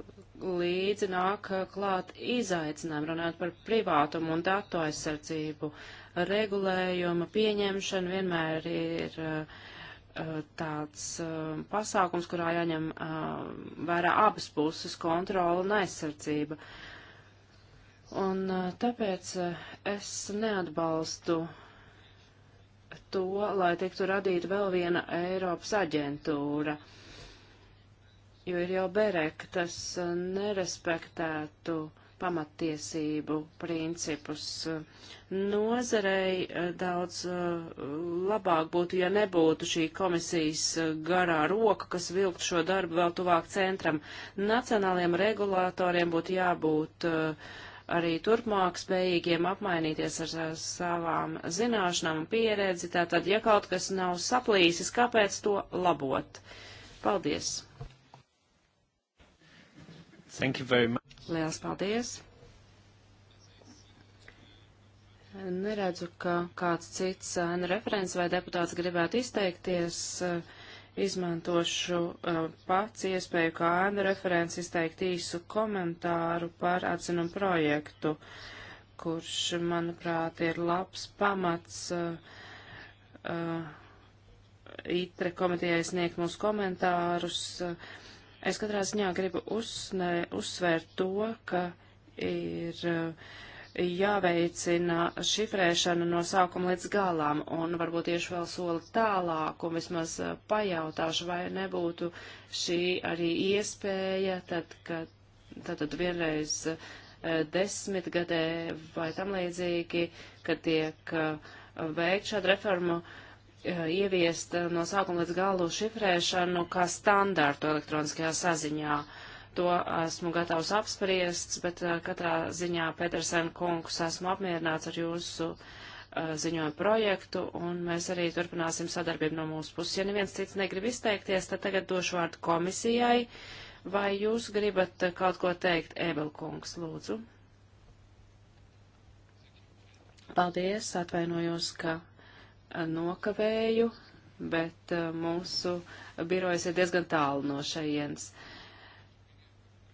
B: līdzi nāk klāt izaicinājumi runāt par privātumu un datu aizsardzību. Uh, regulējuma pieņemšana vienmēr ir eh, eh, tāds eh, pasākums, kurā jāņem vērā abas puses kontrola un aizsardzība. Un tāpēc es neatbalstu to, lai tiktu radīta vēl viena Eiropas aģentūra jo ir jau bereka, tas nerespektētu pamattiesību principus. Nozarei eh, daudz eh, labāk būtu, ja nebūtu šī komisijas eh, garā roka, kas vilkt šo darbu vēl tuvāk centram. Nacionāliem regulātoriem būtu jābūt arī turpmāk spējīgiem apmainīties ar, ar savām zināšanām un pieredzi. Tātad, ja kaut kas nav saplīsis, kāpēc to labot? Paldies!
A: Thank you very much.
B: Liels paldies! Neredzu, ka kāds cits eh, referents vai deputāts gribētu izteikties. Eh, izmantošu eh, pats iespēju kā ēnu referents izteikt īsu komentāru par atzinumu projektu, kurš, manuprāt, ir labs pamats uh, ITRE komitejai sniegt mūsu komentārus. Uh, Es katrā ziņā gribu uzsnē, uzsvērt to, ka ir eh, jāveicina šifrēšana no sākuma līdz galam, un varbūt tieši vēl soli tālāk, un vismaz eh, pajautāšu, vai nebūtu šī arī iespēja, tad, kad tad, tad vienreiz eh, desmitgadē vai tam līdzīgi, kad tiek veikt šādu reformu, uh, Eh, ieviest eh, no sākuma līdz galu šifrēšanu kā standārtu elektroniskajā saziņā. To esmu gatavs apspriest, bet eh, katrā ziņā Petersen kungs esmu apmierināts ar jūsu ziņojumu projektu, un mēs arī turpināsim sadarbību no mūsu puses. Ja neviens cits negrib izteikties, tad tagad došu vārdu komisijai. Vai jūs gribat kaut ko teikt, Ebelkungs, lūdzu? Paldies, atvainojos, ka nokavēju, bet eh, mūsu birojas ir diezgan tālu no šajienas.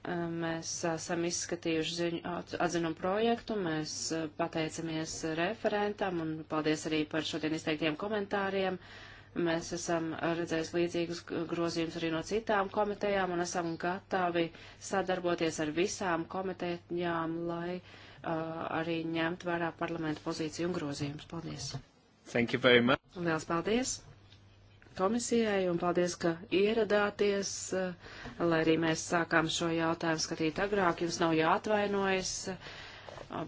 B: Eh, mēs esam izskatījuši ziņu, atzinumu projektu, mēs eh, pateicamies referentam un paldies arī par šodien izteiktiem komentāriem. Mēs esam redzējuši līdzīgus grozījumus arī no citām komitejām un esam gatavi sadarboties ar visām komitejām, lai uh, arī ņemt vērā parlamentu pozīciju un grozījumus. Paldies!
A: Thank you very much.
B: Un liels paldies komisijai un paldies, ka ieradāties, eh, lai arī mēs sākām šo jautājumu skatīt agrāk, jums nav jāatvainojas, eh,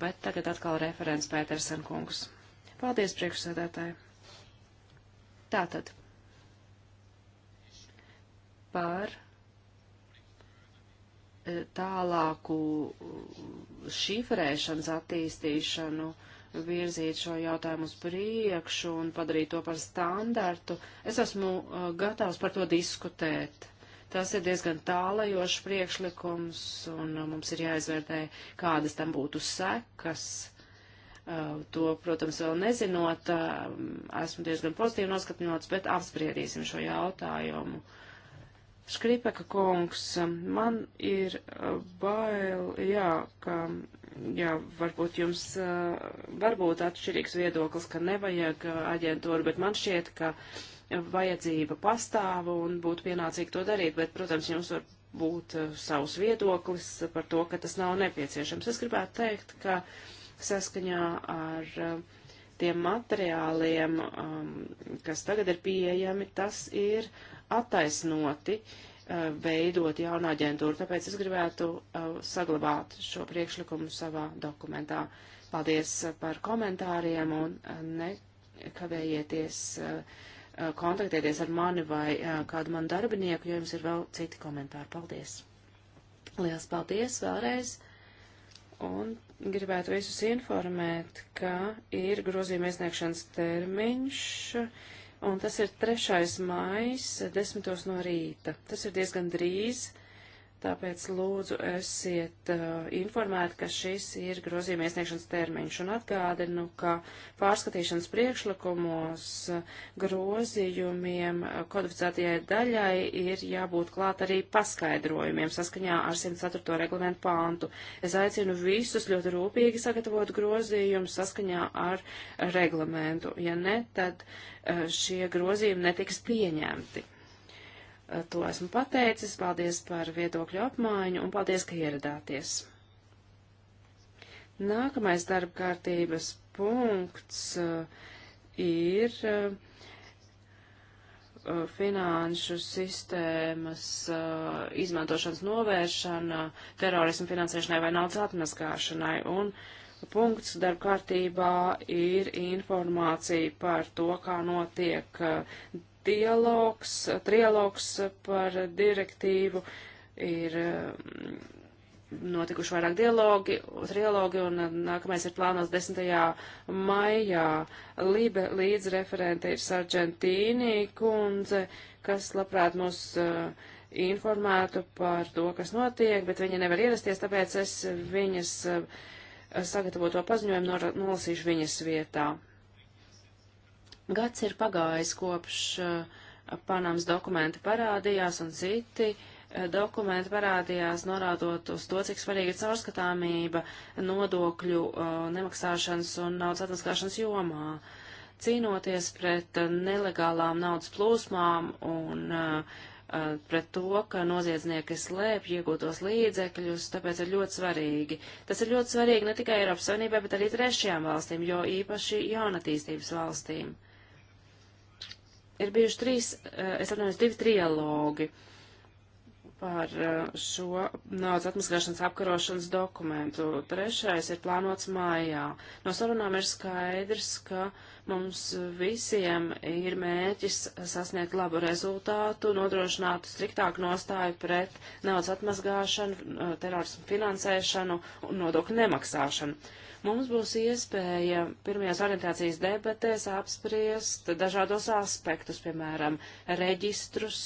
B: bet tagad atkal referents Pētersen kungs. Paldies, priekšsēdētāji. Tātad. Par eh, tālāku šifrēšanas attīstīšanu virzīt šo jautājumu uz priekšu un padarīt to par standartu. Es esmu uh, gatavs par to diskutēt. Tas ir diezgan tālajošs priekšlikums, un uh, mums ir jāizvērtē, kādas tam būtu sekas. Uh, to, protams, vēl nezinot, uh, esmu diezgan pozitīvi noskatņots, bet apspriedīsim šo jautājumu. Škripeka kungs, man ir uh, bail, jā, ka jā, varbūt jums var būt atšķirīgs viedoklis, ka nevajag aģentūru, bet man šķiet, ka vajadzība pastāv un būtu pienācīgi to darīt, bet, protams, jums var būt savs viedoklis par to, ka tas nav nepieciešams. Es gribētu teikt, ka saskaņā ar tiem materiāliem, kas tagad ir pieejami, tas ir attaisnoti. Uh, Eh, veidot jaunu aģentūru. Tāpēc es gribētu eh, saglabāt šo priekšlikumu savā dokumentā. Paldies eh, par komentāriem un nekavējieties kontaktēties ar mani vai kādu manu darbinieku, jo jums ir vēl citi komentāri. Paldies! Liels paldies vēlreiz! Un gribētu visus informēt, ka ir grozījuma iesniegšanas termiņš un tas ir 3. mājas, 10. no rīta. Tas ir diezgan drīz. Uh, Tāpēc lūdzu esiet uh, informēti, ka šis ir grozījuma iesniegšanas termiņš un atgādinu, ka pārskatīšanas priekšlikumos uh, grozījumiem uh, kodificētajai daļai ir jābūt klāt arī paskaidrojumiem saskaņā ar 104. reglamentu pāntu. Es aicinu visus ļoti rūpīgi sagatavot grozījumus saskaņā ar reglamentu. Ja ne, tad uh, šie grozījumi netiks pieņemti. Eh, to esmu pateicis. Paldies par viedokļu apmaiņu un paldies, ka ieradāties. Nākamais darba kārtības punkts eh, ir eh, finanšu sistēmas izmantošanas novēršana terorismu finansēšanai vai naudas atmaskāšanai. Un punkts darba kārtībā ir informācija par to, kā notiek dialogs, trialogs par direktīvu ir mm, notikuši vairāk dialogi, trilogi, un uh, nākamais ir plānos 10. maijā. Libe līdz referente ir Sargentīnī kundze, kas labprāt mūs uh, informētu par to, kas notiek, bet viņa nevar ierasties, tāpēc es viņas uh, sagatavoto paziņojumu nolasīšu viņas vietā. Gads ir pagājis kopš eh, Panamas dokumenti parādījās un citi eh, dokumenti parādījās, norādot uz to, cik svarīga ir caurskatāmība nodokļu eh, nemaksāšanas un naudas atmaskāšanas jomā. Cīnoties pret nelegālām naudas plūsmām un pret to, ka noziedznieki slēpj iegūtos līdzekļus, tāpēc ir ļoti svarīgi. Tas ir ļoti svarīgi ne tikai Eiropas Savienībai, bet arī trešajām valstīm, jo īpaši jaunatīstības valstīm ir bijuši trīs, eh, es atvainojos, divi trialogi par eh, šo naudas atmaskāšanas apkarošanas dokumentu. Trešais ir plānots mājā. No sarunām ir skaidrs, ka mums visiem ir mēķis sasniegt labu rezultātu, nodrošināt striktāku nostāju pret naudas atmazgāšanu, eh, terorismu finansēšanu un nodokļu nemaksāšanu. Mums būs iespēja pirmajās orientācijas debatēs apspriest dažādos aspektus, piemēram, reģistrus,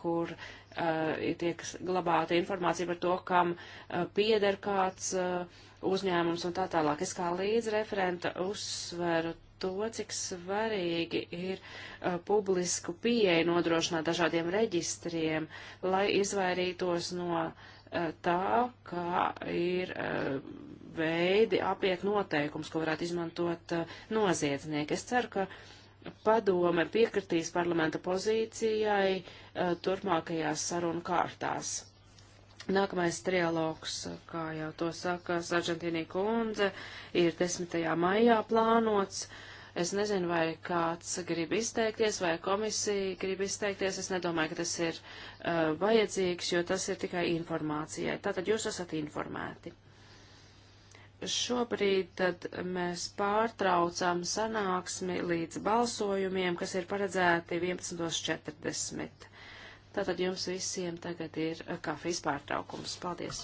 B: kur uh, eh, tiek glabāta informācija par to, kam uh, pieder kāds uh, uzņēmums un tā tālāk. Es kā līdzreferenta uzsveru to, cik svarīgi ir uh, publisku pieeju nodrošināt dažādiem reģistriem, lai izvairītos no uh, tā, kā ir uh, veidi apiet noteikums, ko varētu izmantot eh, noziedznieki. Es ceru, ka padome piekritīs parlamenta pozīcijai eh, turpmākajās sarunu kārtās. Nākamais trialogs, eh, kā jau to saka Sargentīnī kundze, ir 10. maijā plānots. Es nezinu, vai kāds grib izteikties, vai komisija grib izteikties. Es nedomāju, ka tas ir uh, vajadzīgs, jo tas ir tikai informācijai. Tātad jūs esat informēti. Šobrīd tad mēs pārtraucām sanāksmi līdz balsojumiem, kas ir paredzēti 11.40. Tātad jums visiem tagad ir kafijas pārtraukums. Paldies!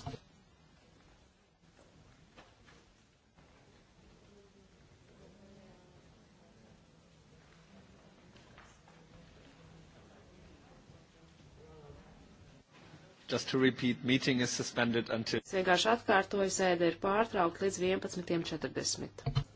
A: Just to repeat, meeting is suspended until. Es
B: vienkārši atkārtoju, sēde ir pārtraukta līdz 11.40.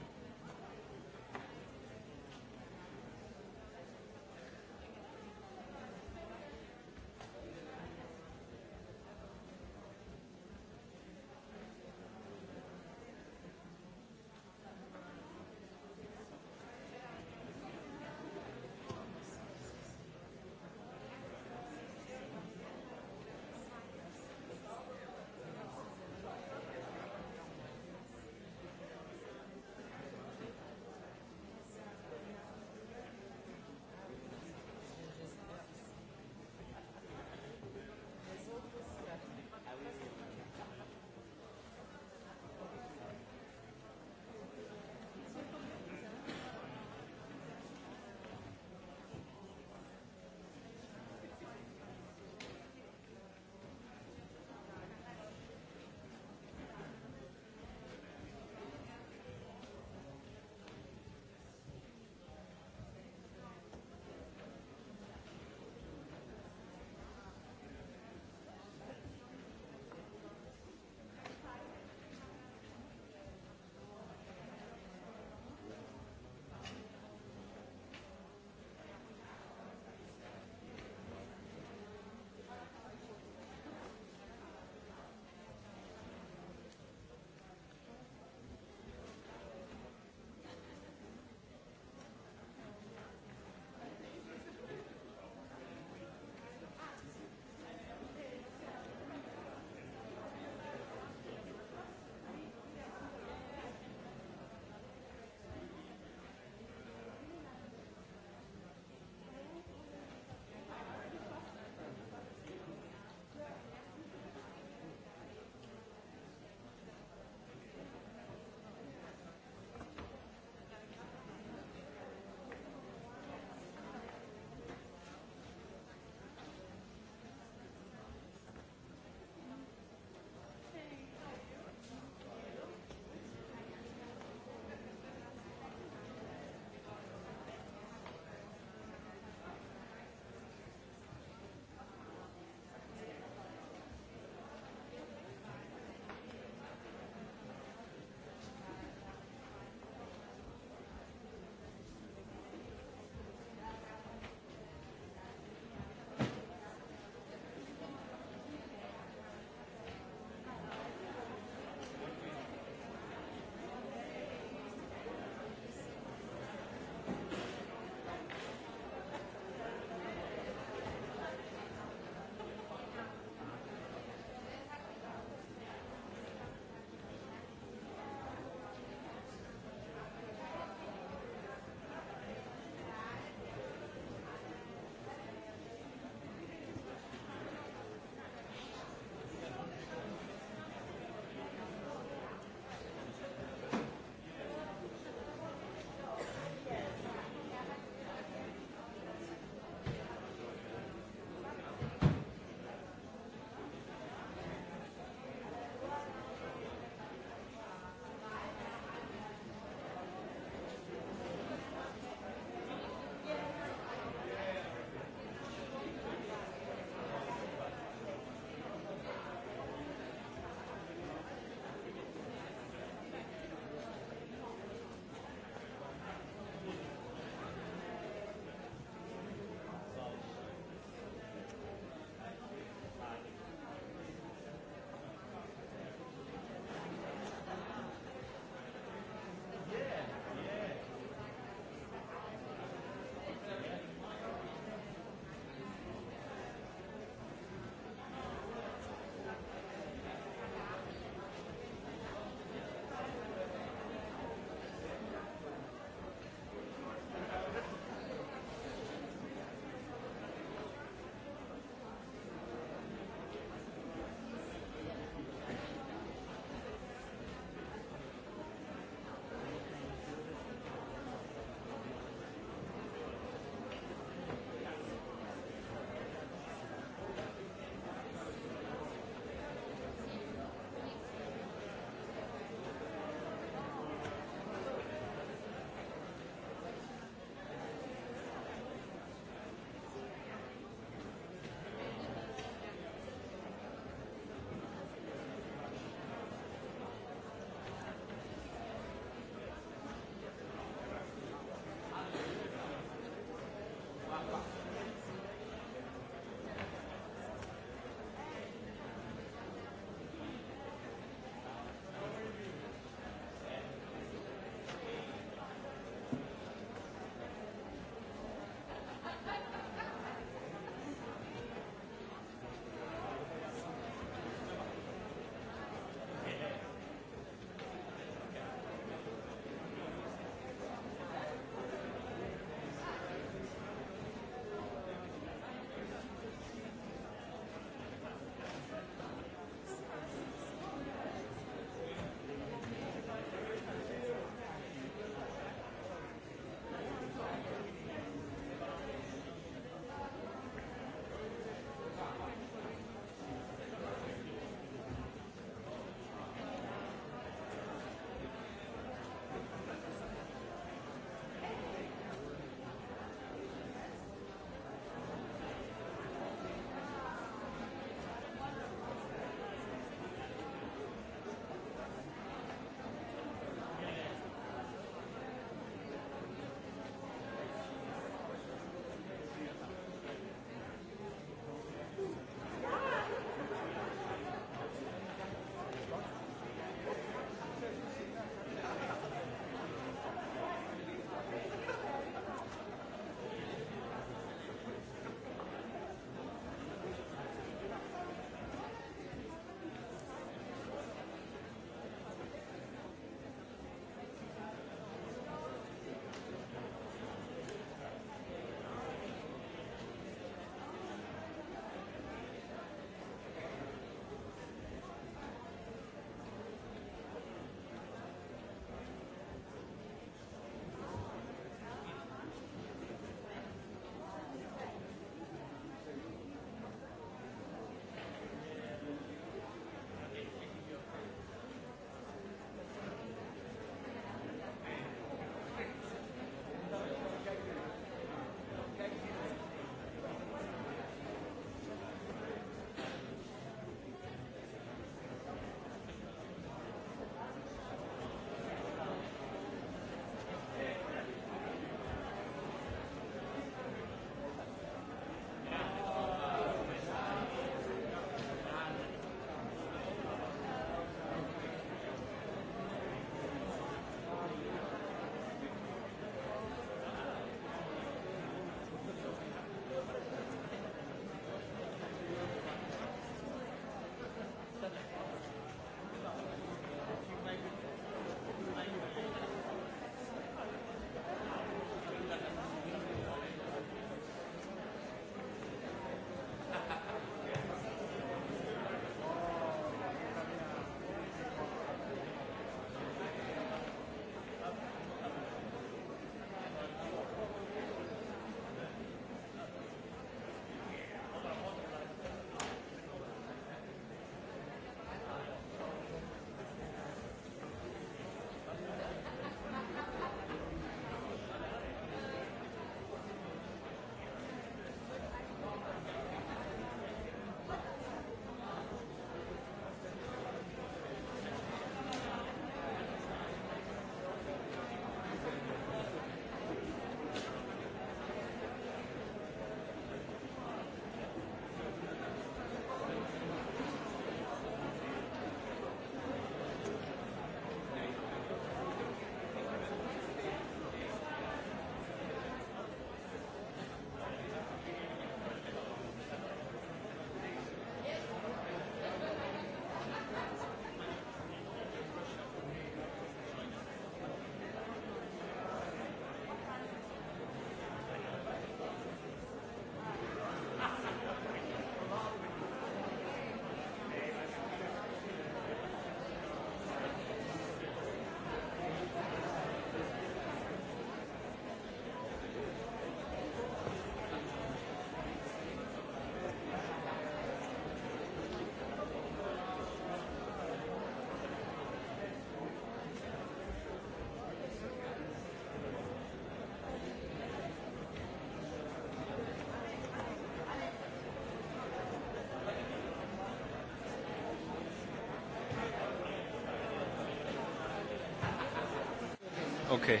A: Okay.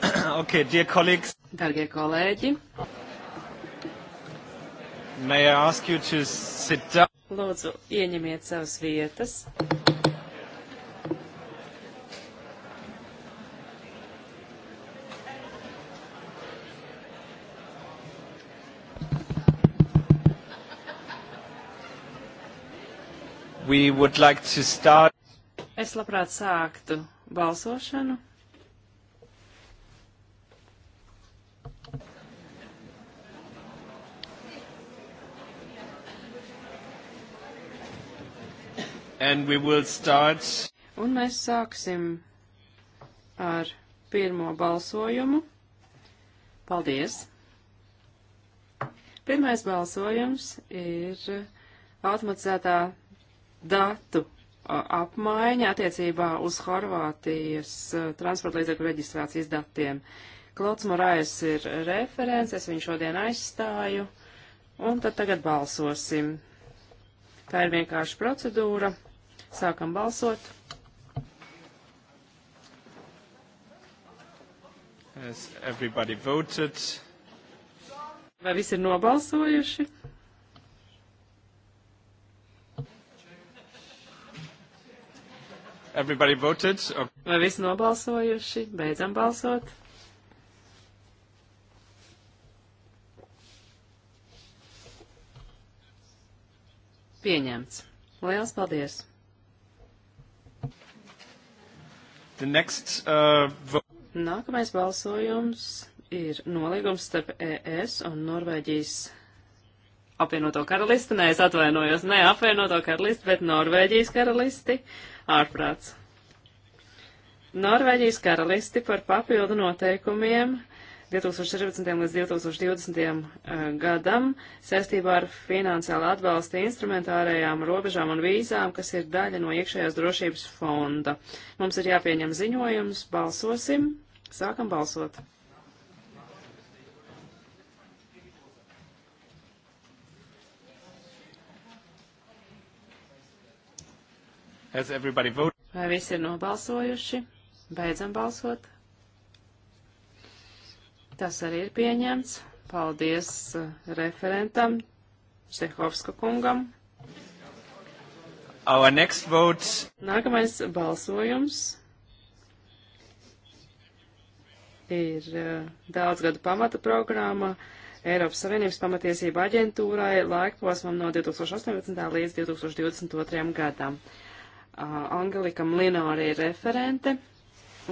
A: <clears throat> okay, dear colleagues. Dargie
B: kolēģi.
A: May I ask you to sit
B: down? Lūdzu, ieņemiet savas vietas.
A: We would like to start.
B: Es labprāt sāktu balsošanu. Un mēs sāksim ar pirmo balsojumu. Paldies! Pirmais balsojums ir automatizētā datu apmaiņa attiecībā uz Horvātijas eh, transporta līdzekļu reģistrācijas datiem. Klauds Morais ir referents, es viņu šodien aizstāju, un tad tagad balsosim. Tā ir vienkārši procedūra. Sākam balsot.
A: Has everybody voted?
B: Vai visi ir nobalsojuši?
A: Everybody voted?
B: Or... Vai visi nobalsojuši? Beidzam balsot. Pieņemts. Liels paldies! The next, uh, Nākamais balsojums ir nolīgums starp ES un Norvēģijas apvienoto karalisti, nē, es atvainojos, ne apvienoto karalisti, bet Norvēģijas karalisti, ārprāts. Norvēģijas karalisti par papildu noteikumiem 2014. līdz 2020. Eh, gadam saistībā ar finansiālu atbalstu instrumentārajām robežām un vīzām, kas ir daļa no iekšējās drošības fonda. Mums ir jāpieņem ziņojums, balsosim, sākam balsot.
A: Has everybody voted? Vai visi ir
B: nobalsojuši? Beidzam balsot. Tas arī ir pieņemts. Paldies uh, referentam Štehovska kungam.
A: Our next vote. Nākamais
B: balsojums ir uh, daudzgadu pamata programma Eiropas Savienības pamatiesība aģentūrai laikposmam no 2018. līdz 2022. gadam. Angelikam Lināri ir referente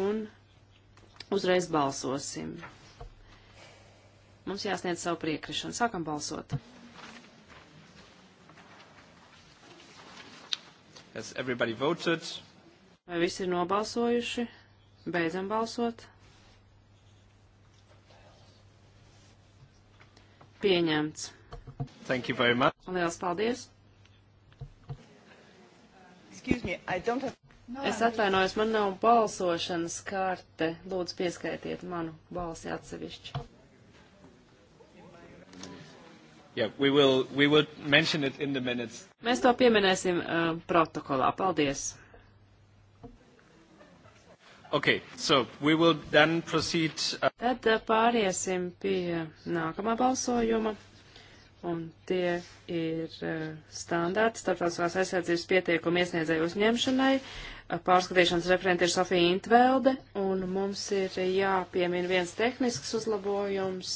B: un uzreiz balsosim. Mums jāsniedz savu priekrišanu. Sākam balsot.
A: Has everybody voted?
B: Vai visi ir nobalsojuši? Beidzam balsot. Pieņemts. Thank you very much. Lielas paldies. Me, have...
D: Es atvainojos,
B: man nav balsošanas karte. Lūdzu, pieskaitiet manu balsi atsevišķi.
A: Yeah, we will, we will mention it in the minutes.
B: Mēs to pieminēsim uh, protokolā. Paldies.
A: Okay, so we will then proceed. Uh...
B: Tad uh, pāriesim pie nākamā balsojuma un tie ir eh, standārti starptautiskās aizsardzības pieteikuma iesniedzēju uzņemšanai. Pārskatīšanas referenti ir Sofija Intvelde, un mums ir jāpiemina viens tehnisks uzlabojums.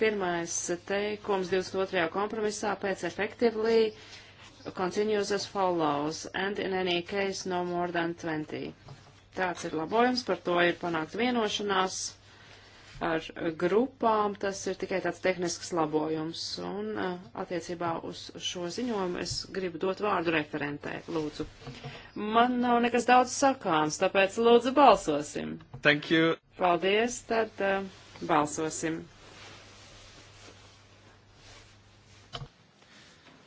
B: Pirmais teikums 22. kompromisā pēc effectively continues as follows and in any case no more than 20. Tāds ir labojums, par to ir panākt vienošanās ar grupām, tas ir tikai tāds tehnisks labojums. Un uh, attiecībā uz šo ziņojumu es gribu dot vārdu referentē, lūdzu. Man nav nekas daudz sakāms, tāpēc lūdzu balsosim. Thank you. Paldies, tad uh, balsosim.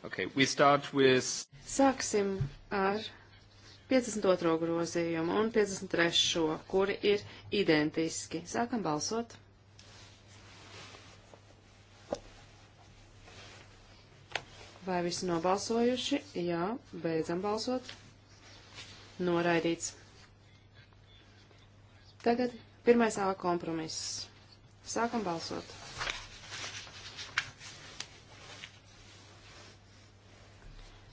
A: Okay, we start with...
B: Sāksim ar 52. grozījumu un 53. kuri ir identiski. Sākam balsot. Vai visi nobalsojuši? Jā, beidzam balsot. Noraidīts. Tagad pirmais A kompromiss. Sākam balsot.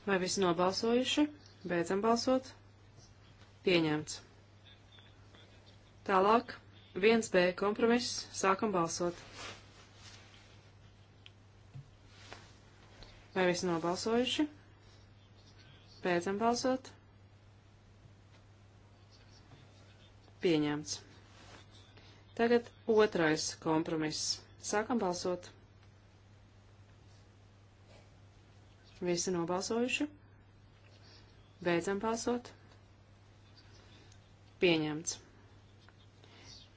B: Vai visi nobalsojuši? Beidzam balsot. Pieņemts. Tālāk, 1B kompromiss, sākam balsot. Vai visi nobalsojuši? Beidzam balsot. Pieņemts. Tagad otrais kompromiss. Sākam balsot. Visi nobalsojuši? Beidzam balsot. Pieņemts.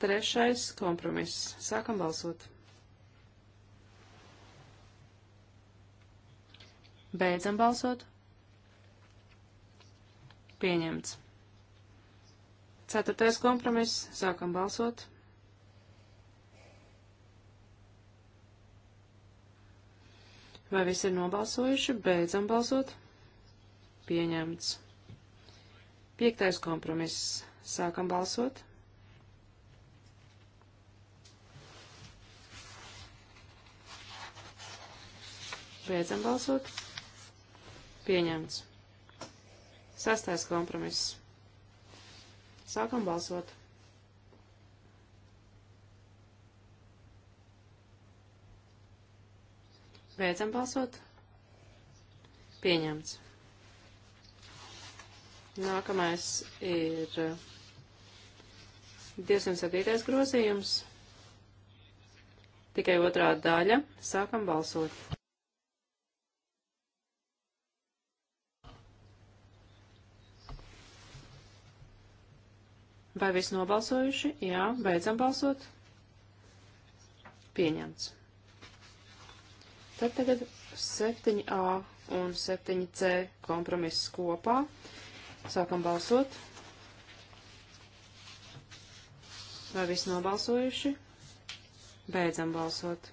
B: Trešais kompromiss. Sākam balsot. Beidzam balsot. Pieņemts. Ceturtais kompromiss. Sākam balsot. Vai visi ir nobalsojuši? Beidzam balsot. Pieņemts. Piektais kompromiss. Sākam balsot. Beidzam balsot. Pieņemts. Sastais kompromiss. Sākam balsot. Beidzam balsot. Pieņemts. Nākamais ir 207. grozījums. Tikai otrā daļa. Sākam balsot. Vai viss nobalsojuši? Jā, beidzam balsot. Pieņemts. Tad tagad 7A un 7C kompromiss kopā. Sākam balsot. Vai visi nobalsojuši? Beidzam balsot.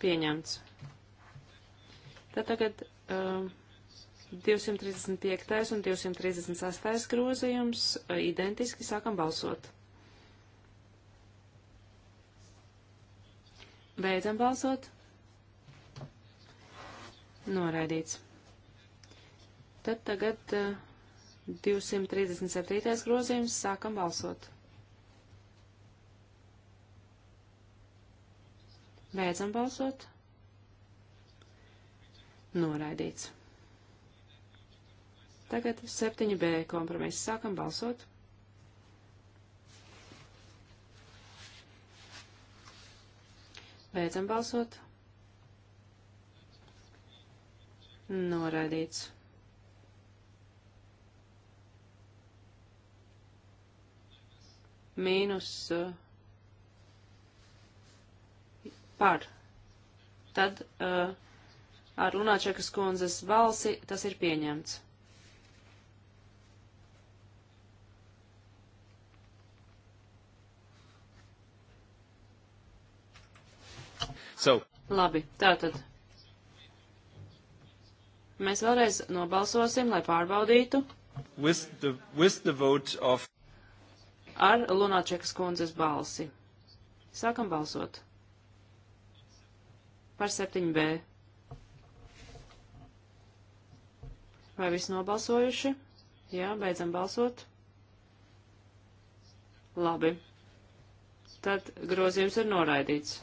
B: Pieņemts. Tad tagad uh, um, 235. un 236. grozījums uh, identiski sākam balsot. Beidzam balsot. Noraidīts. Tad tagad uh, 237. grozījums sākam balsot. Beidzam balsot. Noraidīts. Tagad 7B kompromiss. Sākam balsot. Beidzam balsot. Noraidīts. Mīnus uh, par. Tad uh, ar Lunāčekas kundzes balsi tas ir pieņemts. So. Labi, tātad. Mēs vēlreiz nobalsosim, lai pārbaudītu.
A: With the, with the vote of...
B: Ar Lunāčekas kundzes balsi. Sākam balsot par 7b. Vai viss nobalsojuši? Jā, beidzam balsot. Labi. Tad grozījums ir noraidīts.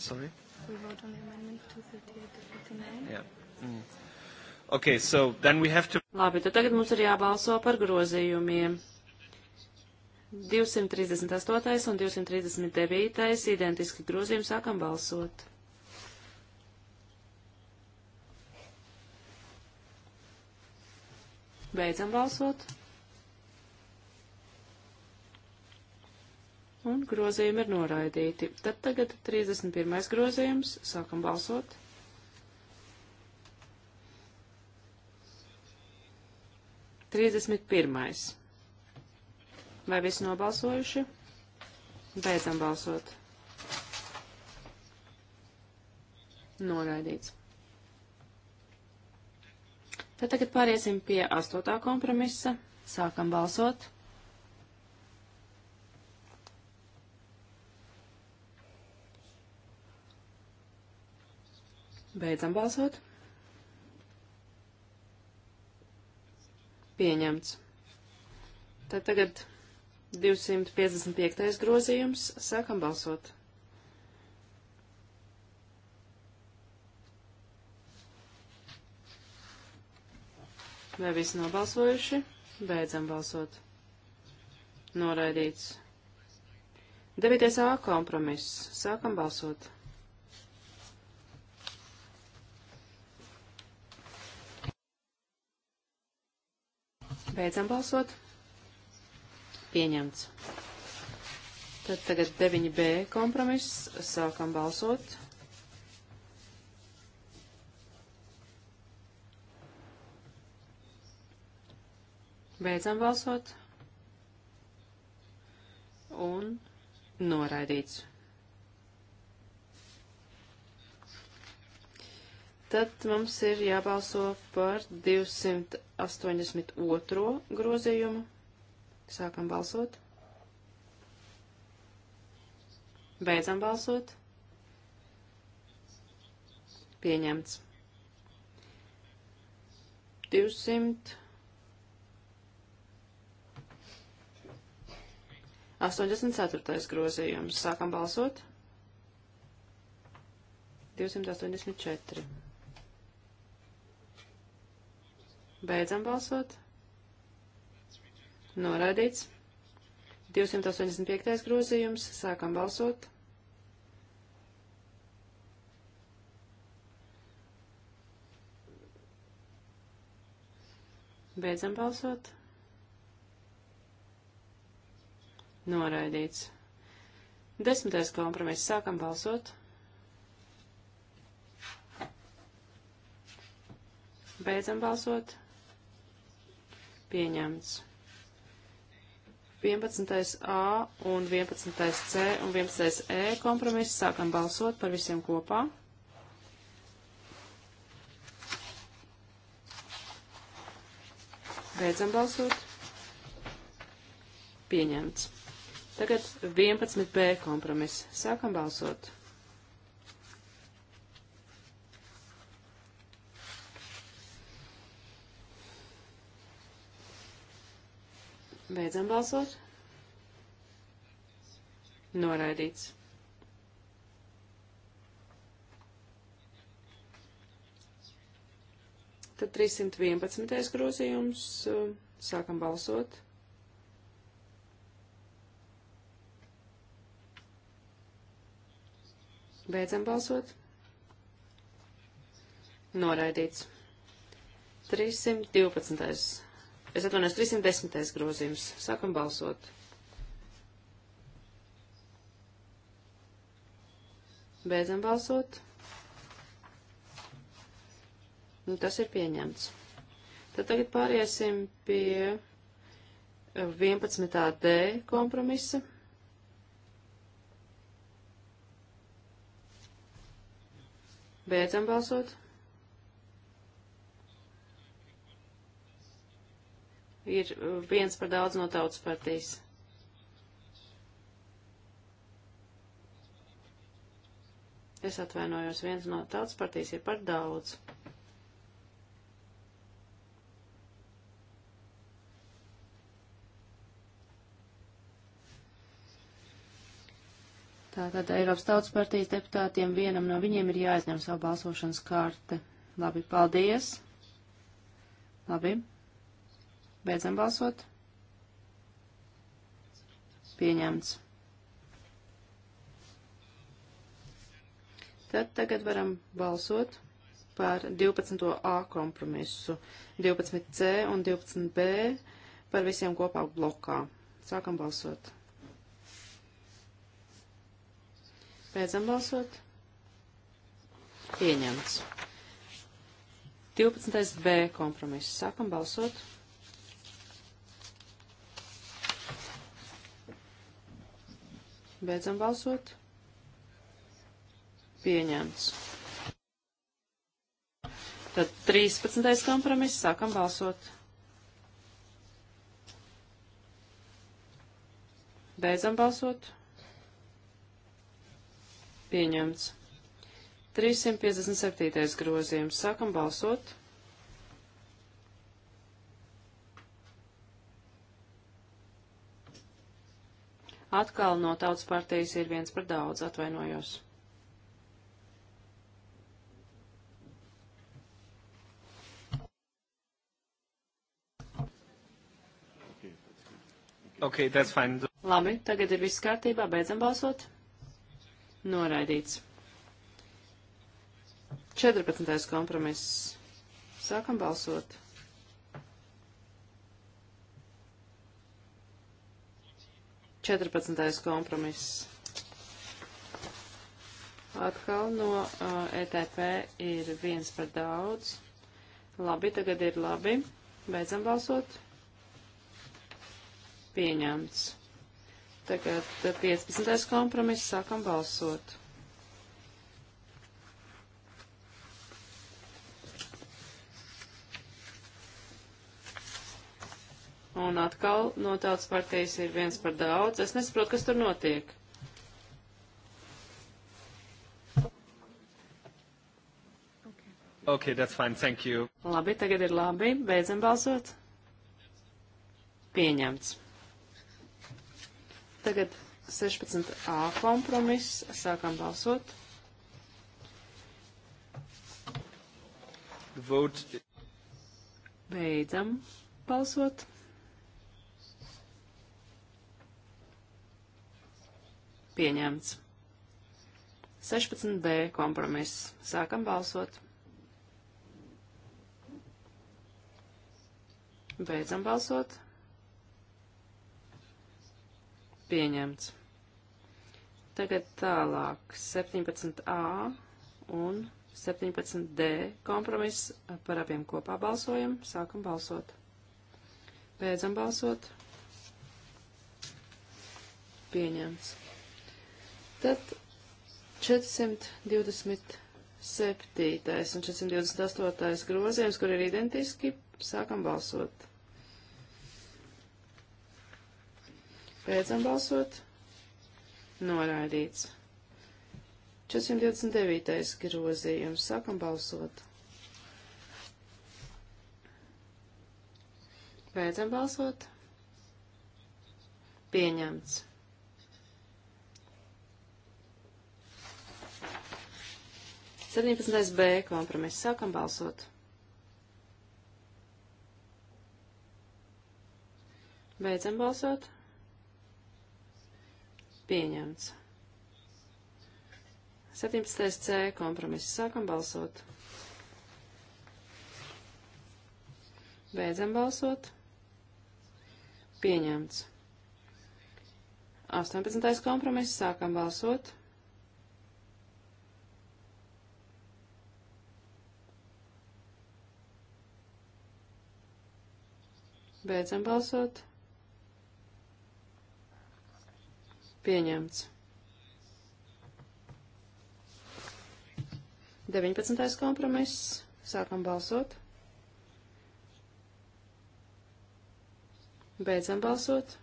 B: Sorry?
D: We vote on the amendment 238 to 59. Yeah.
B: Mm. Okay, so then we have to... Labi, tad tagad mums ir jābalso par grozījumiem. 238. un 239. identiski grozījumi sākam balsot. Beidzam balsot. Un grozījumi ir noraidīti. Tad tagad 31. grozījums. Sākam balsot. Trīsdesmit pirmais. Vai visi nobalsojuši? Beidzam balsot. Noraidīts. Tad tagad pāriesim pie astotā kompromisa. Sākam balsot. Beidzam balsot. Pieņemts. Tad tagad 255. grozījums. Sākam balsot. Vai visi nobalsojuši? Beidzam balsot. Noraidīts. 9. A kompromiss. Sākam balsot. Beidzam balsot pieņemts. Tad tagad 9b kompromiss. Sākam balsot. Beidzam balsot. Un noraidīts. Tad mums ir jābalso par 282. grozījumu. Sākam balsot. Beidzam balsot. Pieņemts. 200. 84. grozījums. Sākam balsot. 284. Beidzam balsot. Noraidīts. 285. grozījums. Sākam balsot. Beidzam balsot. Noraidīts. Desmitais kompromiss. Sākam balsot. Beidzam balsot. Pieņemts. 11a un 11c un 11e kompromiss. Sākam balsot par visiem kopā. Beidzam balsot. Pieņemts. Tagad 11b kompromiss. Sākam balsot. Beidzam balsot. Noraidīts. Tad 311. grozījums. Sākam balsot. Beidzam balsot. Noraidīts. 312 es atvainojos, 310. grozījums. Sākam balsot. Beidzam balsot. Nu, tas ir pieņemts. Tad tagad pāriesim pie 11. Eh, D kompromisa. Beidzam balsot. ir uh, viens par daudz no tautas partijas. Es atvainojos, viens no tautas partijas ir par daudz. Tātad Eiropas Tautas partijas deputātiem vienam no viņiem ir jāizņem savu balsošanas karte. Labi, paldies. Labi. Beidzam balsot. Pieņemts. Tad tagad varam balsot par 12a kompromisu, 12c un 12b par visiem kopā blokā. Sākam balsot. Beidzam balsot. Pieņemts. 12b kompromiss. Sākam balsot. Beidzam balsot. Pieņemts. Tad 13. kompromiss. Sākam balsot. Beidzam balsot. Pieņemts. 357. grozījums. Sākam balsot. Atkal no tautas partijas ir viens par daudz, atvainojos.
A: Okay, that's fine.
B: Labi, tagad ir viss kārtībā, beidzam balsot. Noraidīts. 14. kompromiss. Sākam balsot. 14. kompromiss. Atkal no uh, ETP ir viens par daudz. Labi, tagad ir labi. Beidzam balsot. Pieņemts. Tagad 15. kompromiss. Sākam balsot. un atkal no tautas partijas ir viens par daudz. Es nesaprotu, kas tur notiek.
A: Okay, that's fine, thank you.
B: Labi, tagad ir labi, beidzam balsot. Pieņemts. Tagad 16a kompromiss, sākam balsot. Vote. Beidzam balsot. pieņemts. 16b kompromiss. Sākam balsot. Beidzam balsot. Pieņemts. Tagad tālāk 17a un 17d kompromiss par abiem kopā balsojam. Sākam balsot. Beidzam balsot. Pieņemts. Tad 427. un 428. grozījums, kur ir identiski, sākam balsot. Beidzam balsot. Noraidīts. 429. grozījums, sākam balsot. Beidzam balsot. Pieņemts. 17. B kompromiss. Sākam balsot. Beidzam balsot. Pieņemts. 17. C kompromiss. Sākam balsot. Beidzam balsot. Pieņemts. 18. kompromiss. Sākam balsot. Beidzam balsot. Pieņemts. 19. kompromiss. Sākam balsot. Beidzam balsot.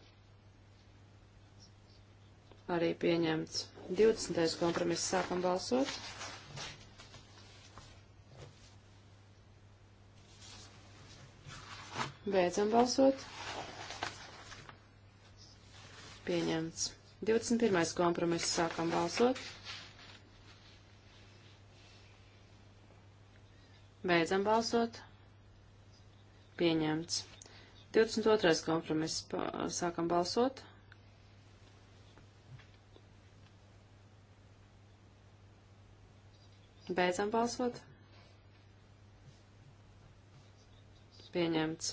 B: Arī pieņemts. 20. kompromiss. Sākam balsot. Beidzam balsot. Pieņemts. 21. kompromiss sākam balsot. Beidzam balsot. Pieņemts. 22. kompromiss sākam balsot. Beidzam balsot. Pieņemts.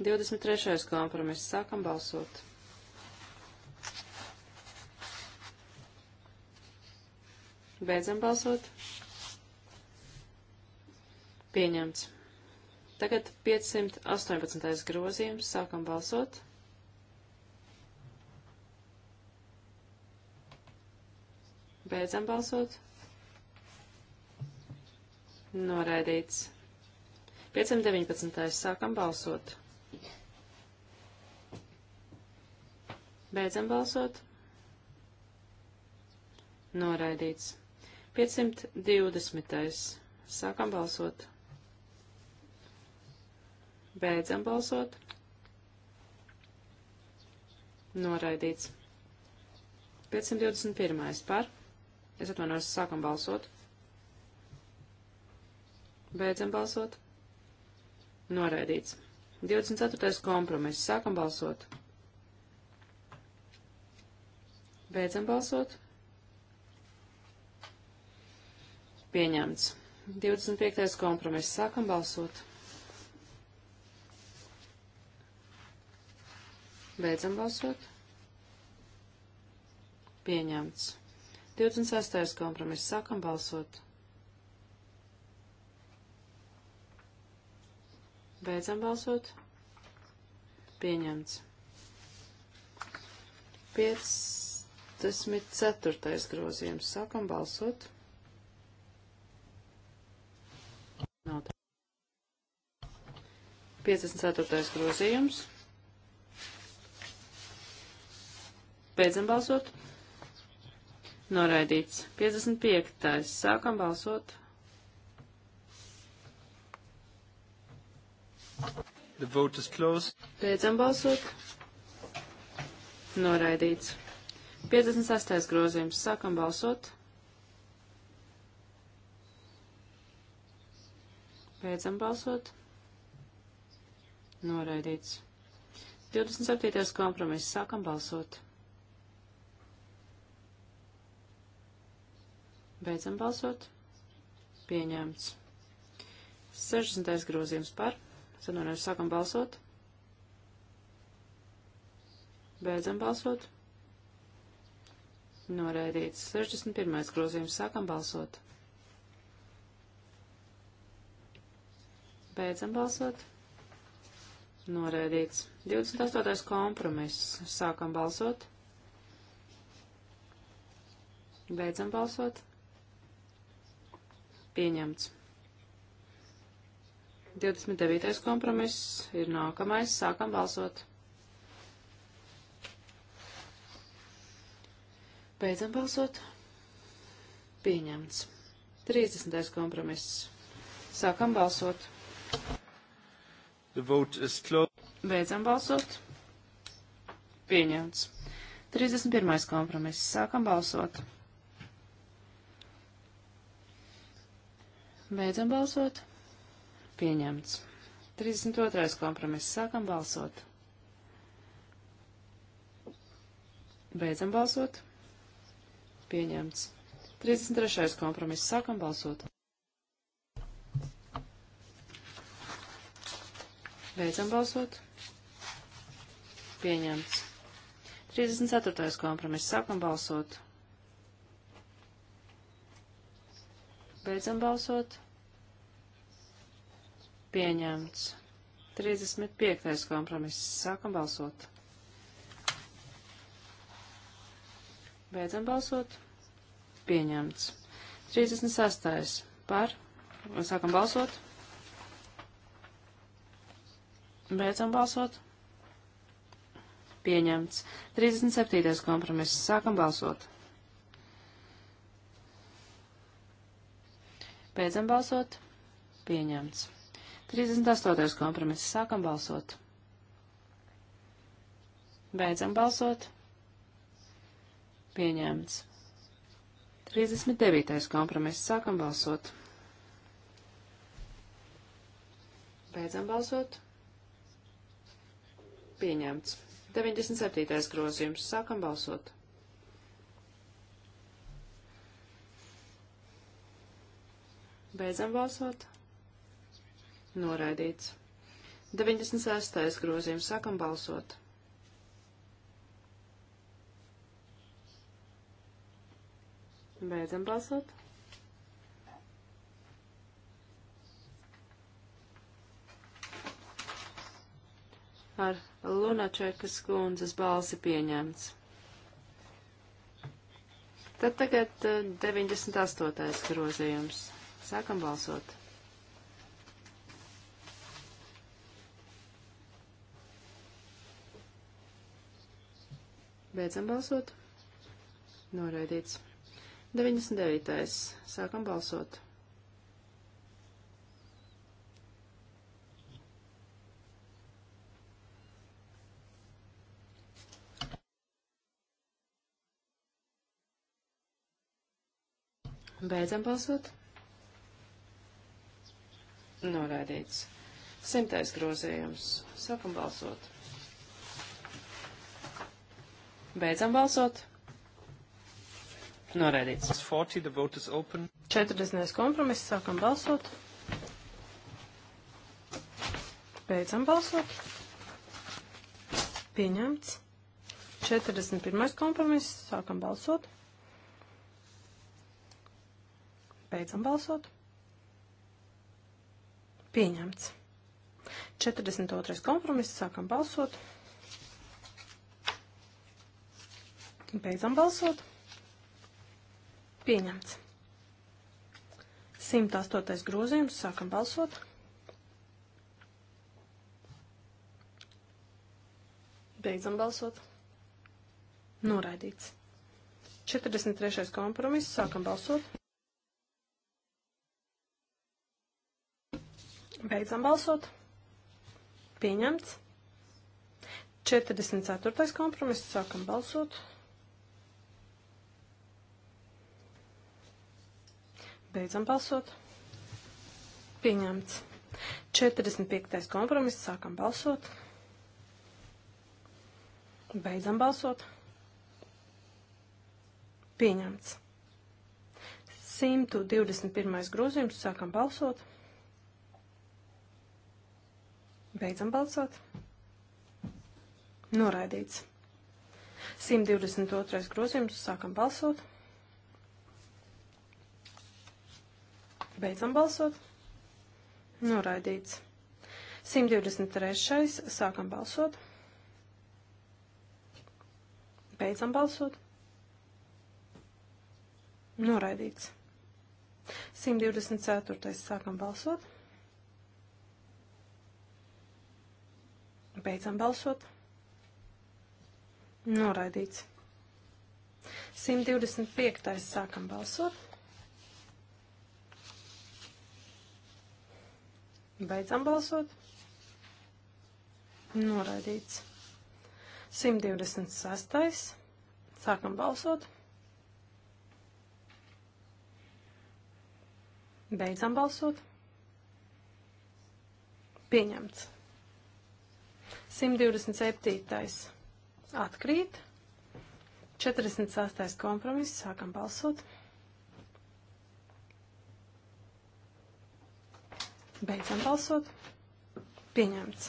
B: 23. kompromiss. Sākam balsot. Beidzam balsot. Pieņemts. Tagad 518. grozījums. Sākam balsot. Beidzam balsot. Noraidīts. 519. Sākam balsot. Beidzam balsot. Noraidīts. 520. Sākam balsot. Beidzam balsot. Noraidīts. 521. par. Es atvainojos, sākam balsot. Beidzam balsot. Noraidīts. 24. kompromiss. Sākam balsot. Beidzam balsot. Pieņemts. 25. kompromiss. Sākam balsot. Beidzam balsot. Pieņemts. 26. kompromiss. Sākam balsot. Beidzam balsot. Pieņemts. 5. 64. grozījums. Sākam balsot. Nav tā. 54. grozījums. Beidzam balsot. Noraidīts. 55. Sākam balsot.
A: The vote is closed.
B: Beidzam balsot. Noraidīts. 56. grozījums. Sākam balsot. Beidzam balsot. Noraidīts. 27. kompromiss. Sākam balsot. Beidzam balsot. Pieņemts. 60. grozījums par. Sanonēšu sākam balsot. Beidzam balsot noraidīts. 61. grozījums sākam balsot. Beidzam balsot. Noraidīts. 28. kompromiss. Sākam balsot. Beidzam balsot. Pieņemts. 29. kompromiss ir nākamais. Sākam balsot. Beidzam balsot. Pieņemts. 30. kompromiss. Sākam balsot. The vote is closed. Beidzam balsot. Pieņemts. 31. kompromiss. Sākam balsot. Beidzam balsot. Pieņemts. 32. kompromiss. Sākam balsot. Beidzam balsot pieņemts. 33. kompromiss. Sākam balsot. Beidzam balsot. Pieņemts. 34. kompromiss. Sākam balsot. Beidzam balsot. Pieņemts. 35. kompromiss. Sākam balsot. Beidzam balsot. Pieņemts. 36. par. Sākam balsot. Beidzam balsot. Pieņemts. 37. kompromiss. Sākam balsot. Beidzam balsot. Pieņemts. 38. kompromiss. Sākam balsot. Beidzam balsot. Pieņemts. 39. kompromiss. Sākam balsot. Beidzam balsot. Pieņemts. 97. grozījums. Sākam balsot. Beidzam balsot. Noraidīts. 96. grozījums. Sākam balsot. Beidzam balsot. Ar Lunačekas kundzes balsi pieņemts. Tad tagad 98. Eh, grozījums. Sākam balsot. Beidzam balsot. Noraidīts. 99. Sākam balsot. Beidzam balsot. Noraidīts. Simtais grozījums. Sākam balsot. Beidzam balsot.
A: Noraidīts. 40,
C: 40. kompromiss. Sākam balsot. Beidzam balsot. Pieņemts. 41. kompromiss. Sākam balsot. Beidzam balsot. Pieņemts. 42. kompromiss. Sākam balsot. Beidzam balsot. Pieņemts. 108. grozījums. Sākam balsot. Beidzam balsot. Noraidīts. 43. kompromiss. Sākam balsot. Beidzam balsot. Pieņemts. 44. kompromiss. Sākam balsot. Pieņemts. Beidzam balsot. Pieņemts. 45. kompromiss. Sākam balsot. Beidzam balsot. Pieņemts. 121. grozījums. Sākam balsot. Beidzam balsot. Noraidīts. 122. grozījums. Sākam balsot. Beidzam balsot. Noraidīts. 123. Sākam balsot. Beidzam balsot. Noraidīts. 124. Sākam balsot. Beidzam balsot. Noraidīts. 125. Sākam balsot. Beidzam balsot. Noraidīts. 126. Sākam balsot. Beidzam balsot. Pieņemts. 127. Atkrīt. 46. kompromiss. Sākam balsot. Balsot. Beidzam balsot. Pieņemts.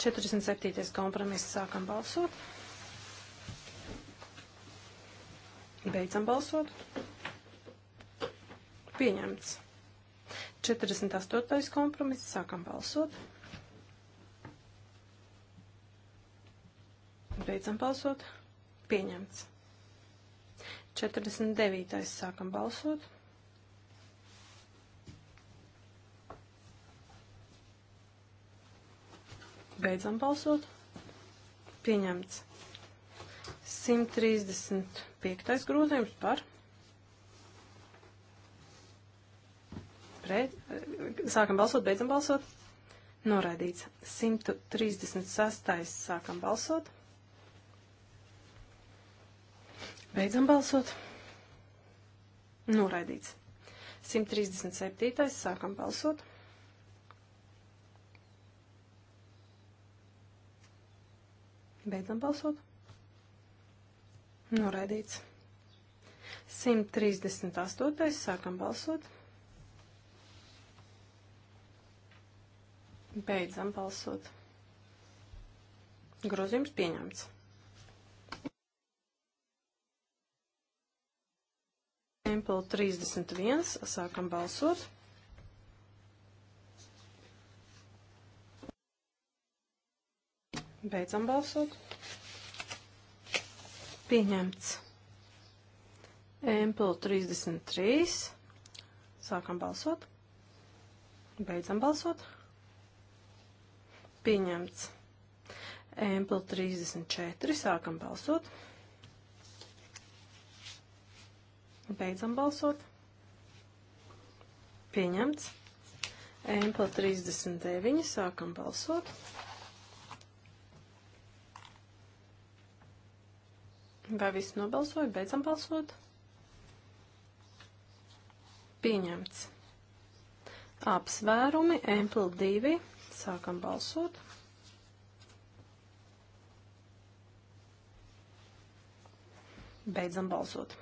C: 47. kompromiss sākam balsot. Beidzam balsot. Pieņemts. 48. kompromiss sākam balsot. Beidzam balsot. Pieņemts. 49. sākam balsot. Beidzam balsot. Pieņemts. 135. grozījums par. Pret, eh, sākam balsot, beidzam balsot. Noraidīts. 136. sākam balsot. Beidzam balsot. Noraidīts. 137. sākam balsot. Beidzam balsot. Noraidīts. 138. Sākam balsot. Beidzam balsot. Grozījums pieņemts. Temple 31. Sākam balsot. Beidzam balsot. Pieņemts. Empel 33. Sākam balsot. Beidzam balsot. Pieņemts. Empel 34. Sākam balsot. Beidzam balsot. Pieņemts. Empel 39. Sākam balsot. Pieņemts. Vai viss nobalsoja? Beidzam balsot. Pieņemts. Apsvērumi, ampli 2. Sākam balsot. Beidzam balsot.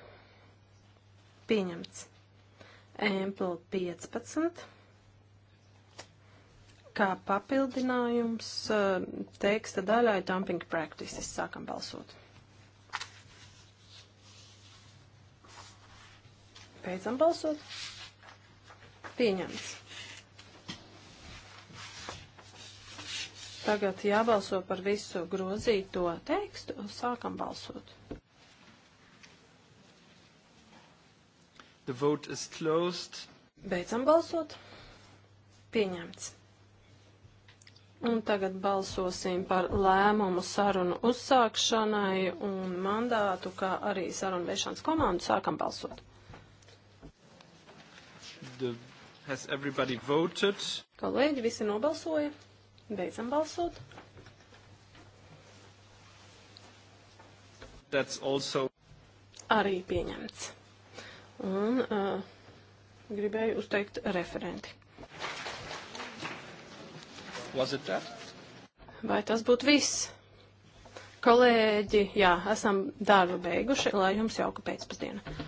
C: Pieņemts. Ampli 15. Kā papildinājums eh, teksta daļai dumping practices. Sākam balsot. Beidzam balsot. Pieņemts. Tagad jābalso par visu grozīto tekstu un sākam balsot.
A: The vote is closed.
C: Beidzam balsot. Pieņemts. Un tagad balsosim par lēmumu sarunu uzsākšanai un mandātu, kā arī sarunu vešanas komandu. Sākam balsot.
A: The, has everybody voted? Kolēģi,
C: visi nobalsoja. Beidzam balsot.
A: That's also.
C: Arī pieņemts. Un uh, gribēju uzteikt referenti. Was it that? Vai tas būtu viss? Kolēģi, jā, esam darbu beiguši, lai jums jauka pēcpusdiena.